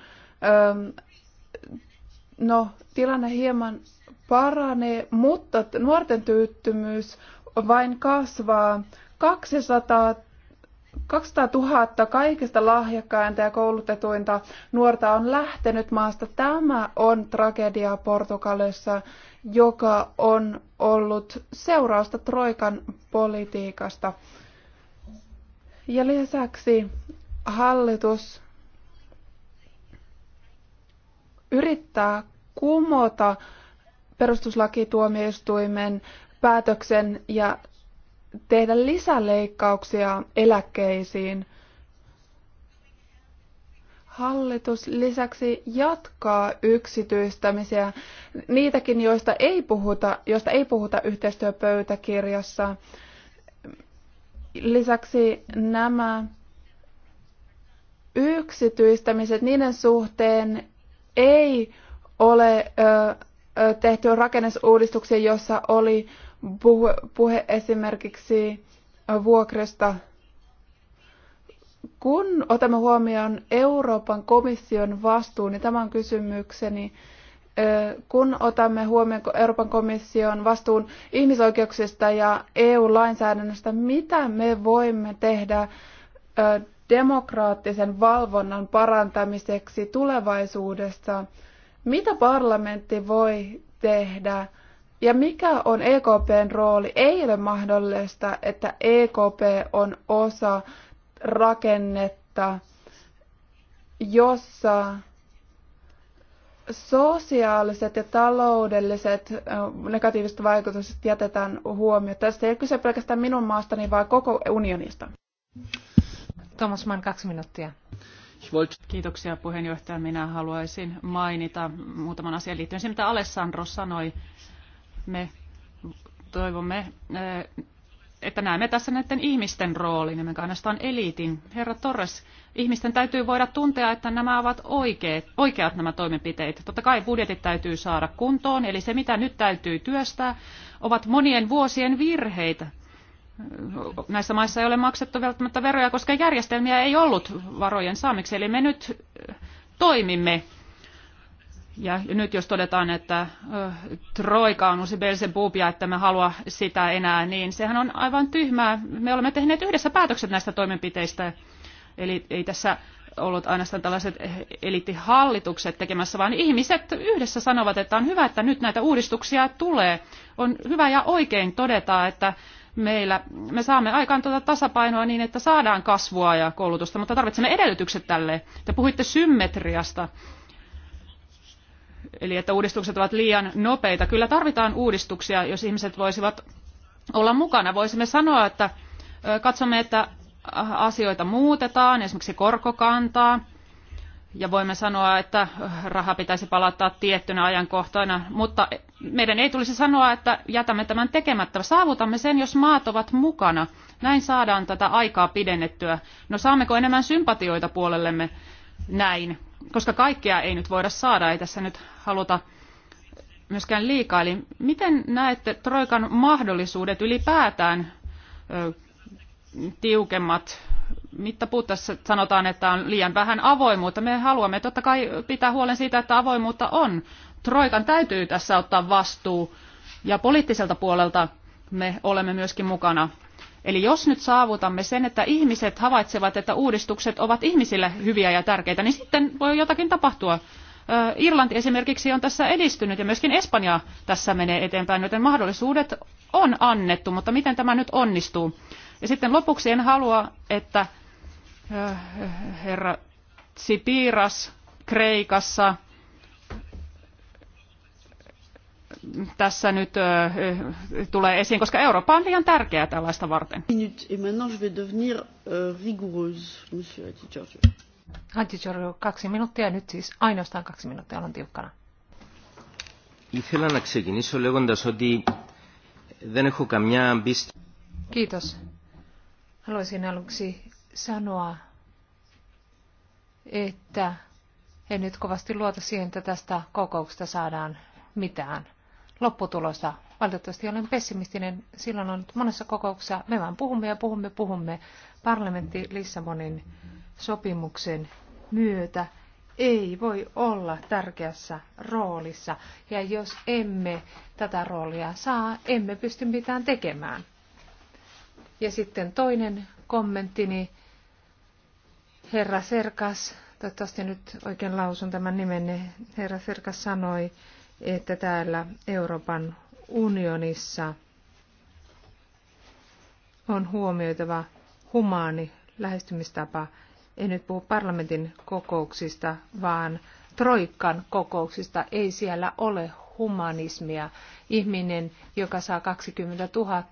No, tilanne hieman paranee, mutta nuorten tyyttömyys vain kasvaa. 200 200 000 kaikista lahjakkainta ja koulutetuinta nuorta on lähtenyt maasta. Tämä on tragedia Portugalissa, joka on ollut seurausta Troikan politiikasta. Ja lisäksi hallitus yrittää kumota perustuslakituomioistuimen päätöksen ja tehdä lisäleikkauksia eläkkeisiin. Hallitus lisäksi jatkaa yksityistämisiä, niitäkin, joista ei puhuta, joista ei puhuta yhteistyöpöytäkirjassa. Lisäksi nämä yksityistämiset, niiden suhteen ei ole ö, tehty rakennusuudistuksia, jossa oli puhe esimerkiksi vuokrasta. Kun otamme huomioon Euroopan komission vastuun, niin tämä on kysymykseni, kun otamme huomioon Euroopan komission vastuun ihmisoikeuksista ja EU-lainsäädännöstä, mitä me voimme tehdä demokraattisen valvonnan parantamiseksi tulevaisuudessa? Mitä parlamentti voi tehdä? Ja mikä on EKPn rooli? Ei ole mahdollista, että EKP on osa rakennetta, jossa sosiaaliset ja taloudelliset negatiiviset vaikutukset jätetään huomioon. Tässä ei ole kyse pelkästään minun maastani, vaan koko unionista. Thomas Mann, kaksi minuuttia. Kiitoksia puheenjohtaja. Minä haluaisin mainita muutaman asian liittyen siihen, mitä Alessandro sanoi me toivomme, että näemme tässä näiden ihmisten roolin, emmekä ainoastaan eliitin. Herra Torres, ihmisten täytyy voida tuntea, että nämä ovat oikeat, oikeat nämä toimenpiteet. Totta kai budjetit täytyy saada kuntoon, eli se mitä nyt täytyy työstää, ovat monien vuosien virheitä. Näissä maissa ei ole maksettu välttämättä veroja, koska järjestelmiä ei ollut varojen saamiksi. Eli me nyt toimimme ja nyt jos todetaan, että Troika on uusi Belzebubia, että me halua sitä enää, niin sehän on aivan tyhmää. Me olemme tehneet yhdessä päätökset näistä toimenpiteistä. Eli ei tässä ollut ainoastaan tällaiset eliittihallitukset tekemässä, vaan ihmiset yhdessä sanovat, että on hyvä, että nyt näitä uudistuksia tulee. On hyvä ja oikein todeta, että meillä, me saamme aikaan tuota tasapainoa niin, että saadaan kasvua ja koulutusta, mutta tarvitsemme edellytykset tälle. Te puhuitte symmetriasta eli että uudistukset ovat liian nopeita. Kyllä tarvitaan uudistuksia, jos ihmiset voisivat olla mukana. Voisimme sanoa, että katsomme, että asioita muutetaan, esimerkiksi korkokantaa, ja voimme sanoa, että raha pitäisi palauttaa tiettynä ajankohtana, mutta meidän ei tulisi sanoa, että jätämme tämän tekemättä. Saavutamme sen, jos maat ovat mukana. Näin saadaan tätä aikaa pidennettyä. No saammeko enemmän sympatioita puolellemme näin? koska kaikkea ei nyt voida saada, ei tässä nyt haluta myöskään liikaa. Eli miten näette Troikan mahdollisuudet ylipäätään ö, tiukemmat mittapuut tässä sanotaan, että on liian vähän avoimuutta. Me haluamme totta kai pitää huolen siitä, että avoimuutta on. Troikan täytyy tässä ottaa vastuu ja poliittiselta puolelta me olemme myöskin mukana Eli jos nyt saavutamme sen, että ihmiset havaitsevat, että uudistukset ovat ihmisille hyviä ja tärkeitä, niin sitten voi jotakin tapahtua. Irlanti esimerkiksi on tässä edistynyt ja myöskin Espanja tässä menee eteenpäin, joten mahdollisuudet on annettu, mutta miten tämä nyt onnistuu? Ja sitten lopuksi en halua, että herra Tsipiras Kreikassa – tässä nyt tulee esiin, koska Eurooppa on liian tärkeää tällaista varten. Antti kaksi minuuttia, nyt siis ainoastaan kaksi minuuttia, olen tiukkana. Kiitos. Haluaisin aluksi sanoa, että en nyt kovasti luota siihen, että tästä kokouksesta saadaan mitään lopputulosta. Valitettavasti olen pessimistinen. Silloin on monessa kokouksessa, me vain puhumme ja puhumme, puhumme. Parlamentti Lissabonin sopimuksen myötä ei voi olla tärkeässä roolissa. Ja jos emme tätä roolia saa, emme pysty mitään tekemään. Ja sitten toinen kommenttini, herra Serkas, toivottavasti nyt oikein lausun tämän nimenne, herra Serkas sanoi, että täällä Euroopan unionissa on huomioitava humaani lähestymistapa. En nyt puhu parlamentin kokouksista, vaan troikan kokouksista. Ei siellä ole humanismia. Ihminen, joka saa 20 000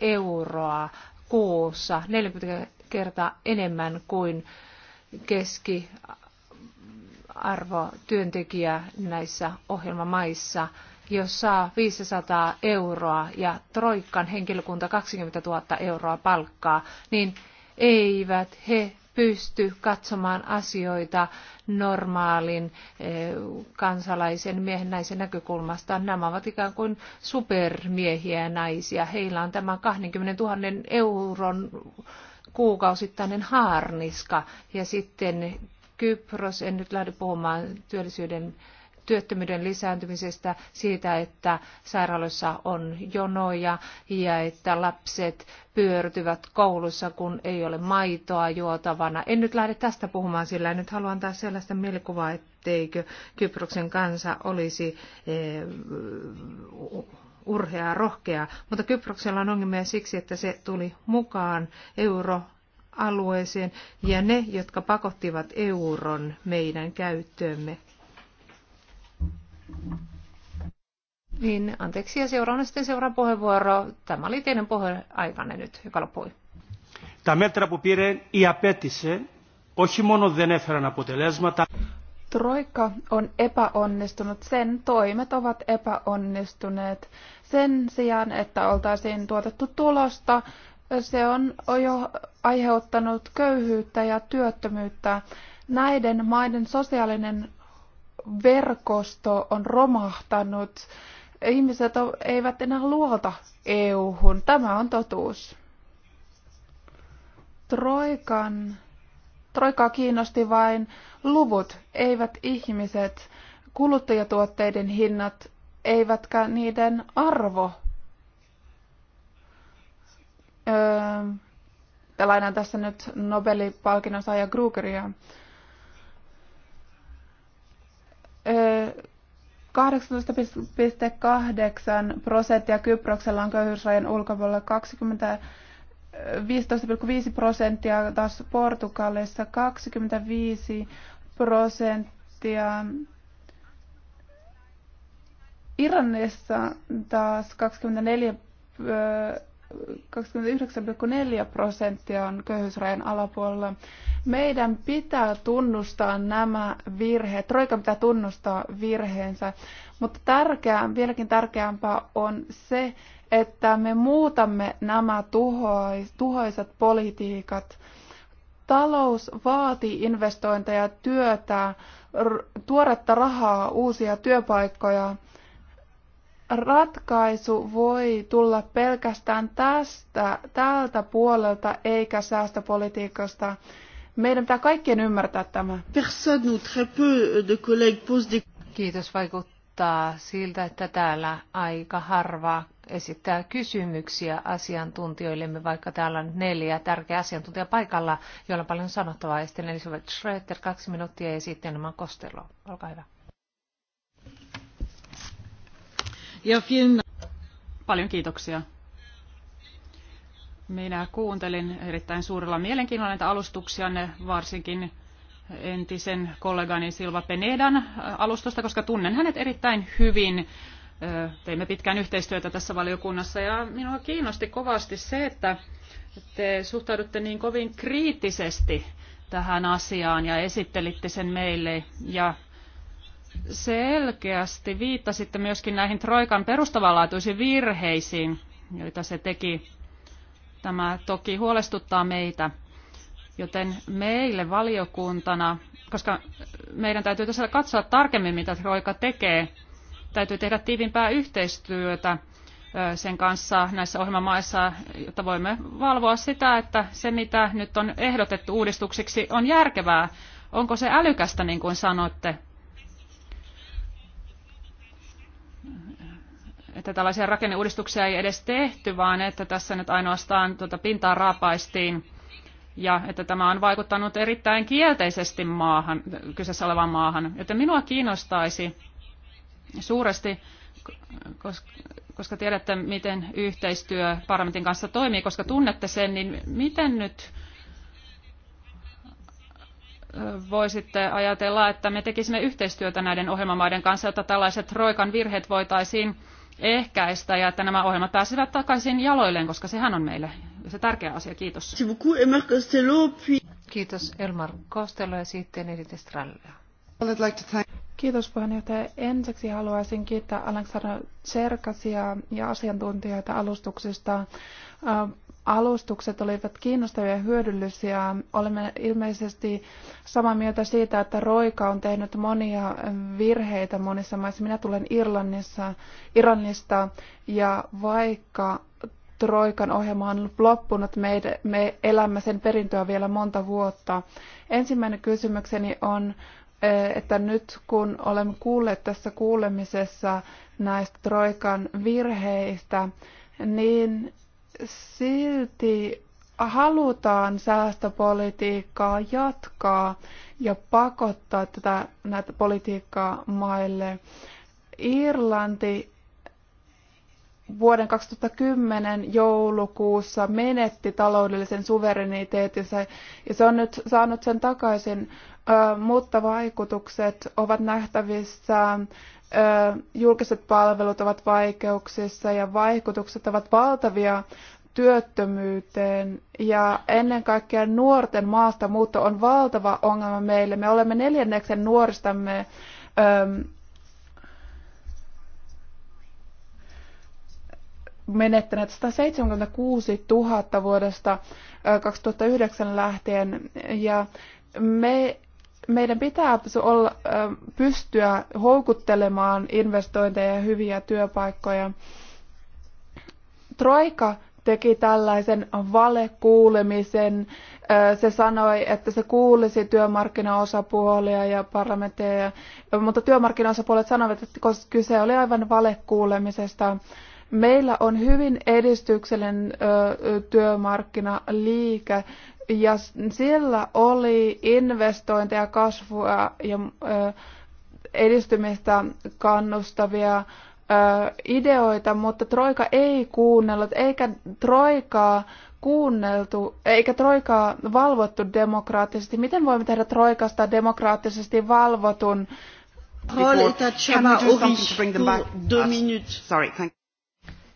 euroa kuussa, 40 kertaa enemmän kuin keski arvo näissä ohjelmamaissa, jos saa 500 euroa ja Troikan henkilökunta 20 000 euroa palkkaa, niin eivät he pysty katsomaan asioita normaalin eh, kansalaisen miehen naisen näkökulmasta. Nämä ovat ikään kuin supermiehiä ja naisia. Heillä on tämä 20 000 euron kuukausittainen haarniska ja sitten Kypros, en nyt lähde puhumaan työllisyyden työttömyyden lisääntymisestä, siitä, että sairaaloissa on jonoja ja että lapset pyörtyvät koulussa, kun ei ole maitoa juotavana. En nyt lähde tästä puhumaan, sillä nyt haluan taas sellaista mielikuvaa, etteikö Kyproksen kansa olisi eh, urhea ja rohkea, mutta Kyproksella on ongelmia siksi, että se tuli mukaan euro alueeseen ja ne, jotka pakottivat euron meidän käyttöömme. Niin, anteeksi ja seuraavana sitten seuraava puheenvuoro. Tämä oli teidän puheaikanne nyt, joka loppui. Tämä μέτρα που πήρε η απέτησε όχι μόνο δεν έφεραν αποτελέσματα. Troikka on epäonnistunut, sen toimet ovat epäonnistuneet. Sen sijaan, että oltaisiin tuotettu tulosta, se on jo aiheuttanut köyhyyttä ja työttömyyttä. Näiden maiden sosiaalinen verkosto on romahtanut. Ihmiset eivät enää luota EU-hun. Tämä on totuus. Troikan, troikaa kiinnosti vain luvut, eivät ihmiset, kuluttajatuotteiden hinnat, eivätkä niiden arvo öö, lainaan tässä nyt Nobelin palkinnon saaja Krugeria. Öö, 18,8 prosenttia Kyproksella on köyhyysrajan ulkopuolella, 20 15,5 prosenttia taas Portugalissa, 25 prosenttia Iranissa taas 24 29,4 prosenttia on köyhyysrajan alapuolella. Meidän pitää tunnustaa nämä virheet, Troika pitää tunnustaa virheensä, mutta tärkeää, vieläkin tärkeämpää on se, että me muutamme nämä tuhois, tuhoisat politiikat. Talous vaatii investointeja, työtä, tuoretta rahaa, uusia työpaikkoja ratkaisu voi tulla pelkästään tästä, tältä puolelta eikä säästöpolitiikasta. Meidän pitää kaikkien ymmärtää tämä. Kiitos vaikuttaa siltä, että täällä aika harva esittää kysymyksiä asiantuntijoillemme, vaikka täällä on neljä tärkeää asiantuntijaa paikalla, joilla on paljon sanottavaa. Ja sitten Elisabeth Schröter, kaksi minuuttia ja sitten Emma Kostelo. Olkaa hyvä. Paljon kiitoksia. Minä kuuntelin erittäin suurella mielenkiinnolla näitä alustuksianne, varsinkin entisen kollegani Silva Penedan äh, alustusta, koska tunnen hänet erittäin hyvin. Äh, teimme pitkään yhteistyötä tässä valiokunnassa ja minua kiinnosti kovasti se, että te suhtaudutte niin kovin kriittisesti tähän asiaan ja esittelitte sen meille. Ja selkeästi viittasitte myöskin näihin Troikan perustavanlaatuisiin virheisiin, joita se teki. Tämä toki huolestuttaa meitä, joten meille valiokuntana, koska meidän täytyy tässä katsoa tarkemmin, mitä Troika tekee, täytyy tehdä tiivimpää yhteistyötä sen kanssa näissä ohjelmamaissa, jotta voimme valvoa sitä, että se mitä nyt on ehdotettu uudistuksiksi on järkevää. Onko se älykästä, niin kuin sanoitte? että tällaisia rakenneuudistuksia ei edes tehty, vaan että tässä nyt ainoastaan tuota pintaa raapaistiin ja että tämä on vaikuttanut erittäin kielteisesti maahan, kyseessä olevaan maahan. Joten minua kiinnostaisi suuresti, koska, tiedätte, miten yhteistyö parlamentin kanssa toimii, koska tunnette sen, niin miten nyt voisitte ajatella, että me tekisimme yhteistyötä näiden ohjelmamaiden kanssa, jotta tällaiset Roikan virheet voitaisiin ehkäistä ja että nämä ohjelmat pääsevät takaisin jaloilleen, koska sehän on meille se tärkeä asia. Kiitos. Kiitos Elmar Costello ja sitten Edith Estrella. Kiitos puheenjohtaja. Ensiksi haluaisin kiittää Aleksandra Tserkasia ja asiantuntijoita alustuksista. Äh, alustukset olivat kiinnostavia ja hyödyllisiä. Olemme ilmeisesti samaa mieltä siitä, että Roika on tehnyt monia virheitä monissa maissa. Minä tulen Irlannissa, Irlannista ja vaikka Troikan ohjelma on loppunut, me, me elämme sen perintöä vielä monta vuotta. Ensimmäinen kysymykseni on, että nyt kun olemme kuulleet tässä kuulemisessa näistä Troikan virheistä, niin silti halutaan säästöpolitiikkaa jatkaa ja pakottaa tätä, näitä politiikkaa maille. Irlanti vuoden 2010 joulukuussa menetti taloudellisen suvereniteetinsä ja se on nyt saanut sen takaisin, mutta vaikutukset ovat nähtävissä julkiset palvelut ovat vaikeuksissa ja vaikutukset ovat valtavia työttömyyteen ja ennen kaikkea nuorten maastamuutto on valtava ongelma meille. Me olemme neljänneksen nuoristamme öm, menettäneet 176 000 vuodesta 2009 lähtien ja me meidän pitää olla, pystyä houkuttelemaan investointeja ja hyviä työpaikkoja. Troika teki tällaisen valekuulemisen. Se sanoi, että se kuulisi työmarkkinaosapuolia ja parlamentteja, mutta työmarkkinaosapuolet sanoivat, että koska kyse oli aivan valekuulemisesta. Meillä on hyvin edistyksellinen työmarkkinaliike ja sillä oli investointeja, kasvua ja edistymistä kannustavia ideoita, mutta Troika ei kuunnellut, eikä Troikaa kuunneltu, eikä Troikaa valvottu demokraattisesti. Miten voimme tehdä Troikasta demokraattisesti valvotun? Niin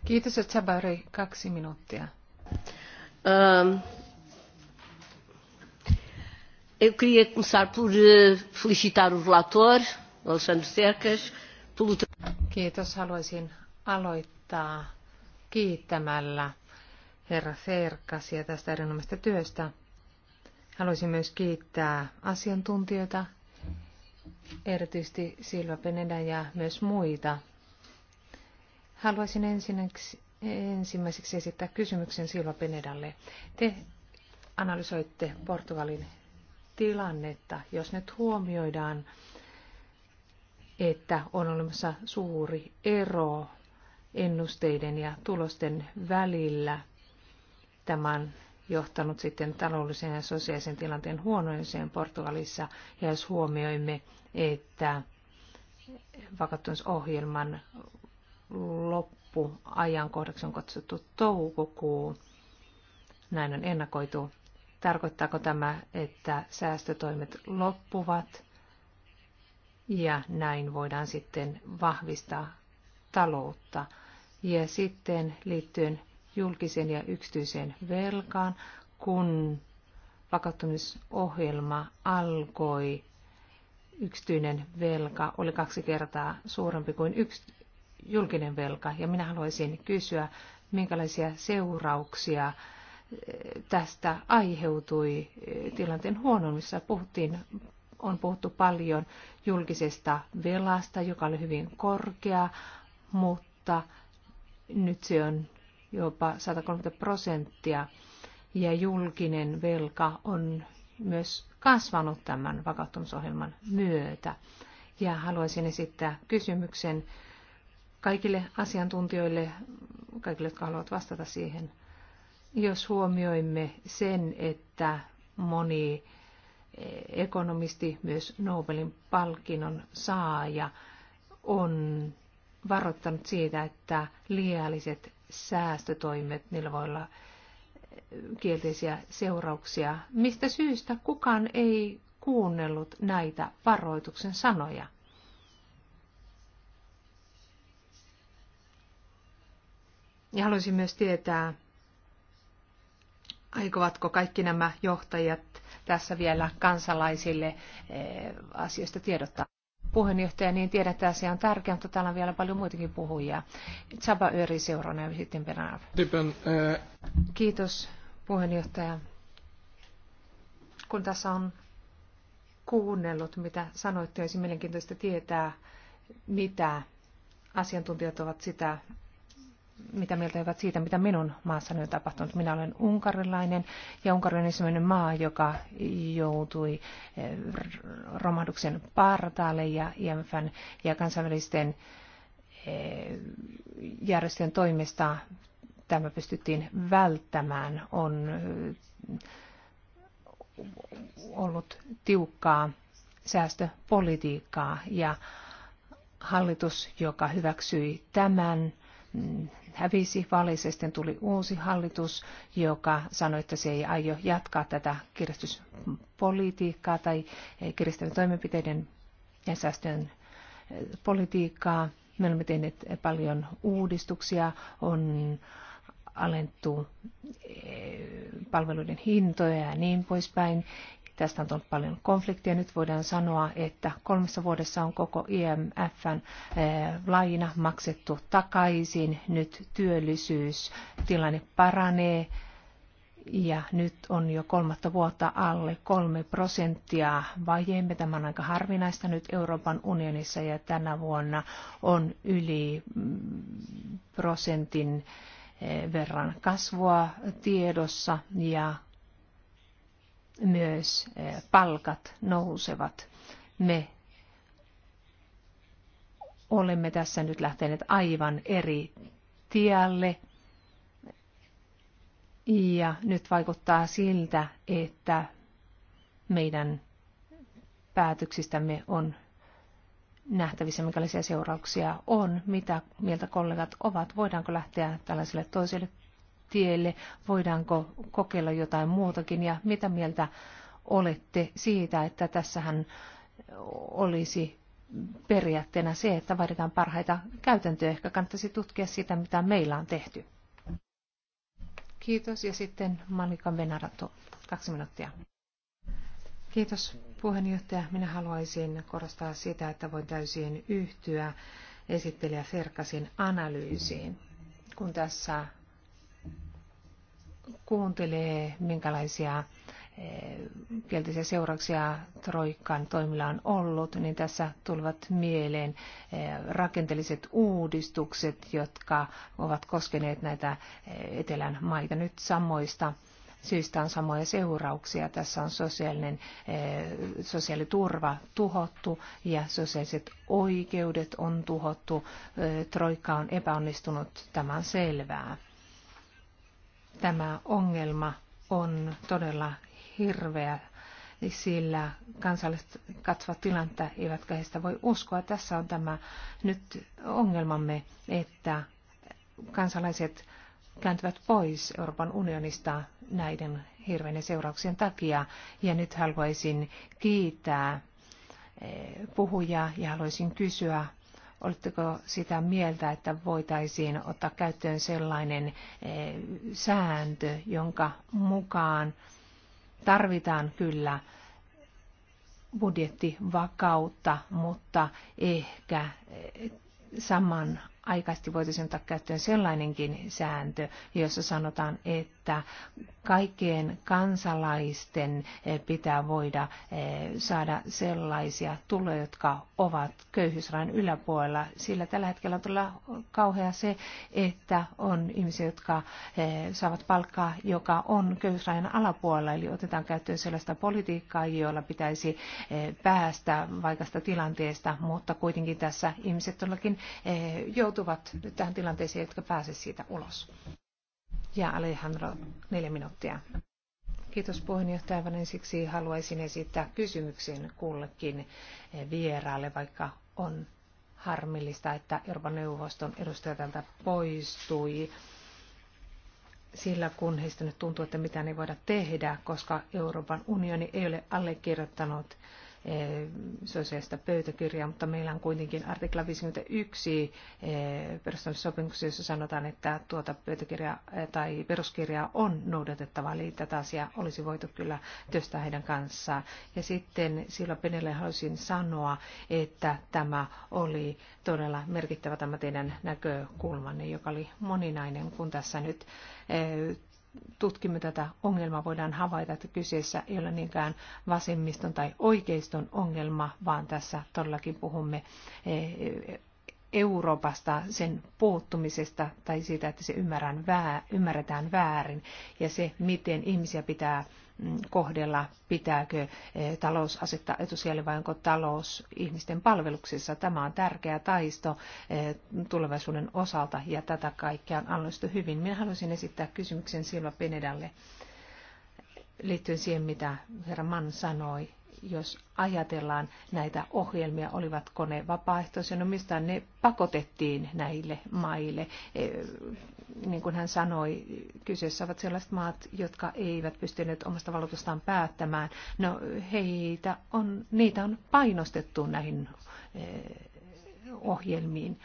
Kiitos, Chabari, kaksi minuuttia. Um. Eu queria começar por eh, felicitar o relator, Alexandre Cercas, pelo... Kiitos. Haluaisin aloittaa kiittämällä herra Serkasia tästä erinomaisesta työstä. Haluaisin myös kiittää asiantuntijoita, erityisesti Silva Penedä ja myös muita. Haluaisin ensinnäksi, ensimmäiseksi esittää kysymyksen Silva Penedalle. Te analysoitte Portugalin tilannetta, jos nyt huomioidaan, että on olemassa suuri ero ennusteiden ja tulosten välillä. Tämä on johtanut sitten taloudellisen ja sosiaalisen tilanteen huonoiseen Portugalissa, ja jos huomioimme, että vakauttamisohjelman loppuajankohdaksi on katsottu toukokuu, näin on ennakoitu, Tarkoittaako tämä, että säästötoimet loppuvat ja näin voidaan sitten vahvistaa taloutta? Ja sitten liittyen julkiseen ja yksityiseen velkaan, kun vakauttamisohjelma alkoi, yksityinen velka oli kaksi kertaa suurempi kuin yks, julkinen velka. Ja minä haluaisin kysyä, minkälaisia seurauksia tästä aiheutui e, tilanteen huonommissa. Puhuttiin, on puhuttu paljon julkisesta velasta, joka oli hyvin korkea, mutta nyt se on jopa 130 prosenttia ja julkinen velka on myös kasvanut tämän vakauttamisohjelman myötä. Ja haluaisin esittää kysymyksen kaikille asiantuntijoille, kaikille, jotka haluavat vastata siihen jos huomioimme sen, että moni eh, ekonomisti, myös Nobelin palkinnon saaja, on varoittanut siitä, että liialliset säästötoimet, niillä voi olla eh, kielteisiä seurauksia. Mistä syystä kukaan ei kuunnellut näitä varoituksen sanoja? Ja haluaisin myös tietää, aikovatko kaikki nämä johtajat tässä vielä kansalaisille eh, asioista tiedottaa? Puheenjohtaja, niin tiedän, että asia on tärkeä, mutta täällä on vielä paljon muitakin puhujia. Chaba Öri seuraavana ja sitten Bernard. Kiitos puheenjohtaja. Kun tässä on kuunnellut, mitä sanoitte, olisi mielenkiintoista tietää, mitä asiantuntijat ovat sitä mitä mieltä he ovat siitä, mitä minun maassani on tapahtunut. Minä olen unkarilainen ja Unkari on ensimmäinen maa, joka joutui eh, romahduksen partaalle ja IMFn ja kansainvälisten eh, järjestöjen toimesta tämä pystyttiin välttämään. On eh, ollut tiukkaa säästöpolitiikkaa ja hallitus, joka hyväksyi tämän hävisi vaaleissa. Sitten tuli uusi hallitus, joka sanoi, että se ei aio jatkaa tätä kiristyspolitiikkaa tai kiristävien toimenpiteiden ja säästöjen eh, politiikkaa. Me olemme tehneet paljon uudistuksia, on alentuu eh, palveluiden hintoja ja niin poispäin. Tästä on tullut paljon konflikteja. Nyt voidaan sanoa, että kolmessa vuodessa on koko IMFn eh, laina maksettu takaisin. Nyt työllisyystilanne paranee ja nyt on jo kolmatta vuotta alle kolme prosenttia vajeemme. Tämä on aika harvinaista nyt Euroopan unionissa ja tänä vuonna on yli mm, prosentin eh, verran kasvua tiedossa ja myös eh, palkat nousevat. Me olemme tässä nyt lähteneet aivan eri tielle. Ja nyt vaikuttaa siltä, että meidän päätöksistämme on nähtävissä, minkälaisia seurauksia on, mitä mieltä kollegat ovat, voidaanko lähteä tällaiselle toiselle tielle, voidaanko kokeilla jotain muutakin ja mitä mieltä olette siitä, että tässähän olisi periaatteena se, että vaaditaan parhaita käytäntöjä. Ehkä kannattaisi tutkia sitä, mitä meillä on tehty. Kiitos. Ja sitten Malika Venarato, kaksi minuuttia. Kiitos puheenjohtaja. Minä haluaisin korostaa sitä, että voin täysin yhtyä esittelijä Ferkasin analyysiin, kun tässä kuuntelee, minkälaisia eh, kielteisiä seurauksia Troikan toimilla on ollut, niin tässä tulevat mieleen eh, rakenteelliset uudistukset, jotka ovat koskeneet näitä eh, etelän maita nyt samoista syistä on samoja seurauksia. Tässä on sosiaalinen, sosiaaliturva tuhottu ja sosiaaliset oikeudet on tuhottu. Troikka on epäonnistunut, tämän selvää tämä ongelma on todella hirveä, sillä kansalaiset katsovat tilannetta, eivätkä heistä sitä voi uskoa. Tässä on tämä nyt ongelmamme, että kansalaiset kääntyvät pois Euroopan unionista näiden hirveiden seurauksien takia. Ja nyt haluaisin kiittää eh, puhujaa ja haluaisin kysyä, Oletteko sitä mieltä, että voitaisiin ottaa käyttöön sellainen eh, sääntö, jonka mukaan tarvitaan kyllä budjettivakautta, mutta ehkä eh, saman aikaisesti voitaisiin ottaa käyttöön sellainenkin sääntö, jossa sanotaan, että kaikkien kansalaisten eh, pitää voida eh, saada sellaisia tuloja, jotka ovat köyhyysrajan yläpuolella. Sillä tällä hetkellä on todella kauhea se, että on ihmisiä, jotka eh, saavat palkkaa, joka on köyhyysrajan alapuolella. Eli otetaan käyttöön sellaista politiikkaa, jolla pitäisi päästä vaikasta tilanteesta, mutta kuitenkin tässä ihmiset todellakin joutuvat joutuvat tähän tilanteeseen, jotka pääse siitä ulos. Ja Alejandro, neljä minuuttia. Kiitos puheenjohtaja. Vain siksi haluaisin esittää kysymyksen kullekin vieraalle, vaikka on harmillista, että Euroopan neuvoston edustaja tältä poistui sillä, kun heistä nyt tuntuu, että mitä ne voida tehdä, koska Euroopan unioni ei ole allekirjoittanut Eh, sosiaalista pöytäkirjaa, mutta meillä on kuitenkin artikla 51 eh, sopimuksessa, jossa sanotaan, että tuota pöytäkirjaa eh, tai peruskirjaa on noudatettava, eli tätä asiaa olisi voitu kyllä työstää heidän kanssaan. Ja sitten sillä Penelle haluaisin sanoa, että tämä oli todella merkittävä tämä teidän näkökulmanne, joka oli moninainen, kun tässä nyt tutkimme tätä ongelmaa, voidaan havaita, että kyseessä ei ole niinkään vasemmiston tai oikeiston ongelma, vaan tässä todellakin puhumme e, Euroopasta, sen puuttumisesta tai siitä, että se ymmärretään väärin ja se, miten ihmisiä pitää Mm, kohdella, pitääkö eh, talous asettaa etusijalle vai onko talous ihmisten palveluksissa. Tämä on tärkeä taisto eh, tulevaisuuden osalta ja tätä kaikkea on analysoitu hyvin. Minä haluaisin esittää kysymyksen Silva Penedalle liittyen siihen, mitä herra Mann sanoi jos ajatellaan näitä ohjelmia, olivatko ne vapaaehtoisia, no mistä ne pakotettiin näille maille. E, niin kuin hän sanoi, kyseessä ovat sellaiset maat, jotka eivät pystyneet omasta valotustaan päättämään. No heitä on, niitä on painostettu näihin e, ohjelmiin.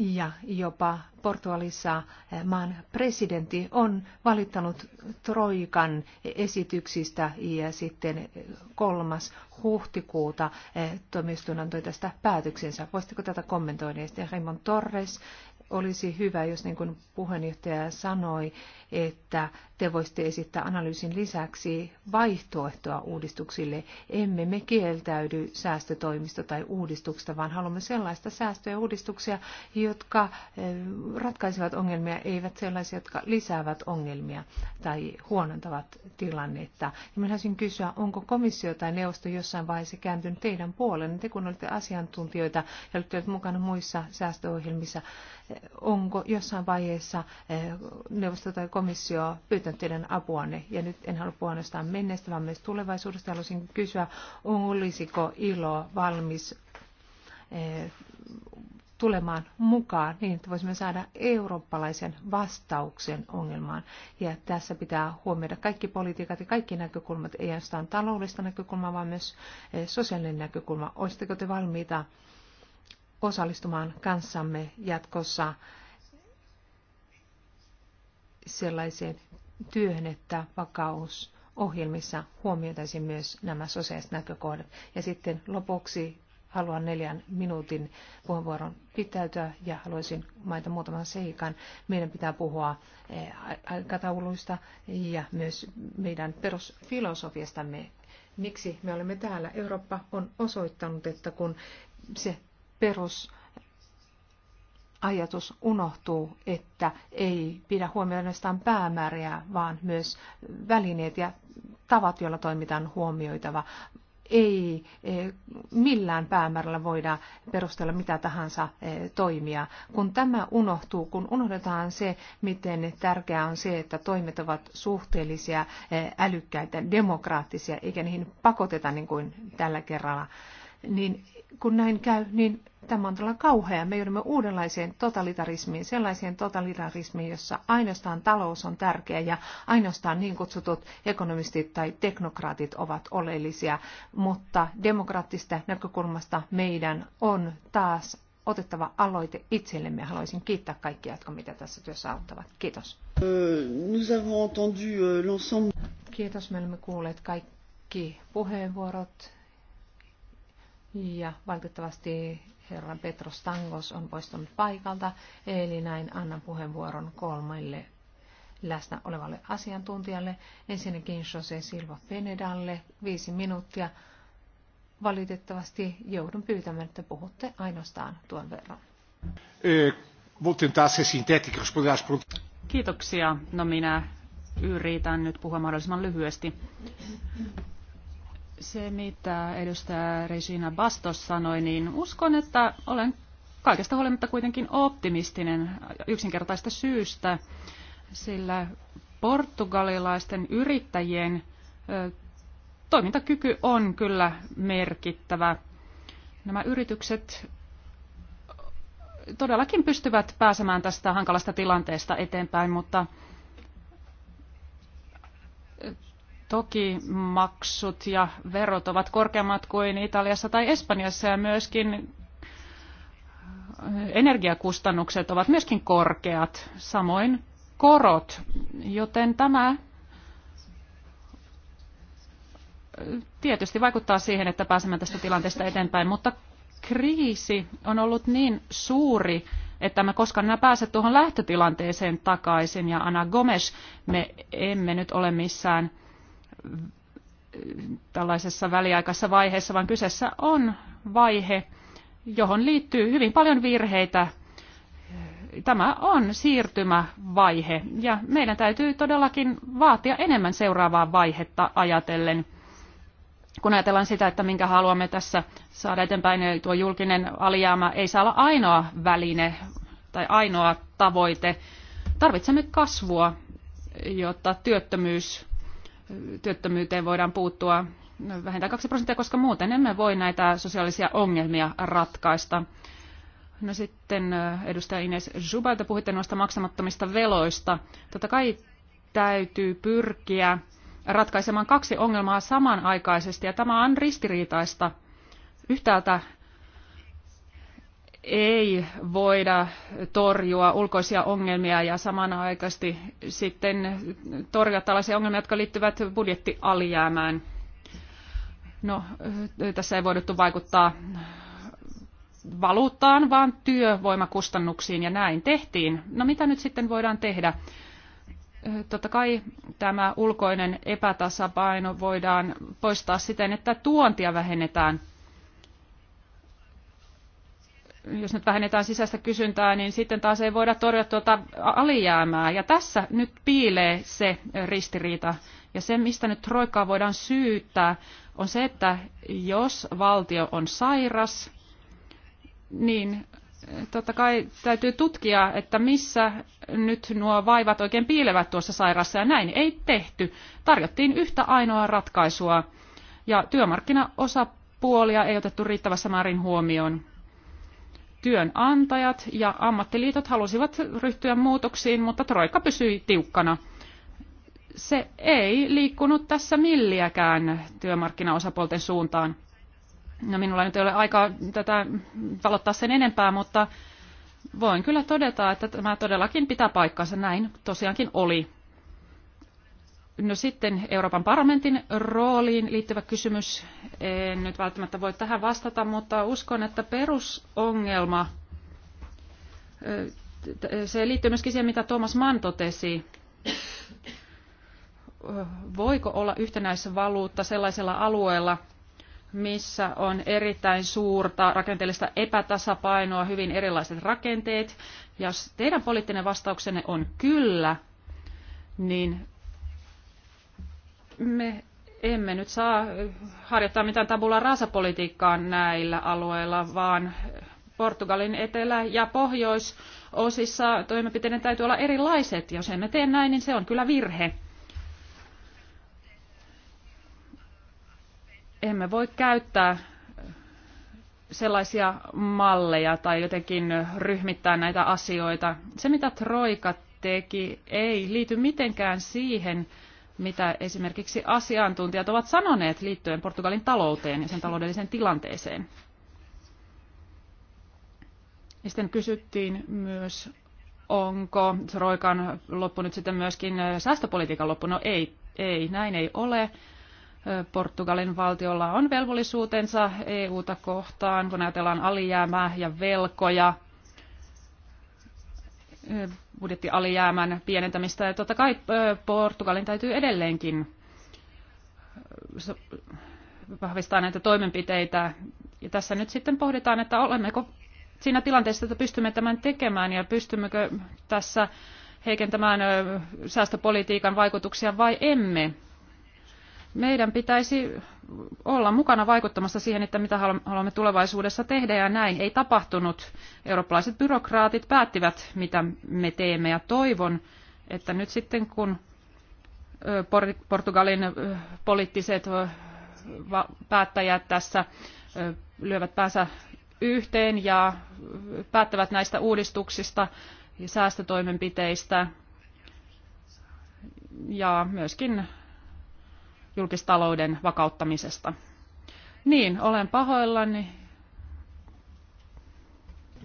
ja jopa Portugalissa eh, maan presidentti on valittanut Troikan esityksistä ja sitten eh, kolmas huhtikuuta eh, tuomioistuin antoi tästä päätöksensä. Voisitteko tätä kommentoida? sitten Raymond Torres olisi hyvä, jos niin kuin puheenjohtaja sanoi, että te voisitte esittää analyysin lisäksi vaihtoehtoa uudistuksille. Emme me kieltäydy säästötoimista tai uudistuksista, vaan haluamme sellaista säästöjä ja uudistuksia, jotka eh, ratkaisevat ongelmia, eivät sellaisia, jotka lisäävät ongelmia tai huonontavat tilannetta. Ja minä haluaisin kysyä, onko komissio tai neuvosto jossain vaiheessa kääntynyt teidän puolenne, te kun olette asiantuntijoita ja olette mukana muissa säästöohjelmissa, eh, onko jossain vaiheessa eh, neuvosto tai komissio pyytänyt tarvitsen teidän apuanne. Ja nyt en halua puhua ainoastaan menneestä, vaan myös tulevaisuudesta. Haluaisin kysyä, olisiko ilo valmis eh, tulemaan mukaan niin, että voisimme saada eurooppalaisen vastauksen ongelmaan. Ja tässä pitää huomioida kaikki politiikat ja kaikki näkökulmat, ei ainoastaan taloudellista näkökulmaa, vaan myös eh, sosiaalinen näkökulma. Olisitteko te valmiita osallistumaan kanssamme jatkossa sellaiseen työhön, että vakausohjelmissa huomioitaisiin myös nämä sosiaaliset näkökohdat. Ja sitten lopuksi haluan neljän minuutin puheenvuoron pitäytyä ja haluaisin mainita muutaman seikan. Meidän pitää puhua eh, aikatauluista ja myös meidän perusfilosofiastamme. Miksi me olemme täällä? Eurooppa on osoittanut, että kun se perus ajatus unohtuu, että ei pidä huomioida ainoastaan päämääriä, vaan myös välineet ja tavat, joilla toimitaan huomioitava. Ei e, millään päämäärällä voida perustella mitä tahansa e, toimia. Kun tämä unohtuu, kun unohdetaan se, miten tärkeää on se, että toimet ovat suhteellisia, e, älykkäitä, demokraattisia, eikä niihin pakoteta niin kuin tällä kerralla, niin kun näin käy, niin tämä on todella kauhea. Me joudumme uudenlaiseen totalitarismiin, sellaiseen totalitarismiin, jossa ainoastaan talous on tärkeä ja ainoastaan niin kutsutut ekonomistit tai teknokraatit ovat oleellisia, mutta demokraattista näkökulmasta meidän on taas otettava aloite itsellemme. Haluaisin kiittää kaikkia, jotka mitä tässä työssä auttavat. Kiitos. Euh, euh, Kiitos, me olemme kuulleet kaikki puheenvuorot ja valitettavasti herran Petros Tangos on poistunut paikalta, eli näin annan puheenvuoron kolmelle läsnä olevalle asiantuntijalle. Ensinnäkin Jose Silva Penedalle, viisi minuuttia. Valitettavasti joudun pyytämään, että puhutte ainoastaan tuon verran. Kiitoksia. No minä yritän nyt puhua mahdollisimman lyhyesti se, mitä edustaja Regina Bastos sanoi, niin uskon, että olen kaikesta huolimatta kuitenkin optimistinen yksinkertaista syystä, sillä portugalilaisten yrittäjien toimintakyky on kyllä merkittävä. Nämä yritykset todellakin pystyvät pääsemään tästä hankalasta tilanteesta eteenpäin, mutta Toki maksut ja verot ovat korkeammat kuin Italiassa tai Espanjassa ja myöskin energiakustannukset ovat myöskin korkeat, samoin korot, joten tämä tietysti vaikuttaa siihen, että pääsemme tästä tilanteesta eteenpäin, mutta kriisi on ollut niin suuri, että me koskaan enää pääse tuohon lähtötilanteeseen takaisin. Ja Ana Gomes, me emme nyt ole missään tällaisessa väliaikaisessa vaiheessa, vaan kyseessä on vaihe, johon liittyy hyvin paljon virheitä. Tämä on siirtymävaihe ja meidän täytyy todellakin vaatia enemmän seuraavaa vaihetta ajatellen. Kun ajatellaan sitä, että minkä haluamme tässä saada eteenpäin, niin tuo julkinen alijäämä ei saa olla ainoa väline tai ainoa tavoite. Tarvitsemme kasvua, jotta työttömyys työttömyyteen voidaan puuttua vähintään 2 prosenttia, koska muuten emme voi näitä sosiaalisia ongelmia ratkaista. No sitten äh, edustaja Ines Zubalta puhuitte noista maksamattomista veloista. Totta kai täytyy pyrkiä ratkaisemaan kaksi ongelmaa samanaikaisesti, ja tämä on ristiriitaista. Yhtäältä ei voida torjua ulkoisia ongelmia ja samanaikaisesti sitten torjua tällaisia ongelmia, jotka liittyvät budjettialijäämään. No, tässä ei voiduttu vaikuttaa valuuttaan, vaan työvoimakustannuksiin, ja näin tehtiin. No mitä nyt sitten voidaan tehdä? Totta kai tämä ulkoinen epätasapaino voidaan poistaa siten, että tuontia vähennetään – jos nyt vähennetään sisäistä kysyntää, niin sitten taas ei voida torjua tuota alijäämää. Ja tässä nyt piilee se ristiriita. Ja se, mistä nyt troikaa voidaan syyttää, on se, että jos valtio on sairas, niin eh, totta kai täytyy tutkia, että missä nyt nuo vaivat oikein piilevät tuossa sairassa. Ja näin ei tehty. Tarjottiin yhtä ainoaa ratkaisua. Ja työmarkkinaosapuolia ei otettu riittävässä määrin huomioon työnantajat ja ammattiliitot halusivat ryhtyä muutoksiin, mutta Troika pysyi tiukkana. Se ei liikkunut tässä milliäkään työmarkkinaosapuolten suuntaan. No minulla nyt ei ole aikaa tätä valottaa sen enempää, mutta voin kyllä todeta, että tämä todellakin pitää paikkansa. Näin tosiaankin oli. No sitten Euroopan parlamentin rooliin liittyvä kysymys. En nyt välttämättä voi tähän vastata, mutta uskon, että perusongelma, se liittyy myöskin siihen, mitä Thomas Mann totesi. Voiko olla yhtenäisvaluutta sellaisella alueella, missä on erittäin suurta rakenteellista epätasapainoa, hyvin erilaiset rakenteet. Ja jos teidän poliittinen vastauksenne on kyllä, niin me emme nyt saa harjoittaa mitään tabula rasa-politiikkaa näillä alueilla, vaan Portugalin etelä- ja pohjoisosissa toimenpiteiden täytyy olla erilaiset. Jos emme tee näin, niin se on kyllä virhe. Emme voi käyttää sellaisia malleja tai jotenkin ryhmittää näitä asioita. Se, mitä Troika teki, ei liity mitenkään siihen, mitä esimerkiksi asiantuntijat ovat sanoneet liittyen Portugalin talouteen ja sen taloudelliseen tilanteeseen. Ja sitten kysyttiin myös, onko Troikan loppu nyt sitten myöskin säästöpolitiikan loppu. No ei, ei, näin ei ole. Portugalin valtiolla on velvollisuutensa EU-ta kohtaan, kun ajatellaan alijäämää ja velkoja – budjettialijäämän pienentämistä. Ja totta kai Portugalin täytyy edelleenkin vahvistaa näitä toimenpiteitä. Ja tässä nyt sitten pohditaan, että olemmeko siinä tilanteessa, että pystymme tämän tekemään ja pystymmekö tässä heikentämään säästöpolitiikan vaikutuksia vai emme meidän pitäisi olla mukana vaikuttamassa siihen, että mitä haluamme tulevaisuudessa tehdä ja näin ei tapahtunut. Eurooppalaiset byrokraatit päättivät, mitä me teemme ja toivon, että nyt sitten kun Portugalin poliittiset päättäjät tässä lyövät päänsä yhteen ja päättävät näistä uudistuksista ja säästötoimenpiteistä ja myöskin julkistalouden vakauttamisesta. Niin, olen pahoillani.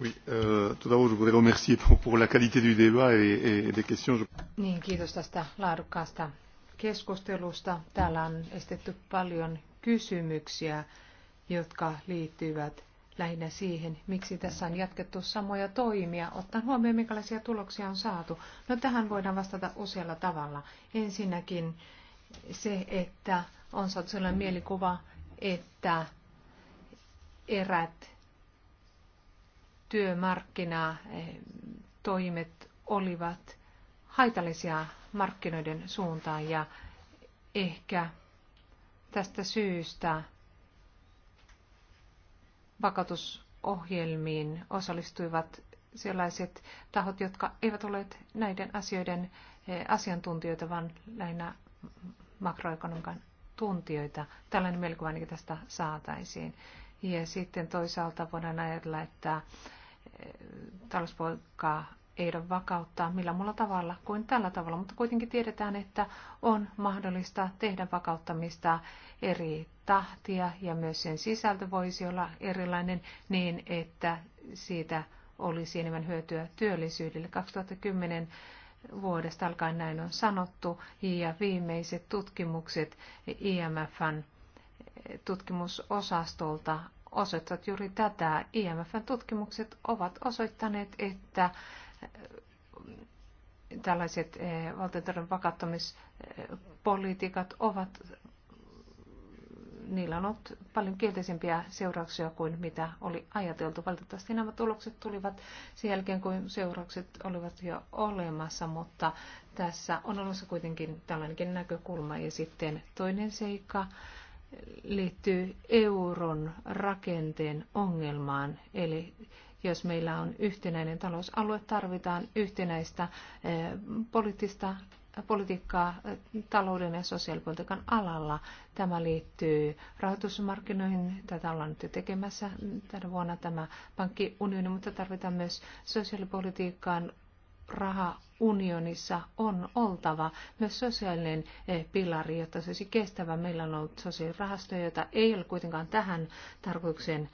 Oui, euh, tout d'abord, je voudrais remercier pour, pour la qualité du débat et, et des questions. Niin, kiitos tästä laadukkaasta keskustelusta. Täällä on estetty paljon kysymyksiä, jotka liittyvät lähinnä siihen, miksi tässä on jatkettu samoja toimia, ottaen huomioon, minkälaisia tuloksia on saatu. No tähän voidaan vastata usealla tavalla. Ensinnäkin se, että on saatu sellainen mielikuva, että erät työmarkkinatoimet eh, olivat haitallisia markkinoiden suuntaan ja ehkä tästä syystä vakautusohjelmiin osallistuivat sellaiset tahot, jotka eivät ole näiden asioiden eh, asiantuntijoita, vaan lähinnä makroekonomian tuntijoita. Tällainen mielikuva ainakin tästä saataisiin. Ja sitten toisaalta voidaan ajatella, että eh, talouspolitiikkaa ei ole vakauttaa millä muulla tavalla kuin tällä tavalla, mutta kuitenkin tiedetään, että on mahdollista tehdä vakauttamista eri tahtia ja myös sen sisältö voisi olla erilainen niin, että siitä olisi enemmän hyötyä työllisyydelle. 2010 vuodesta alkaen näin on sanottu, ja viimeiset tutkimukset IMFn eh, tutkimusosastolta osoittavat juuri tätä. IMFn tutkimukset ovat osoittaneet, että eh, tällaiset eh, valtiontalouden vakauttamispolitiikat ovat niillä on ollut paljon kielteisempiä seurauksia kuin mitä oli ajateltu. Valitettavasti nämä tulokset tulivat sen jälkeen, kun seuraukset olivat jo olemassa, mutta tässä on olemassa kuitenkin tällainenkin näkökulma. Ja sitten toinen seikka liittyy euron rakenteen ongelmaan, eli jos meillä on yhtenäinen talousalue, tarvitaan yhtenäistä eh, poliittista politiikkaa talouden ja sosiaalipolitiikan alalla. Tämä liittyy rahoitusmarkkinoihin. Tätä ollaan nyt jo tekemässä tänä vuonna tämä pankkiunioni, mutta tarvitaan myös sosiaalipolitiikkaan rahaunionissa on oltava myös sosiaalinen pilari, jotta se olisi kestävä. Meillä on ollut sosiaalirahastoja, joita ei ole kuitenkaan tähän tarkoitukseen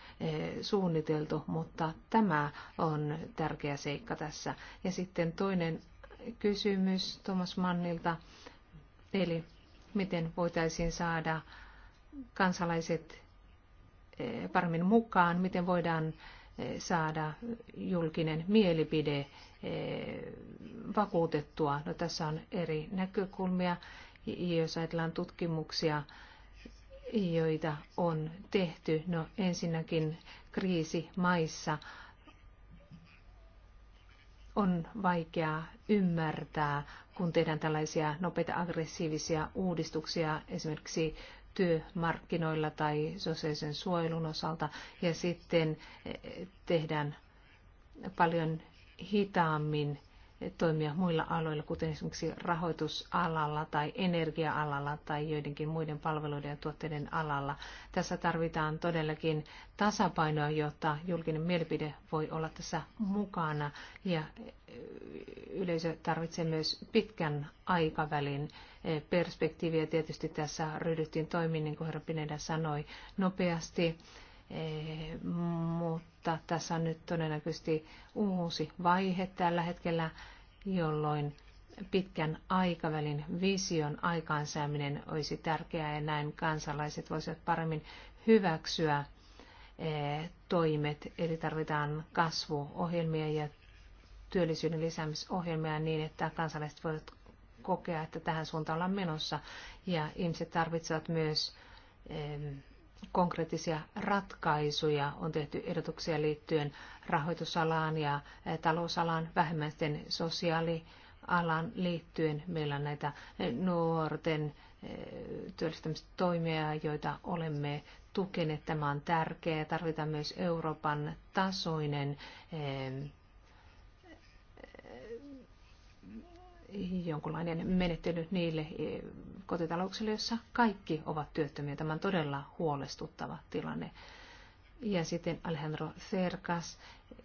suunniteltu, mutta tämä on tärkeä seikka tässä. Ja sitten toinen kysymys Thomas Mannilta, eli miten voitaisiin saada kansalaiset eh, paremmin mukaan, miten voidaan eh, saada julkinen mielipide eh, vakuutettua. No, tässä on eri näkökulmia, jos ajatellaan tutkimuksia, joita on tehty. No, ensinnäkin kriisimaissa maissa on vaikea ymmärtää, kun tehdään tällaisia nopeita aggressiivisia uudistuksia esimerkiksi työmarkkinoilla tai sosiaalisen suojelun osalta, ja sitten eh, tehdään paljon hitaammin toimia muilla aloilla, kuten esimerkiksi rahoitusalalla tai energia-alalla tai joidenkin muiden palveluiden ja tuotteiden alalla. Tässä tarvitaan todellakin tasapainoa, jotta julkinen mielipide voi olla tässä mukana ja e, yleisö tarvitsee myös pitkän aikavälin e, perspektiiviä. Tietysti tässä ryhdyttiin toimiin, niin kuin herra Pineda sanoi, nopeasti e, mutta tässä on nyt todennäköisesti uusi vaihe tällä hetkellä jolloin pitkän aikavälin vision aikaansaaminen olisi tärkeää ja näin kansalaiset voisivat paremmin hyväksyä eh, toimet. Eli tarvitaan kasvuohjelmia ja työllisyyden lisäämisohjelmia niin, että kansalaiset voivat kokea, että tähän suuntaan ollaan menossa. Ja ihmiset tarvitsevat myös konkreettisia ratkaisuja, on tehty ehdotuksia liittyen rahoitusalaan ja talousalaan, vähemmän sosiaalialan liittyen. Meillä on näitä nuorten työllistämistoimia, joita olemme tukeneet. Tämä on tärkeää. Tarvitaan myös Euroopan tasoinen jonkunlainen menettely niille e, kotitalouksille, joissa kaikki ovat työttömiä. Tämä on todella huolestuttava tilanne. Ja sitten Alejandro Cercas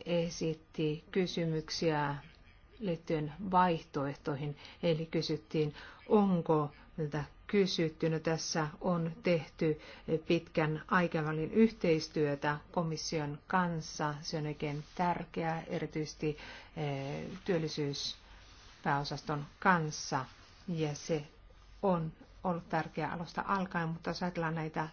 esitti kysymyksiä liittyen vaihtoehtoihin. Eli kysyttiin, onko tätä kysytty. No, tässä on tehty pitkän aikavälin yhteistyötä komission kanssa. Se on oikein tärkeää, erityisesti e, työllisyys pääosaston kanssa ja se on ollut tärkeä alusta alkaen, mutta jos ajatellaan näitä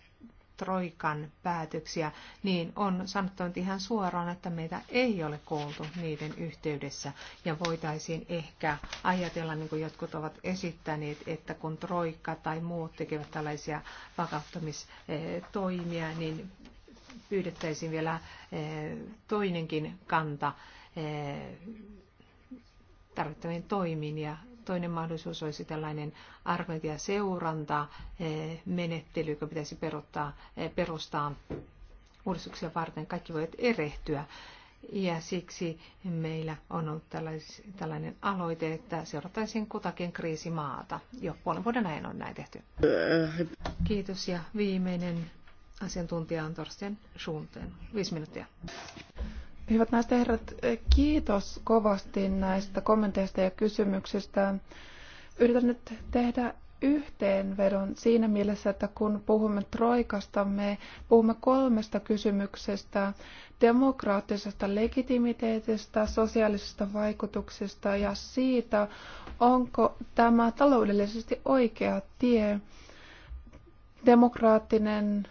Troikan päätöksiä, niin on sanottu ihan suoraan, että meitä ei ole kuultu niiden yhteydessä. Ja voitaisiin ehkä ajatella, niin kuin jotkut ovat esittäneet, että kun Troikka tai muut tekevät tällaisia vakauttamistoimia, niin pyydettäisiin vielä eh, toinenkin kanta eh, tarvittaviin toimiin ja toinen mahdollisuus olisi tällainen arviointi- ja seurantamenettely, eh, joka pitäisi perustaa, eh, perustaa uudistuksia varten. Kaikki voivat erehtyä. Ja siksi meillä on ollut tällais, tällainen aloite, että seurattaisiin kutakin kriisimaata. Jo puolen vuoden ajan on näin tehty. Kiitos ja viimeinen asiantuntija on Torsten Schunten. Viisi minuuttia. Hyvät naiset ja herrat, kiitos kovasti näistä kommenteista ja kysymyksistä. Yritän nyt tehdä yhteenvedon siinä mielessä, että kun puhumme troikasta, me puhumme kolmesta kysymyksestä, demokraattisesta legitimiteetistä, sosiaalisista vaikutuksista ja siitä, onko tämä taloudellisesti oikea tie. Demokraattinen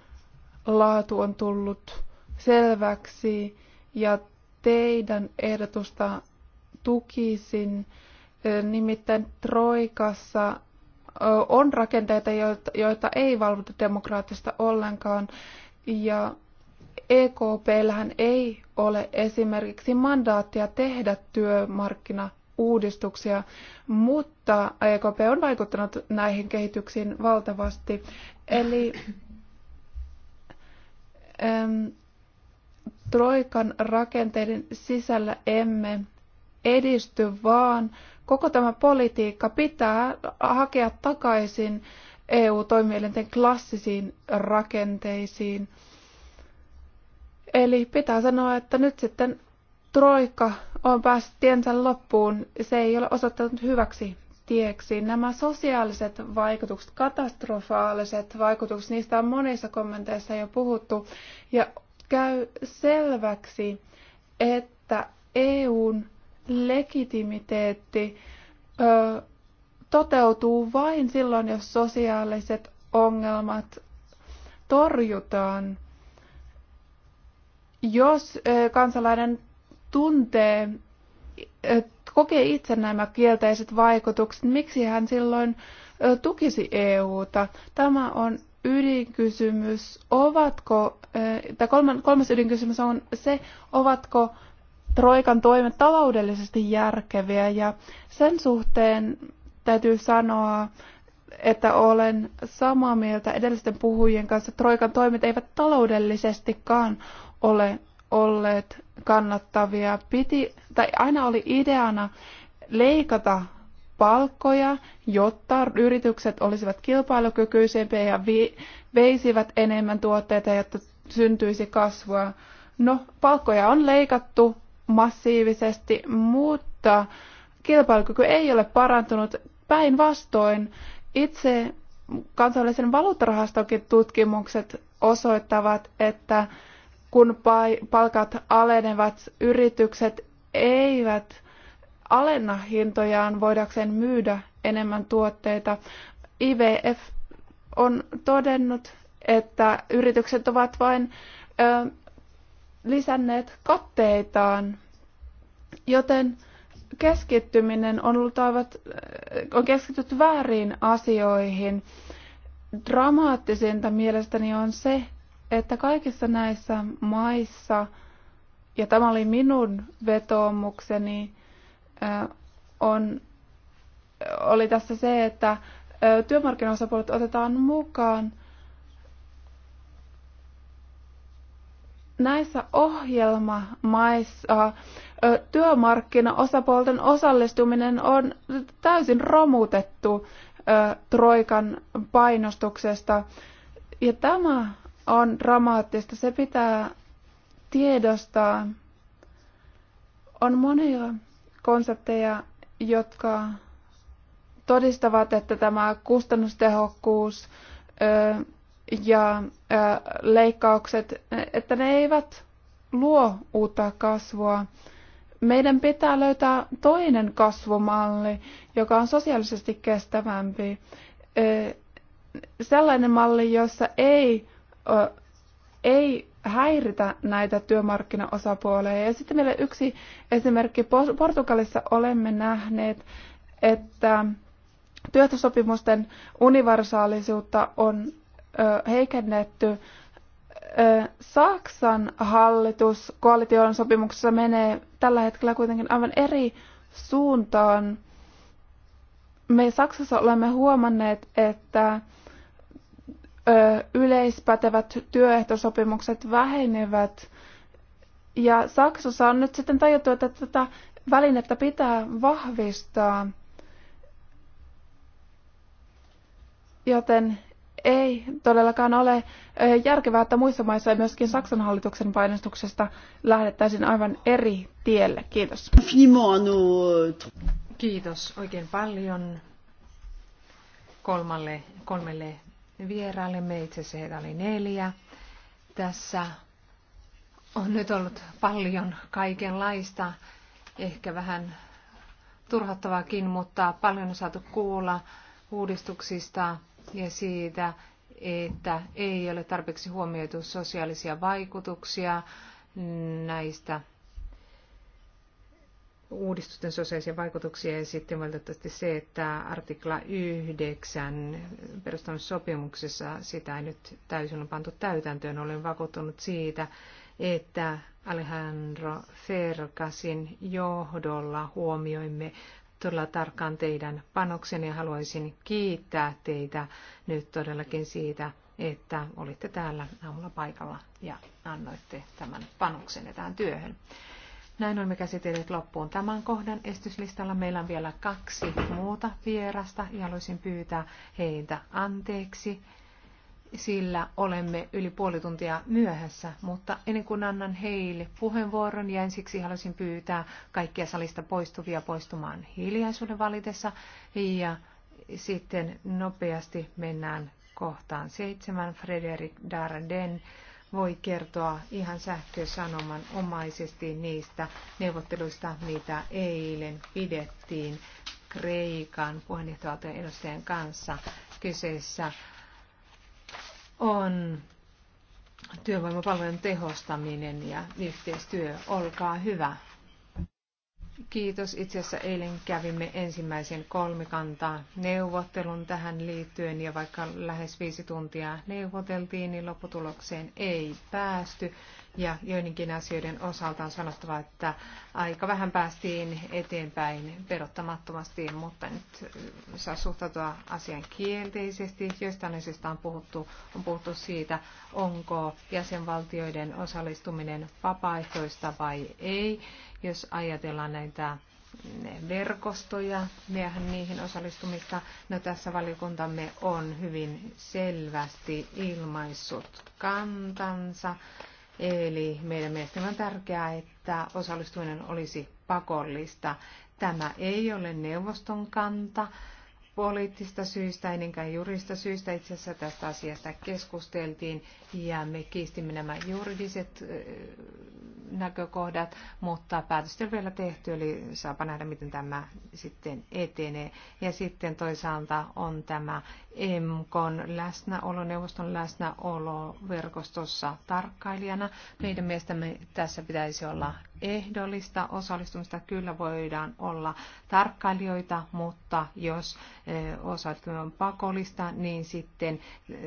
laatu on tullut selväksi ja teidän ehdotusta tukisin. Nimittäin Troikassa on rakenteita, joita ei valvota demokraattista ollenkaan. Ja EKPllähän ei ole esimerkiksi mandaattia tehdä työmarkkina-uudistuksia, mutta EKP on vaikuttanut näihin kehityksiin valtavasti. Eli Troikan rakenteiden sisällä emme edisty, vaan koko tämä politiikka pitää hakea takaisin EU-toimielinten klassisiin rakenteisiin. Eli pitää sanoa, että nyt sitten Troika on päässyt tiensä loppuun. Se ei ole osoittanut hyväksi tieksi. Nämä sosiaaliset vaikutukset, katastrofaaliset vaikutukset, niistä on monissa kommenteissa jo puhuttu. Ja käy selväksi, että EUn legitimiteetti ö, toteutuu vain silloin, jos sosiaaliset ongelmat torjutaan. Jos ö, kansalainen tuntee, ö, kokee itse nämä kielteiset vaikutukset, miksi hän silloin ö, tukisi EUta? Tämä on ydinkysymys, ovatko, eh, tai kolmas ydinkysymys on se, ovatko Troikan toimet taloudellisesti järkeviä ja sen suhteen täytyy sanoa, että olen samaa mieltä edellisten puhujien kanssa. Troikan toimet eivät taloudellisestikaan ole olleet kannattavia. Piti, tai aina oli ideana leikata palkkoja, jotta yritykset olisivat kilpailukykyisempiä ja vi- veisivät enemmän tuotteita, jotta syntyisi kasvua. No, palkkoja on leikattu massiivisesti, mutta kilpailukyky ei ole parantunut. Päinvastoin itse kansallisen valuuttarahastonkin tutkimukset osoittavat, että kun palkat alenevat, yritykset eivät alenna hintojaan voidakseen myydä enemmän tuotteita. IVF on todennut, että yritykset ovat vain ö, lisänneet katteitaan, joten keskittyminen on ollut aivan, on keskitytty väärin asioihin. Dramaattisinta mielestäni on se, että kaikissa näissä maissa, ja tämä oli minun vetoomukseni, on, oli tässä se, että työmarkkinaosapuolet otetaan mukaan näissä ohjelmamaissa työmarkkinaosapuolten osallistuminen on täysin romutettu Troikan painostuksesta. Ja tämä on dramaattista. Se pitää tiedostaa. On monia konsepteja, jotka todistavat, että tämä kustannustehokkuus ja leikkaukset, että ne eivät luo uutta kasvua. Meidän pitää löytää toinen kasvumalli, joka on sosiaalisesti kestävämpi. Sellainen malli, jossa ei, ei häiritä näitä työmarkkinaosapuoleja. Ja sitten vielä yksi esimerkki. Portugalissa olemme nähneet, että työehtosopimusten universaalisuutta on ö, heikennetty. Ö, Saksan hallitus koalition sopimuksessa menee tällä hetkellä kuitenkin aivan eri suuntaan. Me Saksassa olemme huomanneet, että yleispätevät työehtosopimukset vähenevät. Ja Saksassa on nyt sitten tajuttu, että tätä välinettä pitää vahvistaa. Joten ei todellakaan ole järkevää, että muissa maissa ja myöskin Saksan hallituksen painostuksesta lähdettäisiin aivan eri tielle. Kiitos. Kiitos oikein paljon kolmalle, kolmelle vierailemme, itse asiassa heitä oli neljä. Tässä on nyt ollut paljon kaikenlaista, ehkä vähän turhattavaakin, mutta paljon on saatu kuulla uudistuksista ja siitä, että ei ole tarpeeksi huomioitu sosiaalisia vaikutuksia näistä uudistusten sosiaalisia vaikutuksia ja sitten valitettavasti se, että artikla 9 perustamissopimuksessa sitä ei nyt täysin on pantu täytäntöön. Olen vakuuttunut siitä, että Alejandro Ferkasin johdolla huomioimme todella tarkkaan teidän panoksen ja haluaisin kiittää teitä nyt todellakin siitä, että olitte täällä aamulla paikalla ja annoitte tämän panoksenne tähän työhön. Näin olemme käsitelleet loppuun tämän kohdan estyslistalla. Meillä on vielä kaksi muuta vierasta ja haluaisin pyytää heitä anteeksi, sillä olemme yli puoli tuntia myöhässä. Mutta ennen kuin annan heille puheenvuoron ja ensiksi haluaisin pyytää kaikkia salista poistuvia poistumaan hiljaisuuden valitessa ja sitten nopeasti mennään kohtaan seitsemän. Frederik Darden voi kertoa ihan sähkösanoman omaisesti niistä neuvotteluista, mitä eilen pidettiin Kreikan puheenjohtajan edustajien kanssa. Kyseessä on työvoimapalvelujen tehostaminen ja yhteistyö. Olkaa hyvä. Kiitos. Itse asiassa eilen kävimme ensimmäisen kolmikantaa neuvottelun tähän liittyen ja vaikka lähes viisi tuntia neuvoteltiin, niin lopputulokseen ei päästy. Ja joidenkin asioiden osalta on sanottava, että aika vähän päästiin eteenpäin perottamattomasti, mutta nyt äh, saa suhtautua asian kielteisesti. Joistain asioista on puhuttu, on puhuttu siitä, onko jäsenvaltioiden osallistuminen vapaaehtoista vai ei. Jos ajatellaan näitä mm, verkostoja, ja niihin osallistumista. No tässä valiokuntamme on hyvin selvästi ilmaissut kantansa Eli meidän mielestämme on tärkeää, että osallistuminen olisi pakollista. Tämä ei ole neuvoston kanta poliittista syistä, ennenkään juridista syistä. Itse asiassa tästä asiasta keskusteltiin ja me kiistimme nämä juridiset näkökohdat, mutta päätös on vielä tehty, eli saapa nähdä, miten tämä sitten etenee. Ja sitten toisaalta on tämä EMKon läsnäolo, neuvoston läsnäolo verkostossa tarkkailijana. Meidän mielestämme tässä pitäisi olla ehdollista osallistumista. Kyllä voidaan olla tarkkailijoita, mutta jos eh, osallistuminen on pakollista, niin sitten eh,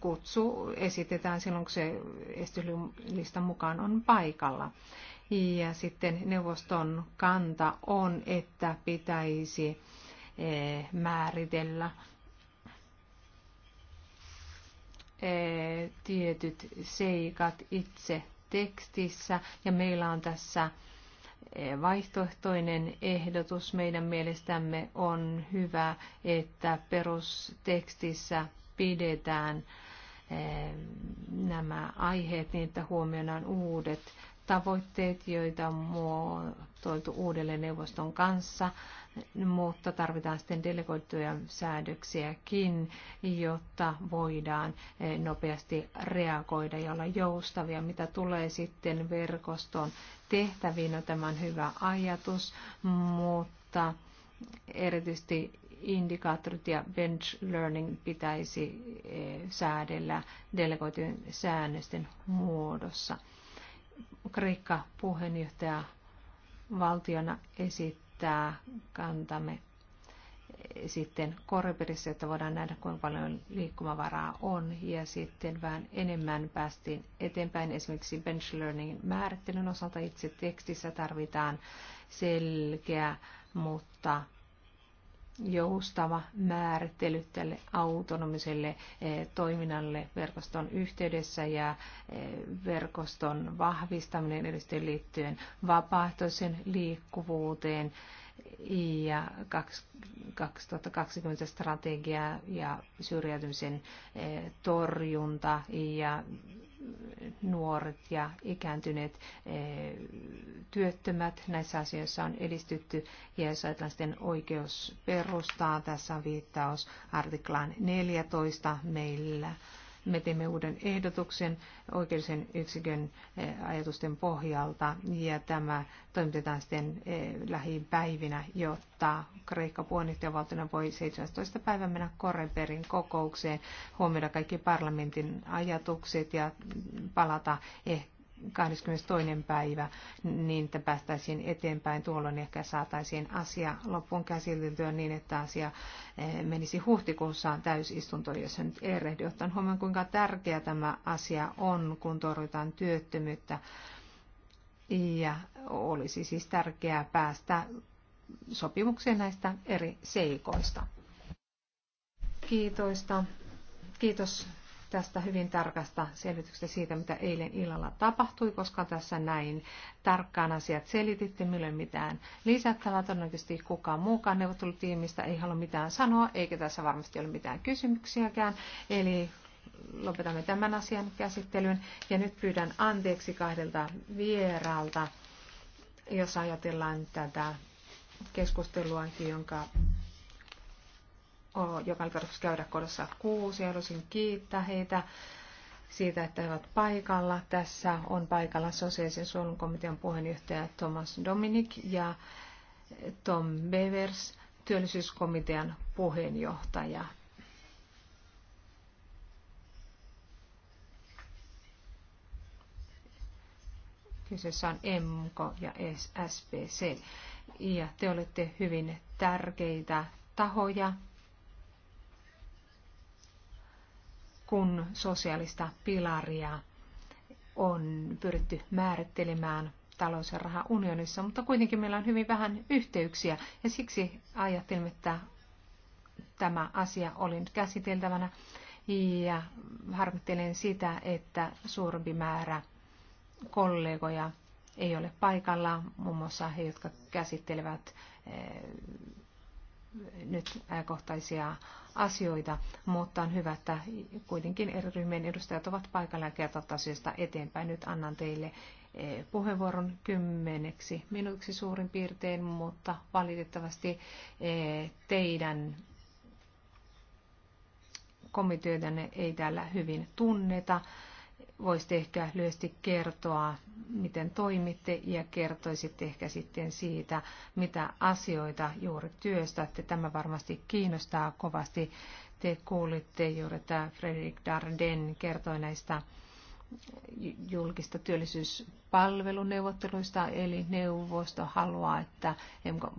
kutsu esitetään silloin, kun se estylista mukaan on paikalla. Ja sitten neuvoston kanta on, että pitäisi eh, määritellä tietyt seikat itse tekstissä ja meillä on tässä e, vaihtoehtoinen ehdotus meidän mielestämme on hyvä, että perustekstissä pidetään e, nämä aiheet niin, että huomioidaan uudet tavoitteet, joita on toitu uudelleen neuvoston kanssa, mutta tarvitaan sitten delegoituja säädöksiäkin, jotta voidaan eh, nopeasti reagoida ja olla joustavia. Mitä tulee sitten verkoston tehtäviin, no tämä on hyvä ajatus, mutta erityisesti indikaattorit ja bench learning pitäisi eh, säädellä delegoitujen säännösten muodossa. Kreikka puheenjohtaja valtiona esittää kantamme sitten korreperissä, että voidaan nähdä, kuinka paljon liikkumavaraa on. Ja sitten vähän enemmän päästiin eteenpäin esimerkiksi bench learningin määrittelyn osalta. Itse tekstissä tarvitaan selkeä, mutta joustava määrittely tälle autonomiselle eh, toiminnalle verkoston yhteydessä ja eh, verkoston vahvistaminen erityisesti liittyen vapaaehtoisen liikkuvuuteen ja 2020 strategia ja syrjäytymisen eh, torjunta ja nuoret ja ikääntyneet eh, työttömät. Näissä asioissa on edistytty ja jos ajatellaan sitten oikeusperustaa, tässä on viittaus artiklaan 14. Meillä me teimme uuden ehdotuksen oikeudellisen yksikön eh, ajatusten pohjalta ja tämä toimitetaan sitten eh, lähipäivinä, jotta Kreikka puheenjohtajavaltiona voi 17. päivän mennä Koreperin kokoukseen, huomioida kaikki parlamentin ajatukset ja palata ehkä 22. päivä, niin että päästäisiin eteenpäin. Tuolloin ehkä saataisiin asia loppuun käsiteltyä niin, että asia eh, menisi huhtikuussaan täysistuntoon, jos nyt erehdy. Ottan huomioon, kuinka tärkeä tämä asia on, kun torjutaan työttömyyttä. Ja olisi siis tärkeää päästä sopimukseen näistä eri seikoista. Kiitoista. Kiitos tästä hyvin tarkasta selvityksestä siitä, mitä eilen illalla tapahtui, koska tässä näin tarkkaan asiat selititte, milloin mitään lisättävää. Todennäköisesti kukaan muukaan neuvottelutiimistä ei halua mitään sanoa, eikä tässä varmasti ole mitään kysymyksiäkään. Eli lopetamme tämän asian käsittelyn ja nyt pyydän anteeksi kahdelta vieralta, jos ajatellaan tätä keskustelua, jonka joka oli tarkoitus käydä kodossa kuusi. Haluaisin kiittää heitä siitä, että he ovat paikalla. Tässä on paikalla sosiaalisen komitean puheenjohtaja Thomas Dominik ja Tom Bevers, työllisyyskomitean puheenjohtaja. Kyseessä on EMKO ja SPC. Ja te olette hyvin tärkeitä tahoja kun sosiaalista pilaria on pyritty määrittelemään talous- ja rahaunionissa, mutta kuitenkin meillä on hyvin vähän yhteyksiä ja siksi ajattelin, että tämä asia oli nyt käsiteltävänä ja harmittelen sitä, että suurempi määrä kollegoja ei ole paikalla, muun muassa he, jotka käsittelevät eh, nyt ajankohtaisia asioita, mutta on hyvä, että kuitenkin eri ryhmien edustajat ovat paikalla ja kertovat asioista eteenpäin. Nyt annan teille eh, puheenvuoron kymmeneksi minuutiksi suurin piirtein, mutta valitettavasti eh, teidän komiteoidenne ei täällä hyvin tunneta voisitte ehkä lyhyesti kertoa, miten toimitte ja kertoisitte ehkä sitten siitä, mitä asioita juuri työstätte. Tämä varmasti kiinnostaa kovasti. Te kuulitte juuri, että Fredrik Darden kertoi näistä julkista työllisyyspalveluneuvotteluista, eli neuvosto haluaa, että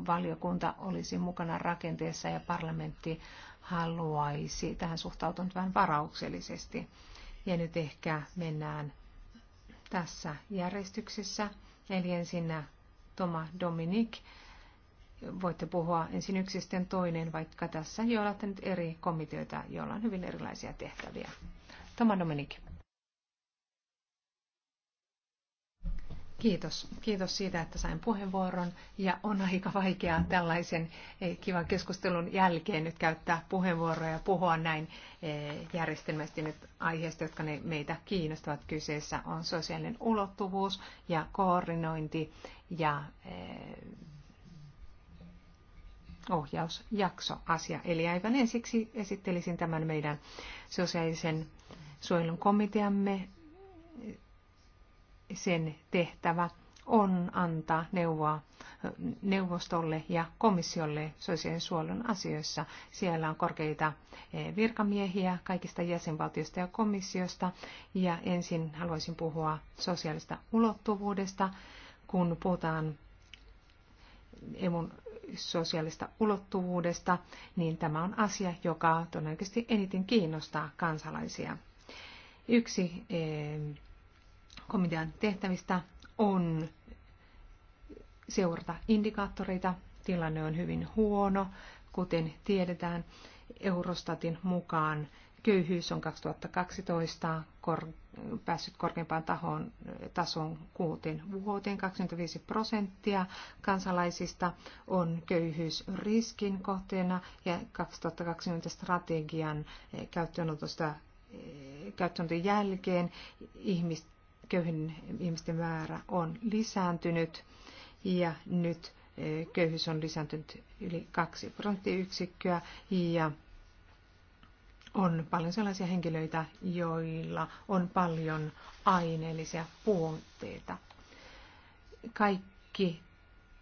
valiokunta olisi mukana rakenteessa ja parlamentti haluaisi. Tähän suhtautunut vähän varauksellisesti. Ja nyt ehkä mennään tässä järjestyksessä. Eli ensin Toma Dominik. Voitte puhua ensin yksi sitten toinen, vaikka tässä jo olette nyt eri komiteoita, joilla on hyvin erilaisia tehtäviä. Toma Dominik. Kiitos. Kiitos siitä, että sain puheenvuoron. Ja on aika vaikeaa tällaisen eh, kivan keskustelun jälkeen nyt käyttää puheenvuoroja ja puhua näin eh, järjestelmästi nyt aiheesta, jotka ne meitä kiinnostavat. Kyseessä on sosiaalinen ulottuvuus ja koordinointi ja eh, ohjausjaksoasia. Eli aivan ensiksi esittelisin tämän meidän sosiaalisen suojelun komiteamme sen tehtävä on antaa neuvoa neuvostolle ja komissiolle suojelun asioissa. Siellä on korkeita e, virkamiehiä kaikista jäsenvaltioista ja komissiosta. Ja ensin haluaisin puhua sosiaalista ulottuvuudesta, kun puhutaan emun sosiaalista ulottuvuudesta, niin tämä on asia, joka todennäköisesti eniten kiinnostaa kansalaisia. Yksi e, Komitean tehtävistä on seurata indikaattoreita. Tilanne on hyvin huono, kuten tiedetään. Eurostatin mukaan köyhyys on 2012 kor- päässyt korkeimpaan tahoon, tason kuuteen vuoteen. 25 prosenttia kansalaisista on köyhyysriskin kohteena ja 2020 strategian käyttöönotosta käyttöönoton jälkeen ihmiset köyhien ihmisten määrä on lisääntynyt ja nyt eh, köyhyys on lisääntynyt yli 2 prosenttiyksikköä ja on paljon sellaisia henkilöitä, joilla on paljon aineellisia puutteita. Kaikki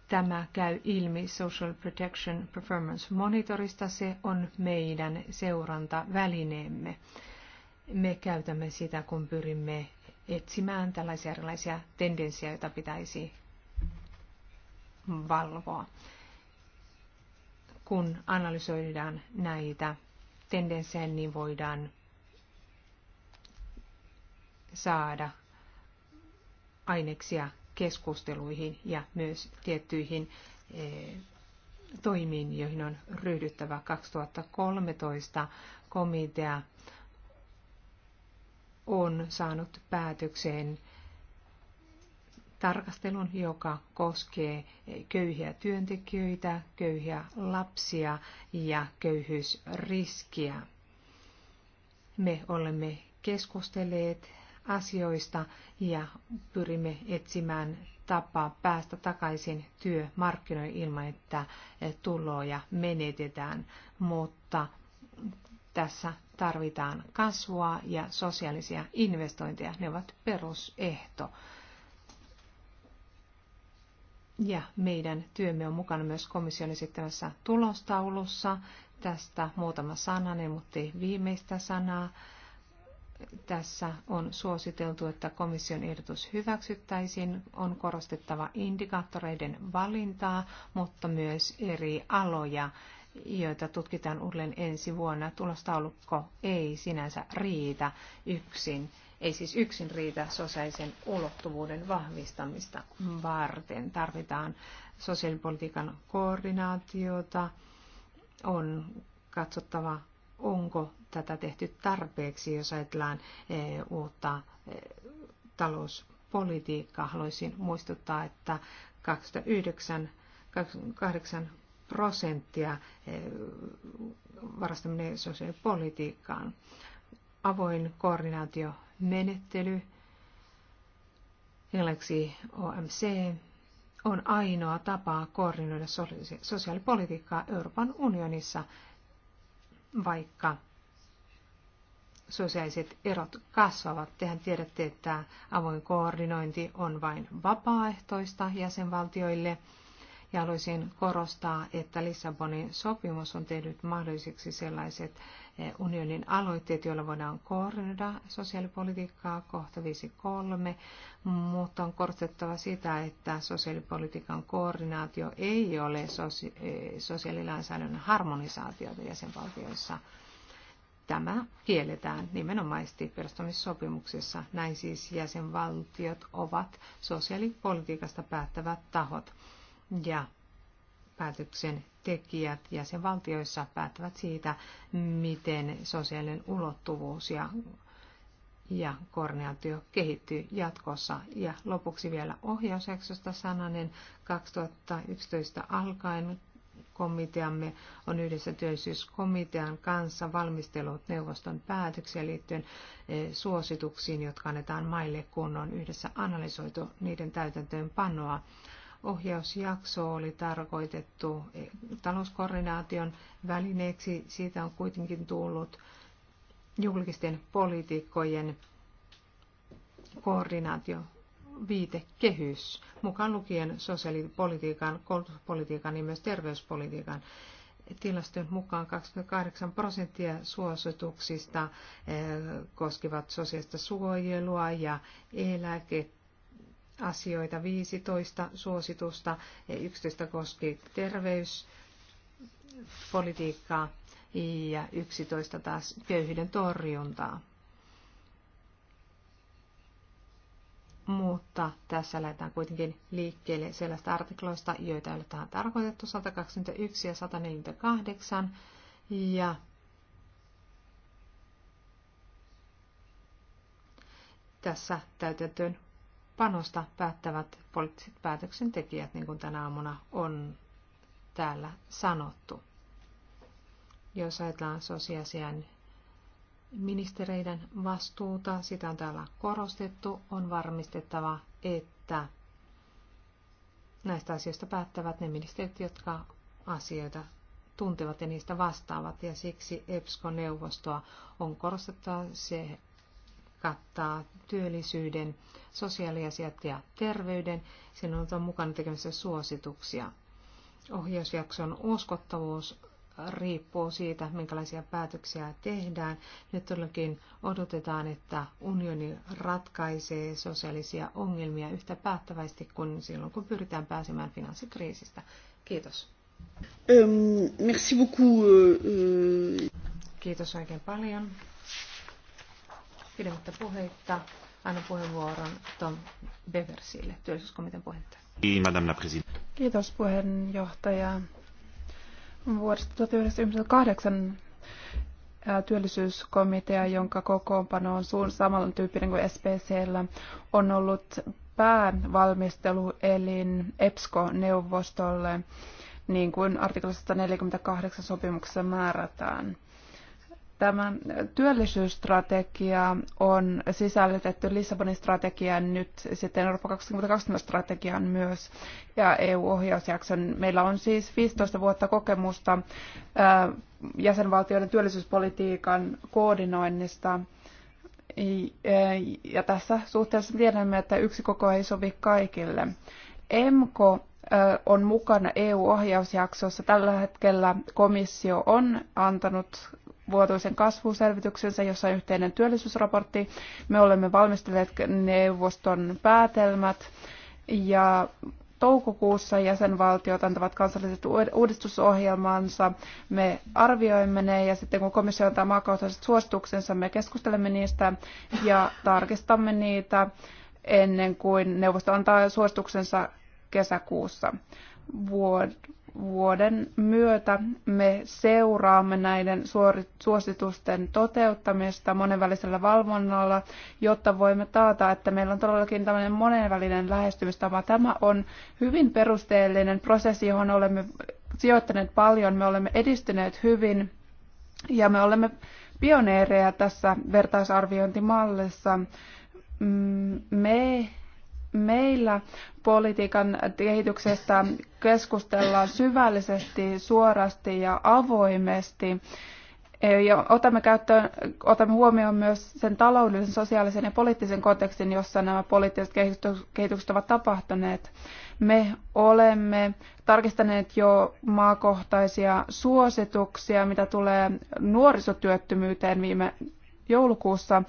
tämä käy ilmi Social Protection Performance Monitorista. Se on meidän seurantavälineemme. Me käytämme sitä, kun pyrimme etsimään tällaisia erilaisia tendenssejä, joita pitäisi valvoa. Kun analysoidaan näitä tendenssejä, niin voidaan saada aineksia keskusteluihin ja myös tiettyihin e, toimiin, joihin on ryhdyttävä 2013 komitea on saanut päätökseen tarkastelun, joka koskee köyhiä työntekijöitä, köyhiä lapsia ja köyhyysriskiä. Me olemme keskustelleet asioista ja pyrimme etsimään tapaa päästä takaisin työmarkkinoille ilman, että tuloja menetetään, mutta tässä tarvitaan kasvua ja sosiaalisia investointeja. Ne ovat perusehto. Ja meidän työmme on mukana myös komission esittämässä tulostaulussa. Tästä muutama sananen, mutta ei viimeistä sanaa. Tässä on suositeltu, että komission ehdotus hyväksyttäisiin. On korostettava indikaattoreiden valintaa, mutta myös eri aloja joita tutkitaan uudelleen ensi vuonna. Tulostaulukko ei sinänsä riitä yksin, ei siis yksin riitä sosiaalisen ulottuvuuden vahvistamista varten. Tarvitaan sosiaalipolitiikan koordinaatiota, on katsottava, onko tätä tehty tarpeeksi, jos ajatellaan eh, uutta eh, talouspolitiikkaa. Haluaisin muistuttaa, että 2009 2008 prosenttia eh, varastaminen sosiaalipolitiikkaan. Avoin koordinaatiomenettely, englanniksi OMC, on ainoa tapa koordinoida sosiaalipolitiikkaa Euroopan unionissa, vaikka sosiaaliset erot kasvavat. Tehän tiedätte, että avoin koordinointi on vain vapaaehtoista jäsenvaltioille ja haluaisin korostaa, että Lissabonin sopimus on tehnyt mahdolliseksi sellaiset eh, unionin aloitteet, joilla voidaan koordinoida sosiaalipolitiikkaa kohta 5.3, mutta on korostettava sitä, että sosiaalipolitiikan koordinaatio ei ole sosi- eh, sosiaalilainsäädännön harmonisaatiota jäsenvaltioissa. Tämä kielletään nimenomaisesti perustamissopimuksessa. Näin siis jäsenvaltiot ovat sosiaalipolitiikasta päättävät tahot ja päätöksen tekijät jäsenvaltioissa päättävät siitä, miten sosiaalinen ulottuvuus ja, ja koordinaatio kehittyy jatkossa. Ja lopuksi vielä ohjausjaksosta sananen 2011 alkaen komiteamme on yhdessä työllisyyskomitean kanssa valmistellut neuvoston päätöksiä liittyen e, suosituksiin, jotka annetaan maille, kun on yhdessä analysoitu niiden täytäntöönpanoa. panoa ohjausjakso oli tarkoitettu talouskoordinaation välineeksi. Siitä on kuitenkin tullut julkisten poliitikkojen koordinaatio viitekehys, mukaan lukien sosiaalipolitiikan, koulutuspolitiikan ja myös terveyspolitiikan tilastojen mukaan 28 prosenttia suosituksista eh, koskivat sosiaalista suojelua ja eläkettä asioita, 15 suositusta, 11 koski terveyspolitiikkaa ja 11 taas köyhyyden torjuntaa. Mutta tässä lähdetään kuitenkin liikkeelle sellaista artikloista, joita ei ole tähän tarkoitettu, 121 ja 148. Ja tässä täytetyn panosta päättävät poliittiset päätöksentekijät, niin kuin tänä aamuna on täällä sanottu. Jos ajatellaan sosiaalisen ministereiden vastuuta, sitä on täällä korostettu, on varmistettava, että näistä asioista päättävät ne ministerit, jotka asioita tuntevat ja niistä vastaavat, ja siksi EPSCO-neuvostoa on korostettava. Se kattaa työllisyyden, sosiaaliasiat ja terveyden. sinun on mukana tekemässä suosituksia. Ohjausjakson uskottavuus riippuu siitä, minkälaisia päätöksiä tehdään. Nyt todellakin odotetaan, että unioni ratkaisee sosiaalisia ongelmia yhtä päättäväisesti kuin silloin, kun pyritään pääsemään finanssikriisistä. Kiitos. Um, merci beaucoup. Kiitos oikein paljon pidemmittä puheitta annan puheenvuoron Tom Beversille, työllisyyskomitean puheenjohtaja. Niin, Kiitos puheenjohtaja. Vuodesta 1998 työllisyyskomitea, jonka kokoonpano on suun samantyyppinen kuin SPCllä, on ollut päävalmisteluelin EPSCO-neuvostolle, niin kuin artiklassa 148 sopimuksessa määrätään. Tämä työllisyysstrategia on sisällytetty Lissabonin strategiaan nyt, sitten Eurooppa 2020 strategiaan myös ja EU-ohjausjakson. Meillä on siis 15 vuotta kokemusta jäsenvaltioiden työllisyyspolitiikan koordinoinnista. Ja tässä suhteessa tiedämme, että yksi koko ei sovi kaikille. EMKO on mukana EU-ohjausjaksossa. Tällä hetkellä komissio on antanut vuotuisen kasvuselvityksensä, jossa on yhteinen työllisyysraportti. Me olemme valmistelleet neuvoston päätelmät ja toukokuussa jäsenvaltiot antavat kansalliset uudistusohjelmansa. Me arvioimme ne ja sitten kun komissio antaa maakohtaiset suosituksensa, me keskustelemme niistä ja tarkistamme niitä ennen kuin neuvosto antaa suosituksensa kesäkuussa vuoden myötä me seuraamme näiden suositusten toteuttamista monenvälisellä valvonnalla, jotta voimme taata, että meillä on todellakin tämmöinen monenvälinen lähestymistapa. Tämä on hyvin perusteellinen prosessi, johon olemme sijoittaneet paljon, me olemme edistyneet hyvin ja me olemme pioneereja tässä vertaisarviointimallissa. Mm, me meillä politiikan kehityksestä keskustellaan syvällisesti, suorasti ja avoimesti. Ja otamme, käyttöön, otamme huomioon myös sen taloudellisen, sosiaalisen ja poliittisen kontekstin, jossa nämä poliittiset kehitykset ovat tapahtuneet. Me olemme tarkistaneet jo maakohtaisia suosituksia, mitä tulee nuorisotyöttömyyteen viime joulukuussa.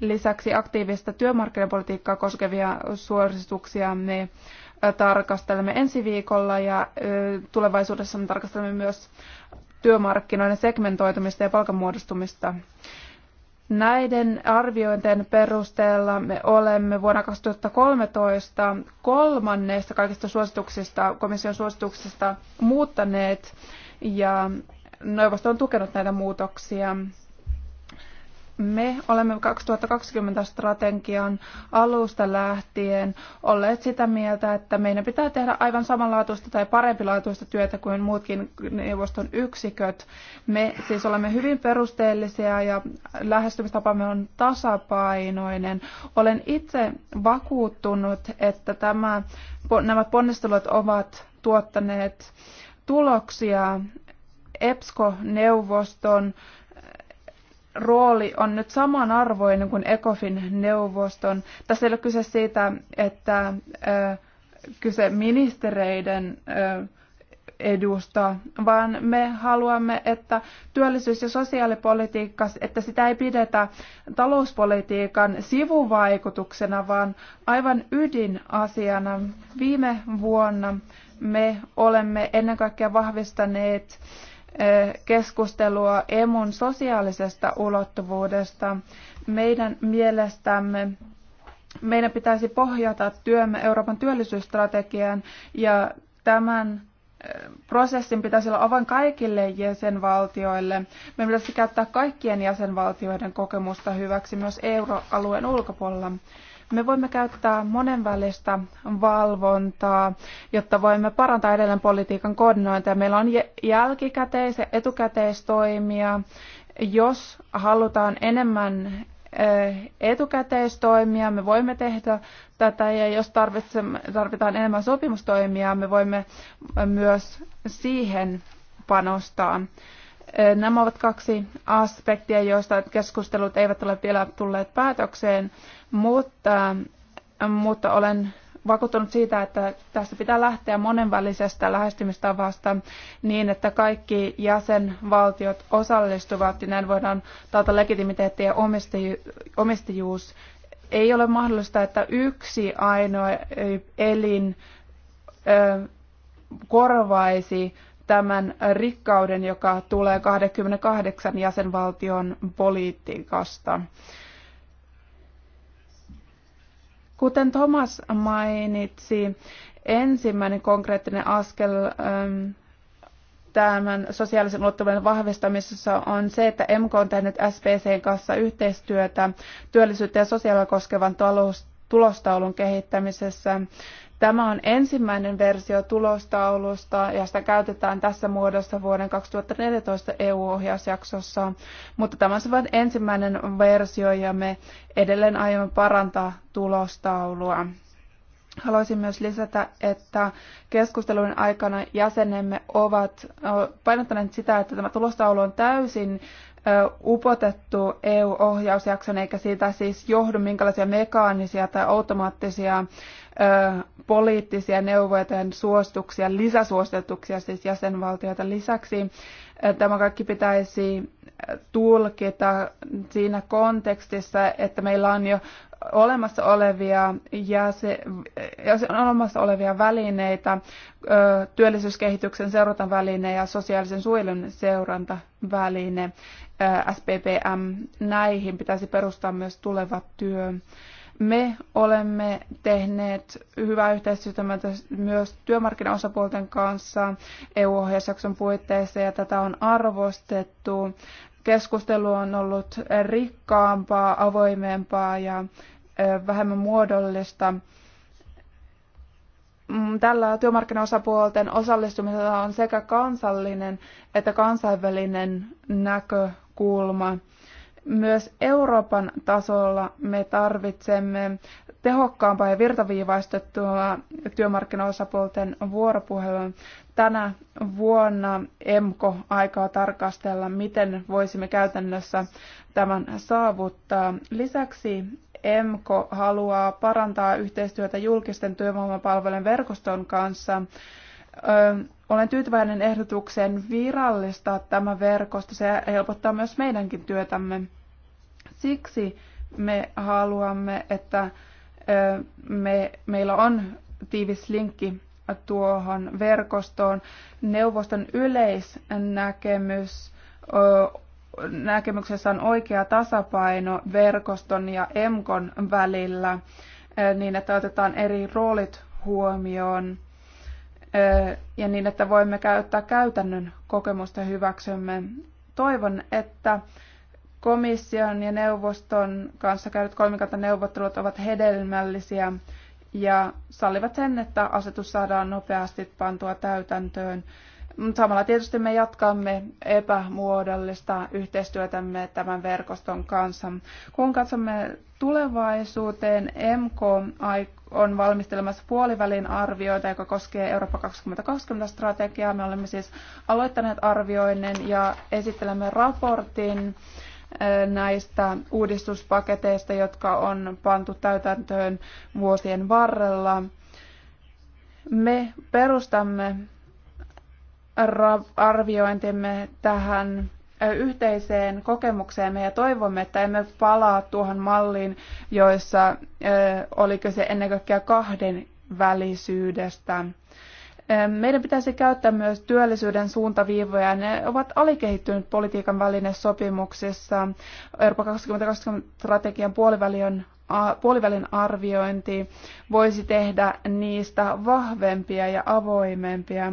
Lisäksi aktiivista työmarkkinapolitiikkaa koskevia suosituksia me tarkastelemme ensi viikolla ja tulevaisuudessa me tarkastelemme myös työmarkkinoiden segmentoitumista ja palkanmuodostumista. Näiden arviointien perusteella me olemme vuonna 2013 kolmanneista kaikista suosituksista, komission suosituksista muuttaneet ja neuvosto on tukenut näitä muutoksia me olemme 2020 strategian alusta lähtien olleet sitä mieltä, että meidän pitää tehdä aivan samanlaatuista tai parempilaatuista työtä kuin muutkin neuvoston yksiköt. Me siis olemme hyvin perusteellisia ja lähestymistapamme on tasapainoinen. Olen itse vakuuttunut, että tämä, nämä ponnistelut ovat tuottaneet tuloksia EPSCO-neuvoston rooli on nyt samanarvoinen kuin ECOFIN neuvoston. Tässä ei ole kyse siitä, että kyse ministereiden edusta, vaan me haluamme, että työllisyys- ja sosiaalipolitiikka, että sitä ei pidetä talouspolitiikan sivuvaikutuksena, vaan aivan ydinasiana. Viime vuonna me olemme ennen kaikkea vahvistaneet Eh, keskustelua emun sosiaalisesta ulottuvuudesta. Meidän mielestämme meidän pitäisi pohjata työmme Euroopan työllisyysstrategiaan ja tämän eh, prosessin pitäisi olla avoin kaikille jäsenvaltioille. Me pitäisi käyttää kaikkien jäsenvaltioiden kokemusta hyväksi myös euroalueen ulkopuolella. Me voimme käyttää monenvälistä valvontaa, jotta voimme parantaa edelleen politiikan koordinointia. Meillä on jälkikäteis- ja etukäteistoimia. Jos halutaan enemmän etukäteistoimia, me voimme tehdä tätä ja jos tarvitaan enemmän sopimustoimia, me voimme myös siihen panostaa. Nämä ovat kaksi aspektia, joista keskustelut eivät ole vielä tulleet päätökseen, mutta, mutta olen vakuuttunut siitä, että tässä pitää lähteä monenvälisestä lähestymistavasta niin, että kaikki jäsenvaltiot osallistuvat ja näin voidaan taata legitimiteetti ja omistajuus. Ei ole mahdollista, että yksi ainoa elin korvaisi tämän rikkauden, joka tulee 28 jäsenvaltion politiikasta. Kuten Thomas mainitsi, ensimmäinen konkreettinen askel ähm, tämän sosiaalisen ulottuvuuden vahvistamisessa on se, että MK on tehnyt SPCn kanssa yhteistyötä työllisyyttä ja sosiaalia koskevan talous, tulostaulun kehittämisessä. Tämä on ensimmäinen versio tulostaulusta ja sitä käytetään tässä muodossa vuoden 2014 EU-ohjausjaksossa, mutta tämä on vain ensimmäinen versio ja me edelleen aiomme parantaa tulostaulua. Haluaisin myös lisätä, että keskustelun aikana jäsenemme ovat painottaneet sitä, että tämä tulostaulu on täysin upotettu EU-ohjausjakson, eikä siitä siis johdu minkälaisia mekaanisia tai automaattisia ö, poliittisia neuvoja tai suostuksia, lisäsuosituksia siis jäsenvaltioita. Lisäksi Tämä kaikki pitäisi tulkita siinä kontekstissa, että meillä on jo olemassa olevia, ja se, on olemassa olevia välineitä, työllisyyskehityksen seurantaväline ja sosiaalisen suojelun seurantaväline, SPPM, näihin pitäisi perustaa myös tuleva työ. Me olemme tehneet hyvää yhteistyötä myös työmarkkinaosapuolten kanssa EU-ohjausjakson puitteissa ja tätä on arvostettu. Keskustelu on ollut rikkaampaa, avoimempaa ja vähemmän muodollista. Mm, tällä työmarkkinaosapuolten osallistumisella on sekä kansallinen että kansainvälinen näkökulma. Myös Euroopan tasolla me tarvitsemme tehokkaampaa ja virtaviivaistettua työmarkkinaosapuolten vuoropuhelua. Tänä vuonna EMKO aikaa tarkastella, miten voisimme käytännössä tämän saavuttaa. Lisäksi EMKO haluaa parantaa yhteistyötä julkisten työvoimapalvelujen verkoston kanssa olen tyytyväinen ehdotukseen virallistaa tämä verkosto. Se helpottaa myös meidänkin työtämme. Siksi me haluamme, että me, meillä on tiivis linkki tuohon verkostoon. Neuvoston yleisnäkemys näkemyksessä on oikea tasapaino verkoston ja EMKon välillä niin, että otetaan eri roolit huomioon ja niin, että voimme käyttää käytännön kokemusta hyväksymme. Toivon, että komission ja neuvoston kanssa käydyt neuvottelut ovat hedelmällisiä ja sallivat sen, että asetus saadaan nopeasti pantua täytäntöön. Samalla tietysti me jatkamme epämuodollista yhteistyötämme tämän verkoston kanssa. Kun katsomme tulevaisuuteen, MK on valmistelemassa puolivälin arvioita, joka koskee Eurooppa 2020-strategiaa. Me olemme siis aloittaneet arvioinnin ja esittelemme raportin eh, näistä uudistuspaketeista, jotka on pantu täytäntöön vuosien varrella. Me perustamme arviointimme tähän yhteiseen kokemukseen ja toivomme, että emme palaa tuohon malliin, joissa oliko se ennen kaikkea kahden välisyydestä. Meidän pitäisi käyttää myös työllisyyden suuntaviivoja. Ne ovat alikehittyneet politiikan väline sopimuksissa. Euroopan 2020 strategian puolivälin, puolivälin arviointi voisi tehdä niistä vahvempia ja avoimempia.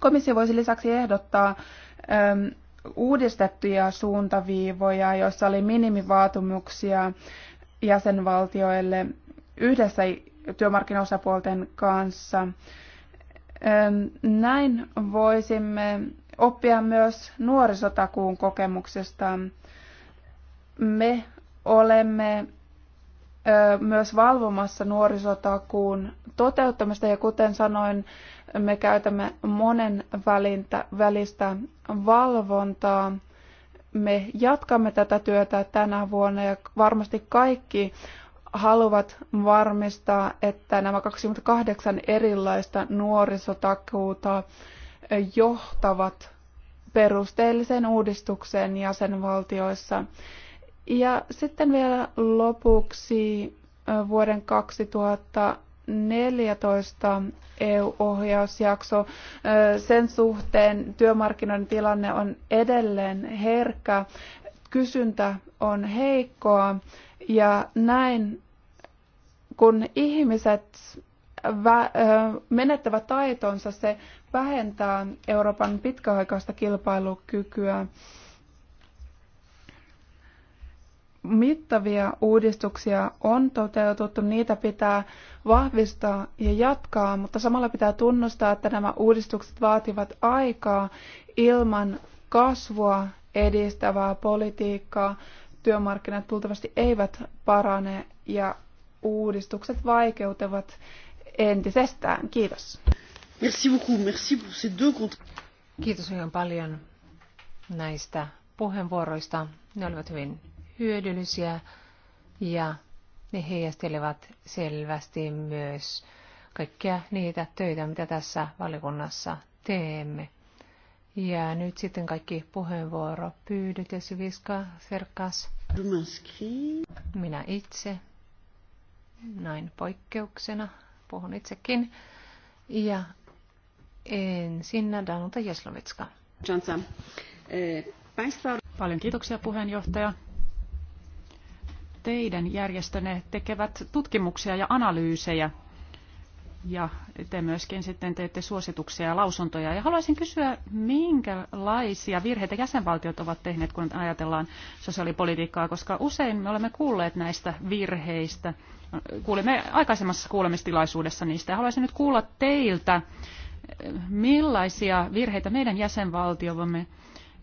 Komissio voisi lisäksi ehdottaa uudistettuja suuntaviivoja, joissa oli minimivaatimuksia jäsenvaltioille yhdessä työmarkkinaosapuolten kanssa. Näin voisimme oppia myös nuorisotakuun kokemuksesta. Me olemme myös valvomassa nuorisotakuun toteuttamista ja kuten sanoin, me käytämme monen välintä, välistä valvontaa. Me jatkamme tätä työtä tänä vuonna ja varmasti kaikki haluavat varmistaa, että nämä 28 erilaista nuorisotakuuta johtavat perusteelliseen uudistukseen jäsenvaltioissa. Ja sitten vielä lopuksi vuoden 2014 EU-ohjausjakso. Sen suhteen työmarkkinoiden tilanne on edelleen herkkä, kysyntä on heikkoa ja näin kun ihmiset menettävät taitonsa, se vähentää Euroopan pitkäaikaista kilpailukykyä mittavia uudistuksia on toteutettu, niitä pitää vahvistaa ja jatkaa, mutta samalla pitää tunnustaa, että nämä uudistukset vaativat aikaa ilman kasvua edistävää politiikkaa. Työmarkkinat luultavasti eivät parane ja uudistukset vaikeutuvat entisestään. Kiitos. Merci beaucoup. Merci pour ces deux Kiitos hyvin paljon näistä puheenvuoroista. Ne olivat hyvin hyödyllisiä ja ne heijastelevat selvästi myös kaikkia niitä töitä, mitä tässä valikunnassa teemme. Ja nyt sitten kaikki puheenvuoro pyydyt ja syviska serkas. Minä itse, näin poikkeuksena, puhun itsekin. Ja ensinnä Danuta Jeslovitska. Eh, Paljon kiitoksia puheenjohtaja teidän järjestönne tekevät tutkimuksia ja analyysejä ja te myöskin sitten teette suosituksia ja lausuntoja. Ja haluaisin kysyä, minkälaisia virheitä jäsenvaltiot ovat tehneet, kun ajatellaan sosiaalipolitiikkaa, koska usein me olemme kuulleet näistä virheistä. Kuulimme aikaisemmassa kuulemistilaisuudessa niistä. Haluaisin nyt kuulla teiltä, millaisia virheitä meidän jäsenvaltiomme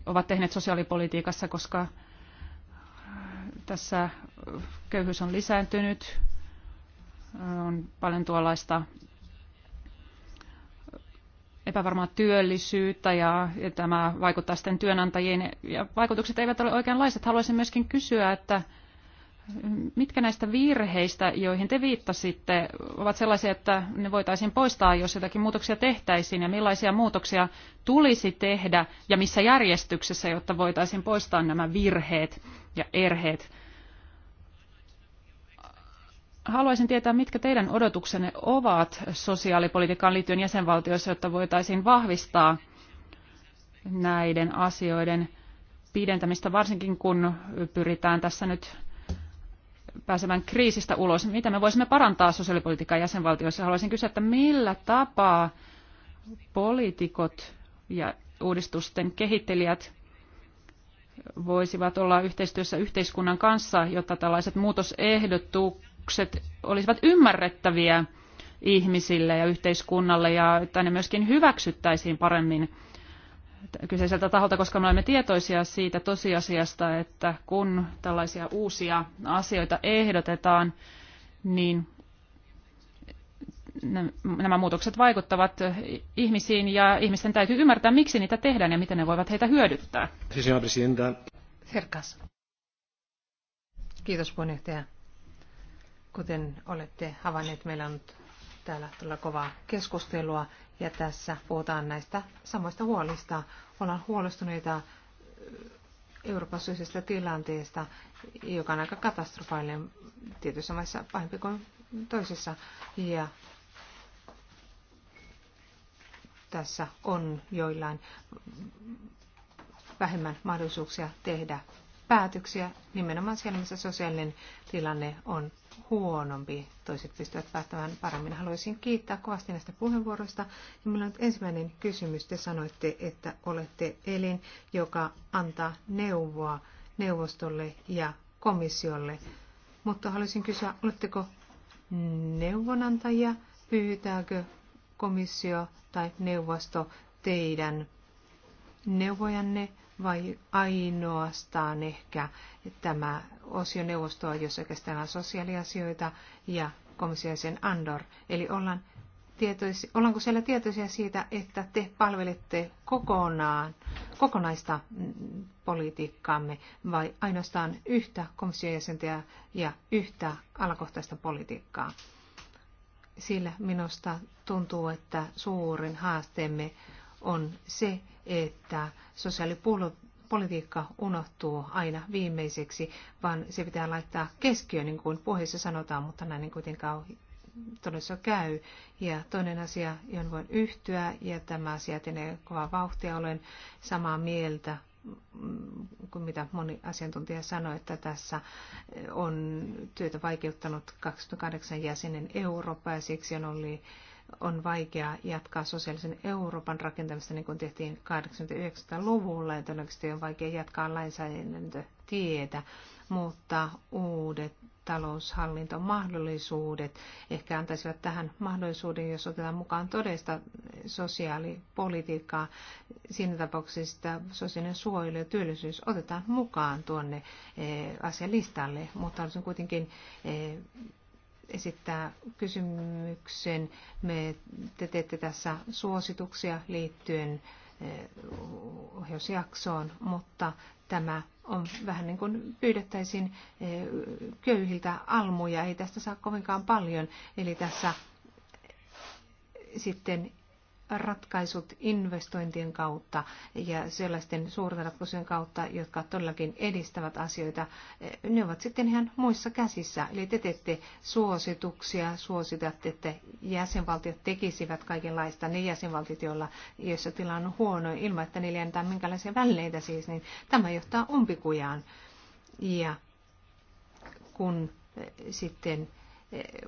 ovat tehneet sosiaalipolitiikassa, koska tässä köyhyys on lisääntynyt, on paljon tuollaista epävarmaa työllisyyttä ja, ja tämä vaikuttaa sitten työnantajien ja vaikutukset eivät ole oikeanlaiset. Haluaisin myöskin kysyä, että mitkä näistä virheistä, joihin te viittasitte, ovat sellaisia, että ne voitaisiin poistaa, jos jotakin muutoksia tehtäisiin ja millaisia muutoksia tulisi tehdä ja missä järjestyksessä, jotta voitaisiin poistaa nämä virheet ja erheet. Haluaisin tietää, mitkä teidän odotuksenne ovat sosiaalipolitiikkaan liittyen jäsenvaltioissa, jotta voitaisiin vahvistaa näiden asioiden pidentämistä, varsinkin kun pyritään tässä nyt pääsemään kriisistä ulos. Mitä me voisimme parantaa sosiaalipolitiikkaa jäsenvaltioissa? Haluaisin kysyä, että millä tapaa poliitikot ja uudistusten kehittelijät voisivat olla yhteistyössä yhteiskunnan kanssa, jotta tällaiset muutosehdotukset ajatukset olisivat ymmärrettäviä ihmisille ja yhteiskunnalle ja että ne myöskin hyväksyttäisiin paremmin kyseiseltä taholta, koska me olemme tietoisia siitä tosiasiasta, että kun tällaisia uusia asioita ehdotetaan, niin nämä muutokset vaikuttavat ihmisiin ja ihmisten täytyy ymmärtää, miksi niitä tehdään ja miten ne voivat heitä hyödyttää. Herkas. Kiitos puheenjohtaja. Kuten olette havainneet, meillä on täällä tulla kovaa keskustelua ja tässä puhutaan näistä samoista huolista. Ollaan huolestuneita eh, Euroopan syysestä tilanteesta, joka on aika katastrofaalinen tietyissä maissa pahempi kuin toisessa. Ja tässä on joillain vähemmän mahdollisuuksia tehdä päätöksiä nimenomaan siellä, missä sosiaalinen tilanne on huonompi. Toiset pystyvät päättämään paremmin. Haluaisin kiittää kovasti näistä puheenvuoroista. Ja minulla on ensimmäinen kysymys. Te sanoitte, että olette elin, joka antaa neuvoa neuvostolle ja komissiolle. Mutta haluaisin kysyä, oletteko neuvonantajia? Pyytääkö komissio tai neuvosto teidän neuvojanne? vai ainoastaan ehkä tämä osio neuvostoa, jossa käsitellään sosiaaliasioita ja komissiaisen Andor. Eli ollaan tietoisia, ollaanko siellä tietoisia siitä, että te palvelette kokonaan, kokonaista politiikkaamme vai ainoastaan yhtä komission jäsentä ja yhtä alakohtaista politiikkaa? Sillä minusta tuntuu, että suurin haasteemme on se, että sosiaalipolitiikka unohtuu aina viimeiseksi, vaan se pitää laittaa keskiöön, niin kuin puheessa sanotaan, mutta näin ei kuitenkaan todessa käy. Ja toinen asia, johon voin yhtyä, ja tämä asia etenee kovaa vauhtia, olen samaa mieltä mm, kuin mitä moni asiantuntija sanoi, että tässä eh, on työtä vaikeuttanut 28 jäsenen Eurooppa ja siksi on ollut on vaikea jatkaa sosiaalisen Euroopan rakentamista niin kuin tehtiin 89-luvulla ja todennäköisesti on vaikea jatkaa lainsäädäntötietä, mutta uudet taloushallintomahdollisuudet ehkä antaisivat tähän mahdollisuuden, jos otetaan mukaan todesta sosiaalipolitiikkaa. Siinä tapauksessa sosiaalinen suojelu ja työllisyys otetaan mukaan tuonne eh, asialistalle, mutta haluaisin kuitenkin eh, esittää kysymyksen. Me te teette tässä suosituksia liittyen eh, ohjausjaksoon, mutta tämä on vähän niin kuin pyydettäisiin eh, köyhiltä almuja, ei tästä saa kovinkaan paljon. Eli tässä sitten ratkaisut investointien kautta ja sellaisten suurten ratkaisujen kautta, jotka todellakin edistävät asioita, ne ovat sitten ihan muissa käsissä. Eli te teette suosituksia, suositatte, että jäsenvaltiot tekisivät kaikenlaista, ne jäsenvaltiot, joilla, joissa tilanne on huono, ilman että niille antaa minkälaisia välineitä siis, niin tämä johtaa umpikujaan. Ja kun sitten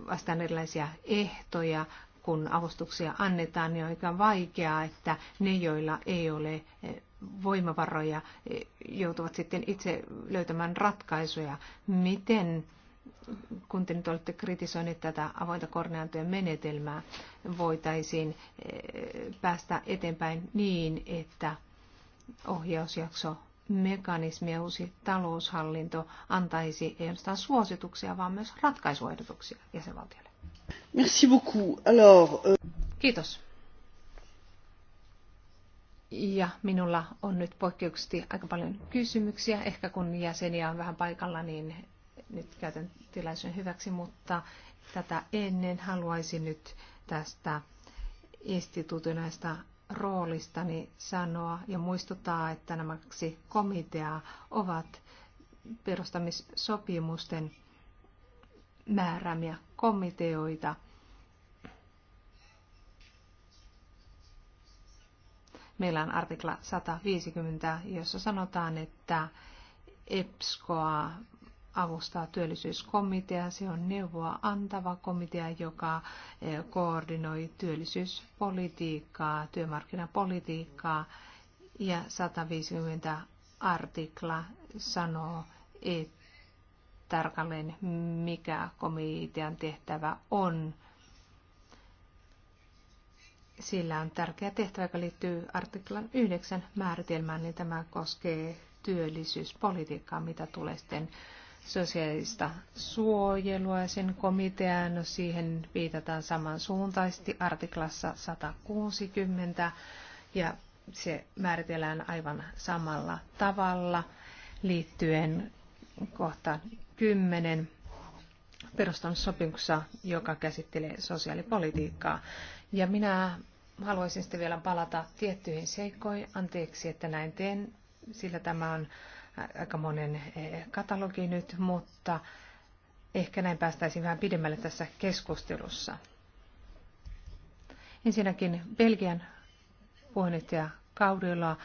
vastaan erilaisia ehtoja, kun avustuksia annetaan, niin on aika vaikeaa, että ne, joilla ei ole eh, voimavaroja, eh, joutuvat sitten itse löytämään ratkaisuja. Miten kun te nyt olette kritisoineet tätä avointa korneantojen menetelmää, voitaisiin eh, päästä eteenpäin niin, että ohjausjakso mekanismi ja uusi taloushallinto antaisi ei ainoastaan suosituksia, vaan myös ratkaisuehdotuksia jäsenvaltioille. Merci beaucoup. Alors, euh... Kiitos. Ja minulla on nyt poikkeuksellisesti aika paljon kysymyksiä. Ehkä kun jäseniä on vähän paikalla, niin nyt käytän tilaisuuden hyväksi, mutta tätä ennen haluaisin nyt tästä instituutionaista roolistani sanoa ja muistuttaa, että nämä kaksi komiteaa ovat perustamissopimusten määräämiä komiteoita. Meillä on artikla 150, jossa sanotaan, että EPSCOa avustaa työllisyyskomitea. Se on neuvoa antava komitea, joka eh, koordinoi työllisyyspolitiikkaa, työmarkkinapolitiikkaa. Ja 150 artikla sanoo, että tarkalleen, mikä komitean tehtävä on. Sillä on tärkeä tehtävä, joka liittyy artiklan 9 määritelmään, niin tämä koskee työllisyyspolitiikkaa, mitä tulee sitten sosiaalista suojelua ja sen komiteaan. No siihen viitataan samansuuntaisesti artiklassa 160 ja se määritellään aivan samalla tavalla liittyen kohtaan 10 perustamissopimuksessa, joka käsittelee sosiaalipolitiikkaa. Ja minä haluaisin sitten vielä palata tiettyihin seikkoihin. Anteeksi, että näin teen, sillä tämä on äh, aika monen eh, katalogi nyt, mutta ehkä näin päästäisiin vähän pidemmälle tässä keskustelussa. Ensinnäkin Belgian puheenjohtaja kaudella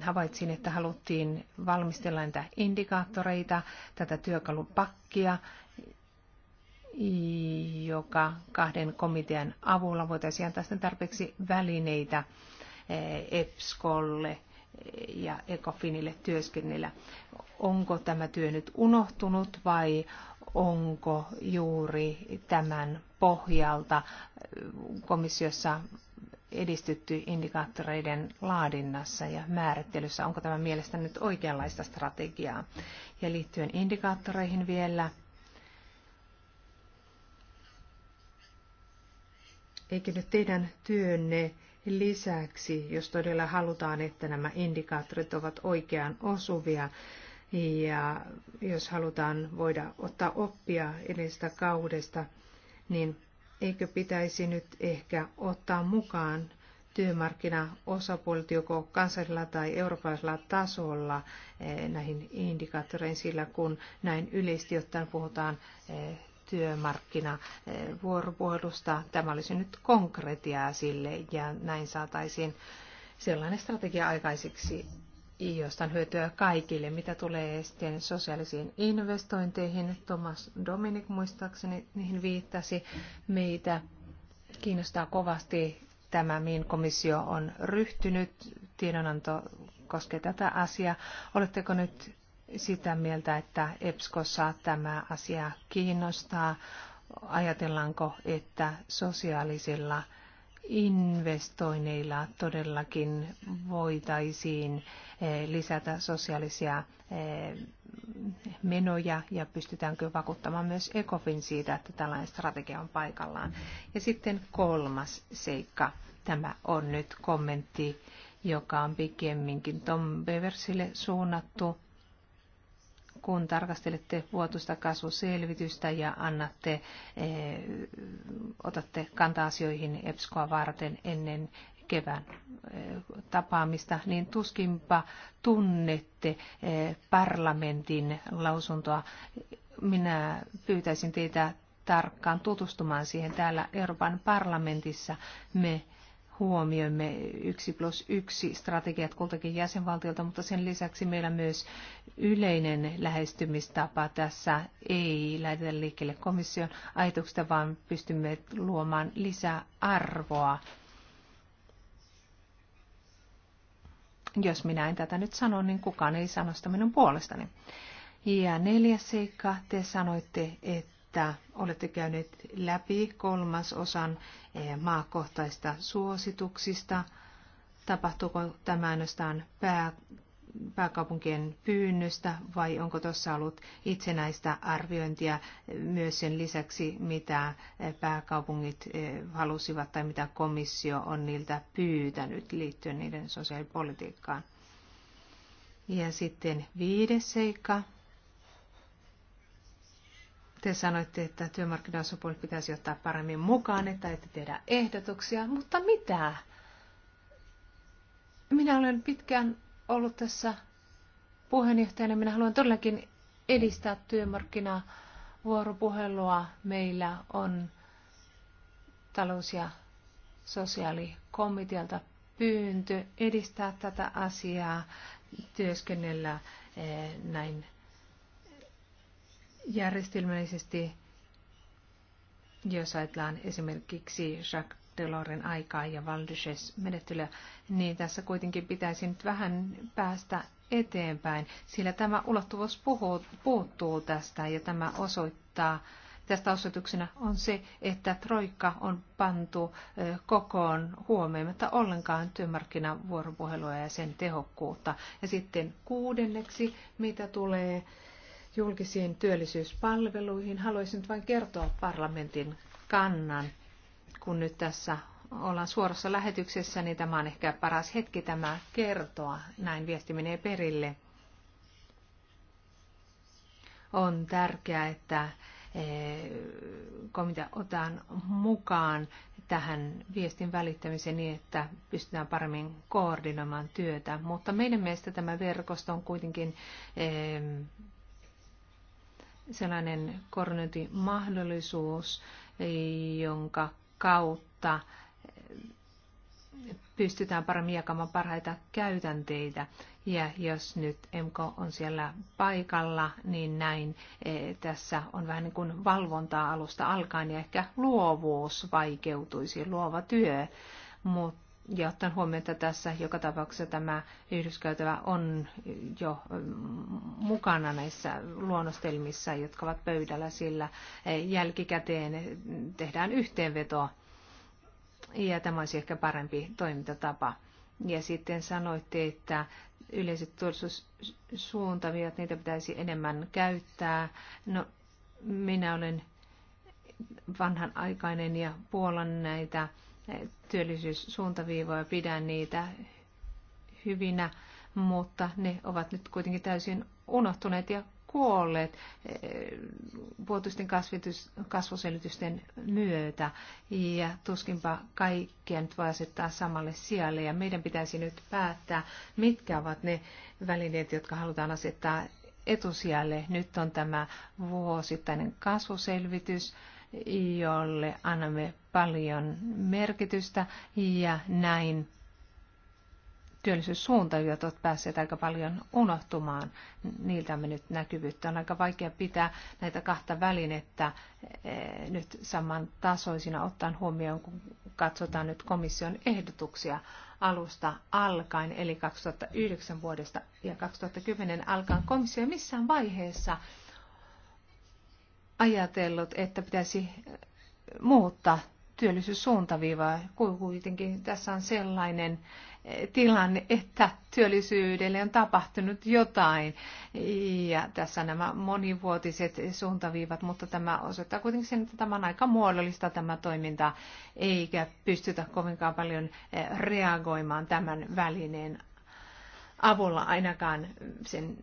havaitsin, että haluttiin valmistella näitä indikaattoreita, tätä työkalupakkia, joka kahden komitean avulla voitaisiin antaa sitten tarpeeksi välineitä eh, EPSKolle eh, ja ECOFINille työskennellä. Onko tämä työ nyt unohtunut vai onko juuri tämän pohjalta eh, komissiossa edistytty indikaattoreiden laadinnassa ja määrittelyssä? Onko tämä mielestäni nyt oikeanlaista strategiaa? Ja liittyen indikaattoreihin vielä, Eikö nyt teidän työnne lisäksi, jos todella halutaan, että nämä indikaattorit ovat oikean osuvia, ja jos halutaan voida ottaa oppia edestä kaudesta, niin eikö pitäisi nyt ehkä ottaa mukaan työmarkkinaosapuolet joko kansallisella tai eurooppalaisella tasolla eh, näihin indikaattoreihin, sillä kun näin yleisesti ottaen puhutaan eh, työmarkkinavuoropuhelusta, eh, tämä olisi nyt konkretiaa sille ja näin saataisiin sellainen strategia aikaiseksi, josta on hyötyä kaikille. Mitä tulee sitten sosiaalisiin investointeihin, Thomas Dominik muistaakseni niihin viittasi, meitä kiinnostaa kovasti tämä, mihin komissio on ryhtynyt. Tiedonanto koskee tätä asiaa. Oletteko nyt sitä mieltä, että EPSKossa tämä asia kiinnostaa? Ajatellaanko, että sosiaalisilla investoinneilla todellakin voitaisiin eh, lisätä sosiaalisia eh, menoja ja pystytäänkö vakuuttamaan myös ECOFIN siitä, että tällainen strategia on paikallaan. Ja sitten kolmas seikka. Tämä on nyt kommentti, joka on pikemminkin Tom Beversille suunnattu kun tarkastelette vuotuista kasvuselvitystä ja annatte, eh, otatte kanta-asioihin EPSKOa varten ennen kevään eh, tapaamista, niin tuskinpa tunnette eh, parlamentin lausuntoa. Minä pyytäisin teitä tarkkaan tutustumaan siihen täällä Euroopan parlamentissa. Me huomioimme yksi plus yksi strategiat kultakin jäsenvaltiolta, mutta sen lisäksi meillä myös yleinen lähestymistapa tässä ei lähdetä liikkeelle komission ajatuksesta, vaan pystymme luomaan lisäarvoa. Jos minä en tätä nyt sano, niin kukaan ei sano sitä minun puolestani. Ja neljäs seikka, te sanoitte, että että olette käyneet läpi kolmasosan eh, maakohtaista suosituksista. Tapahtuuko tämä ainoastaan pää, pääkaupunkien pyynnöstä vai onko tuossa ollut itsenäistä arviointia myös sen lisäksi, mitä eh, pääkaupungit eh, halusivat tai mitä komissio on niiltä pyytänyt liittyen niiden sosiaalipolitiikkaan? Ja sitten viides seikka, te sanoitte, että työmarkkinaosapuolet pitäisi ottaa paremmin mukaan, että ette tehdä ehdotuksia, mutta mitä? Minä olen pitkään ollut tässä puheenjohtajana. Minä haluan todellakin edistää työmarkkinavuoropuhelua. Meillä on talous- ja sosiaalikomitealta pyyntö edistää tätä asiaa, työskennellä eh, näin järjestelmällisesti, jos ajatellaan esimerkiksi Jacques Delorin aikaa ja Valdyches menettelyä, niin tässä kuitenkin pitäisi nyt vähän päästä eteenpäin, sillä tämä ulottuvuus puhuu, puuttuu tästä ja tämä osoittaa, tästä osoituksena on se, että Troikka on pantu kokoon huomioimatta ollenkaan työmarkkinavuoropuhelua ja sen tehokkuutta. Ja sitten kuudenneksi, mitä tulee julkisiin työllisyyspalveluihin. Haluaisin nyt vain kertoa parlamentin kannan, kun nyt tässä ollaan suorassa lähetyksessä, niin tämä on ehkä paras hetki tämä kertoa. Näin viesti menee perille. On tärkeää, että eh, komitea otetaan mukaan tähän viestin välittämiseen niin, että pystytään paremmin koordinoimaan työtä. Mutta meidän mielestä tämä verkosto on kuitenkin eh, sellainen koordinointimahdollisuus, jonka kautta pystytään paremmin jakamaan parhaita käytänteitä. Ja jos nyt MK on siellä paikalla, niin näin e, tässä on vähän niin kuin valvontaa alusta alkaen ja ehkä luovuus vaikeutuisi, luova työ. Mutta ja ottaen huomioon, että tässä joka tapauksessa tämä yhdyskäytävä on jo mm, mukana näissä luonnostelmissa, jotka ovat pöydällä, sillä e, jälkikäteen tehdään yhteenveto ja tämä olisi ehkä parempi toimintatapa. Ja sitten sanoitte, että yleiset turvallisuussuuntaviot, niitä pitäisi enemmän käyttää. No, minä olen vanhanaikainen ja puolan näitä työllisyyssuuntaviivoja, pidän niitä hyvinä, mutta ne ovat nyt kuitenkin täysin unohtuneet ja kuolleet eh, vuotuisten kasvitus, kasvuselitysten myötä ja tuskinpa kaikkia nyt voi asettaa samalle sijalle ja meidän pitäisi nyt päättää, mitkä ovat ne välineet, jotka halutaan asettaa etusijalle. Nyt on tämä vuosittainen kasvuselvitys jolle annamme paljon merkitystä ja näin työllisyyssuuntaviot ovat päässeet aika paljon unohtumaan. Niiltä me nyt näkyvyyttä. On aika vaikea pitää näitä kahta välinettä eh, nyt saman tasoisina ottaen huomioon, kun katsotaan nyt komission ehdotuksia alusta alkaen, eli 2009 vuodesta ja 2010 alkaen komissio missään vaiheessa ajatellut, että pitäisi eh, muuttaa työllisyyssuuntaviivaa. Kuitenkin tässä on sellainen eh, tilanne, että työllisyydelle on tapahtunut jotain. Ja tässä nämä monivuotiset suuntaviivat, mutta tämä osoittaa kuitenkin sen, että tämä on aika muodollista tämä toiminta, eikä pystytä kovinkaan paljon eh, reagoimaan tämän välineen avulla ainakaan sen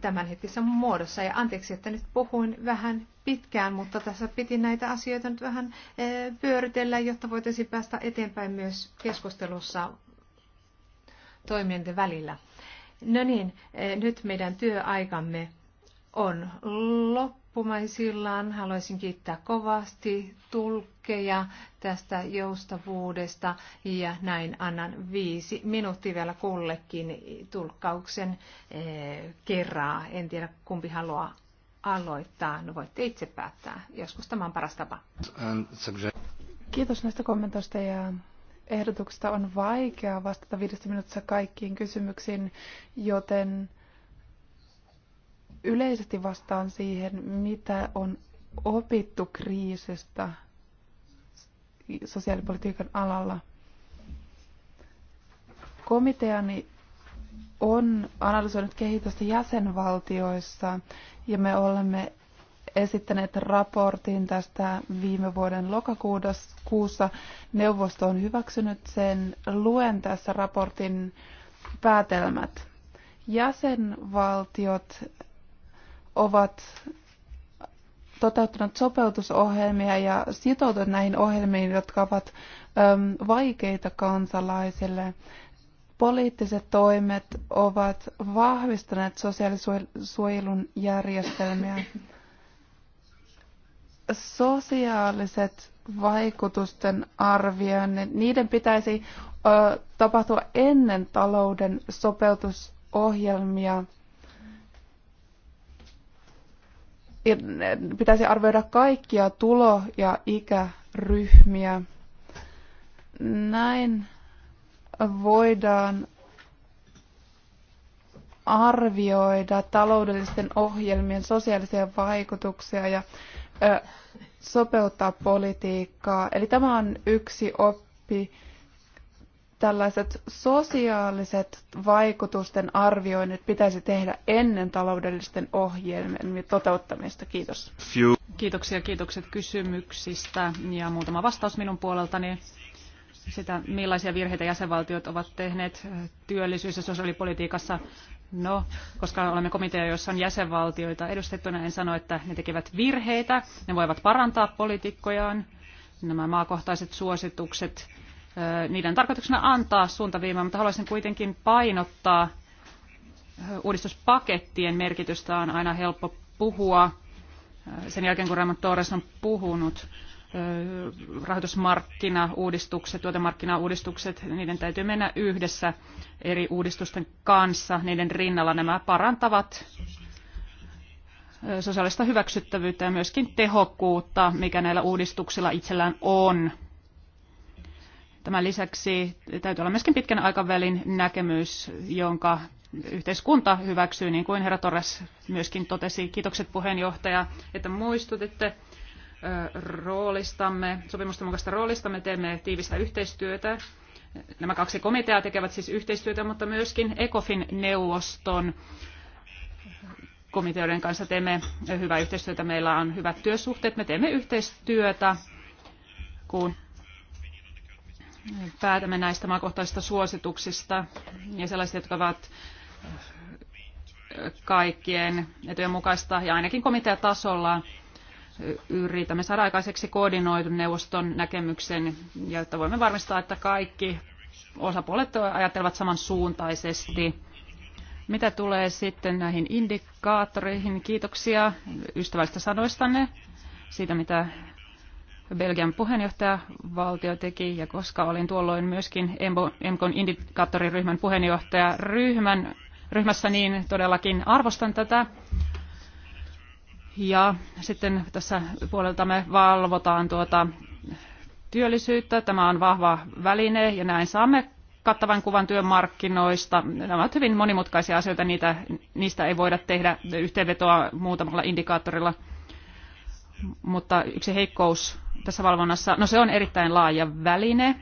tämänhetkisessä muodossa. Ja anteeksi, että nyt puhuin vähän pitkään, mutta tässä piti näitä asioita nyt vähän eh, pyöritellä, jotta voitaisiin päästä eteenpäin myös keskustelussa toimijoiden välillä. No niin, eh, nyt meidän työaikamme on loppumaisillaan. Haluaisin kiittää kovasti tulkkaa vinkkejä tästä joustavuudesta ja näin annan viisi minuuttia vielä kullekin tulkkauksen eh, kerran. En tiedä kumpi haluaa aloittaa. No voitte itse päättää. Joskus tämä on paras tapa. Kiitos näistä kommentoista ja ehdotuksista. on vaikea vastata viidestä minuutissa kaikkiin kysymyksiin, joten yleisesti vastaan siihen, mitä on opittu kriisistä – sosiaalipolitiikan alalla. Komiteani on analysoinut kehitystä jäsenvaltioissa ja me olemme esittäneet raportin tästä viime vuoden lokakuussa. Neuvosto on hyväksynyt sen. Luen tässä raportin päätelmät. Jäsenvaltiot ovat toteuttanut sopeutusohjelmia ja sitoutunut näihin ohjelmiin, jotka ovat vaikeita kansalaisille. Poliittiset toimet ovat vahvistaneet sosiaalisuojelun järjestelmiä. Sosiaaliset vaikutusten arvioinnit, niiden pitäisi tapahtua ennen talouden sopeutusohjelmia. Eh, pitäisi arvioida kaikkia tulo- ja ikäryhmiä. Näin voidaan arvioida taloudellisten ohjelmien sosiaalisia vaikutuksia ja ö, eh, sopeuttaa politiikkaa. Eli tämä on yksi oppi tällaiset sosiaaliset vaikutusten arvioinnit pitäisi tehdä ennen taloudellisten ohjelmien toteuttamista. Kiitos. Kiitoksia, kiitokset kysymyksistä ja muutama vastaus minun puoleltani. Sitä, millaisia virheitä jäsenvaltiot ovat tehneet työllisyys- ja sosiaalipolitiikassa. No, koska olemme komitea, jossa on jäsenvaltioita edustettuna, en sano, että ne tekevät virheitä. Ne voivat parantaa politiikkojaan. Nämä maakohtaiset suositukset niiden tarkoituksena antaa suuntaviimaa, mutta haluaisin kuitenkin painottaa uudistuspakettien merkitystä on aina helppo puhua sen jälkeen, kun Raymond Torres on puhunut rahoitusmarkkinauudistukset, tuotemarkkinauudistukset, niiden täytyy mennä yhdessä eri uudistusten kanssa, niiden rinnalla nämä parantavat sosiaalista hyväksyttävyyttä ja myöskin tehokkuutta, mikä näillä uudistuksilla itsellään on. Tämän lisäksi täytyy olla myöskin pitkän aikavälin näkemys, jonka yhteiskunta hyväksyy, niin kuin herra Torres myöskin totesi. Kiitokset puheenjohtaja, että muistutitte roolistamme, sopimusten mukaista roolistamme teemme tiivistä yhteistyötä. Nämä kaksi komiteaa tekevät siis yhteistyötä, mutta myöskin ECOFIN-neuvoston komiteoiden kanssa teemme hyvää yhteistyötä. Meillä on hyvät työsuhteet, me teemme yhteistyötä, kun päätämme näistä maakohtaisista suosituksista ja sellaisista, jotka ovat kaikkien etujen mukaista ja ainakin komiteatasolla yritämme saada aikaiseksi koordinoidun neuvoston näkemyksen, jotta voimme varmistaa, että kaikki osapuolet ajattelevat samansuuntaisesti. Mitä tulee sitten näihin indikaattoreihin, kiitoksia ystävällistä sanoistanne siitä, mitä Belgian valtio teki, ja koska olin tuolloin myöskin EMKon indikaattoriryhmän puheenjohtaja ryhmän, ryhmässä, niin todellakin arvostan tätä. Ja sitten tässä puolelta me valvotaan tuota työllisyyttä. Tämä on vahva väline ja näin saamme kattavan kuvan työmarkkinoista. Nämä ovat hyvin monimutkaisia asioita, niitä, niistä ei voida tehdä yhteenvetoa muutamalla indikaattorilla. Mutta yksi heikkous tässä valvonnassa, no se on erittäin laaja väline,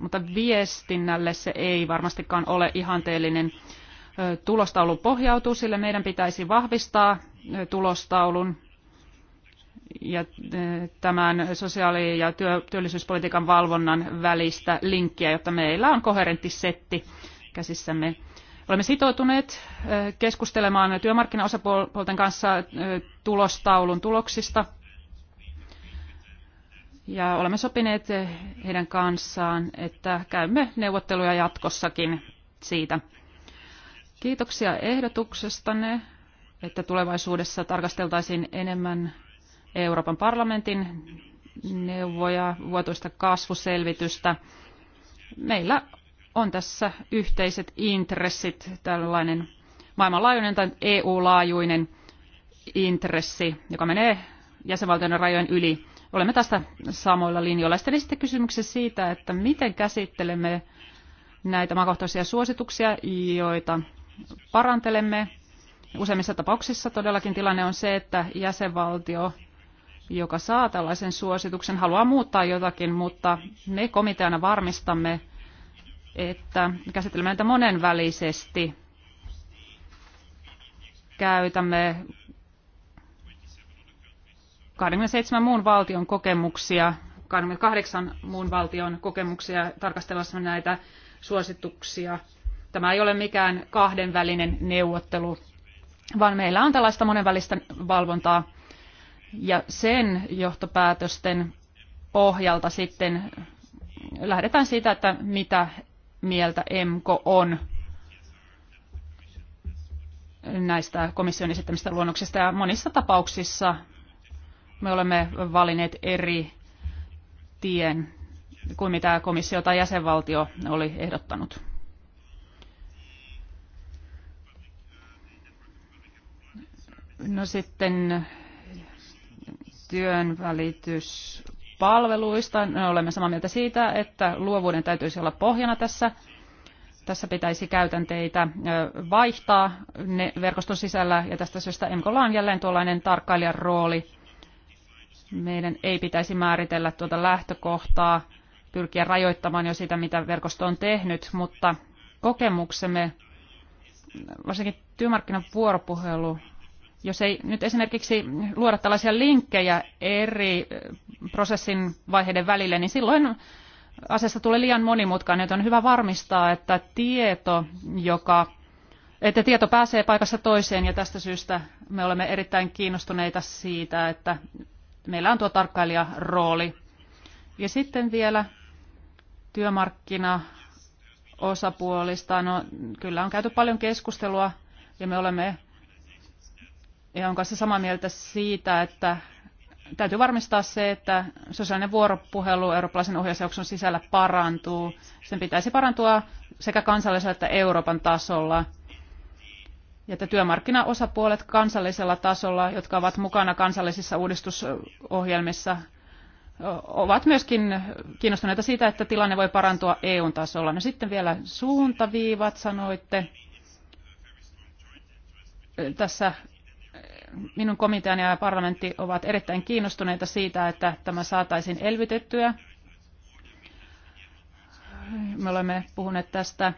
mutta viestinnälle se ei varmastikaan ole ihanteellinen tulostaulu pohjautuu, sillä meidän pitäisi vahvistaa tulostaulun ja tämän sosiaali- ja työllisyyspolitiikan valvonnan välistä linkkiä, jotta meillä on koherentti setti käsissämme. Olemme sitoutuneet keskustelemaan työmarkkinaosapuolten kanssa tulostaulun tuloksista – ja olemme sopineet heidän kanssaan, että käymme neuvotteluja jatkossakin siitä. Kiitoksia ehdotuksestanne, että tulevaisuudessa tarkasteltaisiin enemmän Euroopan parlamentin neuvoja, vuotuista kasvuselvitystä. Meillä on tässä yhteiset intressit, tällainen maailmanlaajuinen tai EU-laajuinen intressi, joka menee jäsenvaltioiden rajojen yli olemme tästä samoilla linjoilla. Sitten sitten kysymyksen siitä, että miten käsittelemme näitä makohtaisia suosituksia, joita parantelemme. Useimmissa tapauksissa todellakin tilanne on se, että jäsenvaltio, joka saa tällaisen suosituksen, haluaa muuttaa jotakin, mutta me komiteana varmistamme, että käsittelemme näitä monenvälisesti. Käytämme 27 muun valtion kokemuksia, 28 muun valtion kokemuksia tarkastellessa näitä suosituksia. Tämä ei ole mikään kahdenvälinen neuvottelu, vaan meillä on tällaista monenvälistä valvontaa ja sen johtopäätösten pohjalta sitten lähdetään siitä, että mitä mieltä EMKO on näistä komission esittämistä luonnoksista ja monissa tapauksissa me olemme valinneet eri tien kuin mitä komissio tai jäsenvaltio oli ehdottanut. No sitten työnvälityspalveluista. Me no, olemme samaa mieltä siitä, että luovuuden täytyisi olla pohjana tässä. Tässä pitäisi käytänteitä vaihtaa ne verkoston sisällä ja tästä syystä MKlla on jälleen tuollainen tarkkailijan rooli meidän ei pitäisi määritellä tuota lähtökohtaa, pyrkiä rajoittamaan jo sitä, mitä verkosto on tehnyt, mutta kokemuksemme, varsinkin vuoropuhelu, jos ei nyt esimerkiksi luoda tällaisia linkkejä eri prosessin vaiheiden välille, niin silloin asiassa tulee liian monimutkainen, että on hyvä varmistaa, että tieto, joka, että tieto pääsee paikassa toiseen ja tästä syystä me olemme erittäin kiinnostuneita siitä, että meillä on tuo tarkkailijarooli. Ja sitten vielä työmarkkina osapuolista. No, kyllä on käyty paljon keskustelua ja me olemme EUn kanssa samaa mieltä siitä, että täytyy varmistaa se, että sosiaalinen vuoropuhelu eurooppalaisen ohjausjakson sisällä parantuu. Sen pitäisi parantua sekä kansallisella että Euroopan tasolla ja että työmarkkinaosapuolet kansallisella tasolla, jotka ovat mukana kansallisissa uudistusohjelmissa, ovat myöskin kiinnostuneita siitä, että tilanne voi parantua EU-tasolla. No sitten vielä suuntaviivat, sanoitte. Tässä minun komiteani ja parlamentti ovat erittäin kiinnostuneita siitä, että tämä saataisiin elvytettyä. Me olemme puhuneet tästä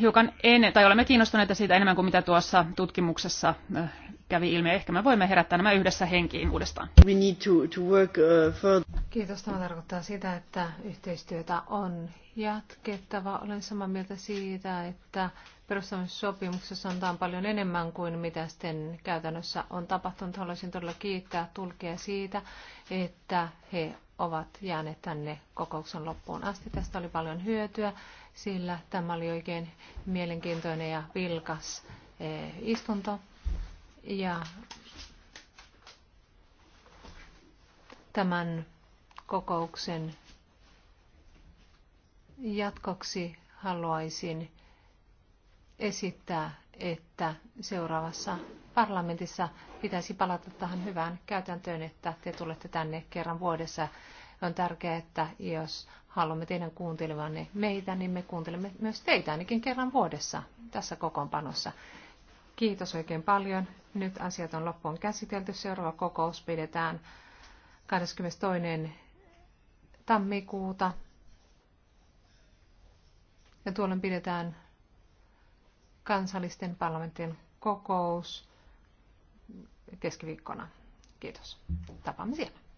hiukan en, tai olemme kiinnostuneita siitä enemmän kuin mitä tuossa tutkimuksessa äh, kävi ilmi. Ehkä me voimme herättää nämä yhdessä henkiin uudestaan. We need to, to work, uh, Kiitos. Tämä tarkoittaa sitä, että yhteistyötä on jatkettava. Olen samaa mieltä siitä, että perustamissopimuksessa on paljon enemmän kuin mitä sitten käytännössä on tapahtunut. Haluaisin todella kiittää tulkia siitä, että he ovat jääneet tänne kokouksen loppuun asti. Tästä oli paljon hyötyä sillä tämä oli oikein mielenkiintoinen ja vilkas eh, istunto. Ja tämän kokouksen jatkoksi haluaisin esittää, että seuraavassa parlamentissa pitäisi palata tähän hyvään käytäntöön, että te tulette tänne kerran vuodessa on tärkeää, että jos haluamme teidän niin meitä, niin me kuuntelemme myös teitä ainakin kerran vuodessa tässä kokoonpanossa. Kiitos oikein paljon. Nyt asiat on loppuun käsitelty. Seuraava kokous pidetään 22. tammikuuta. Ja tuolla pidetään kansallisten parlamenttien kokous keskiviikkona. Kiitos. Tapaamme siellä.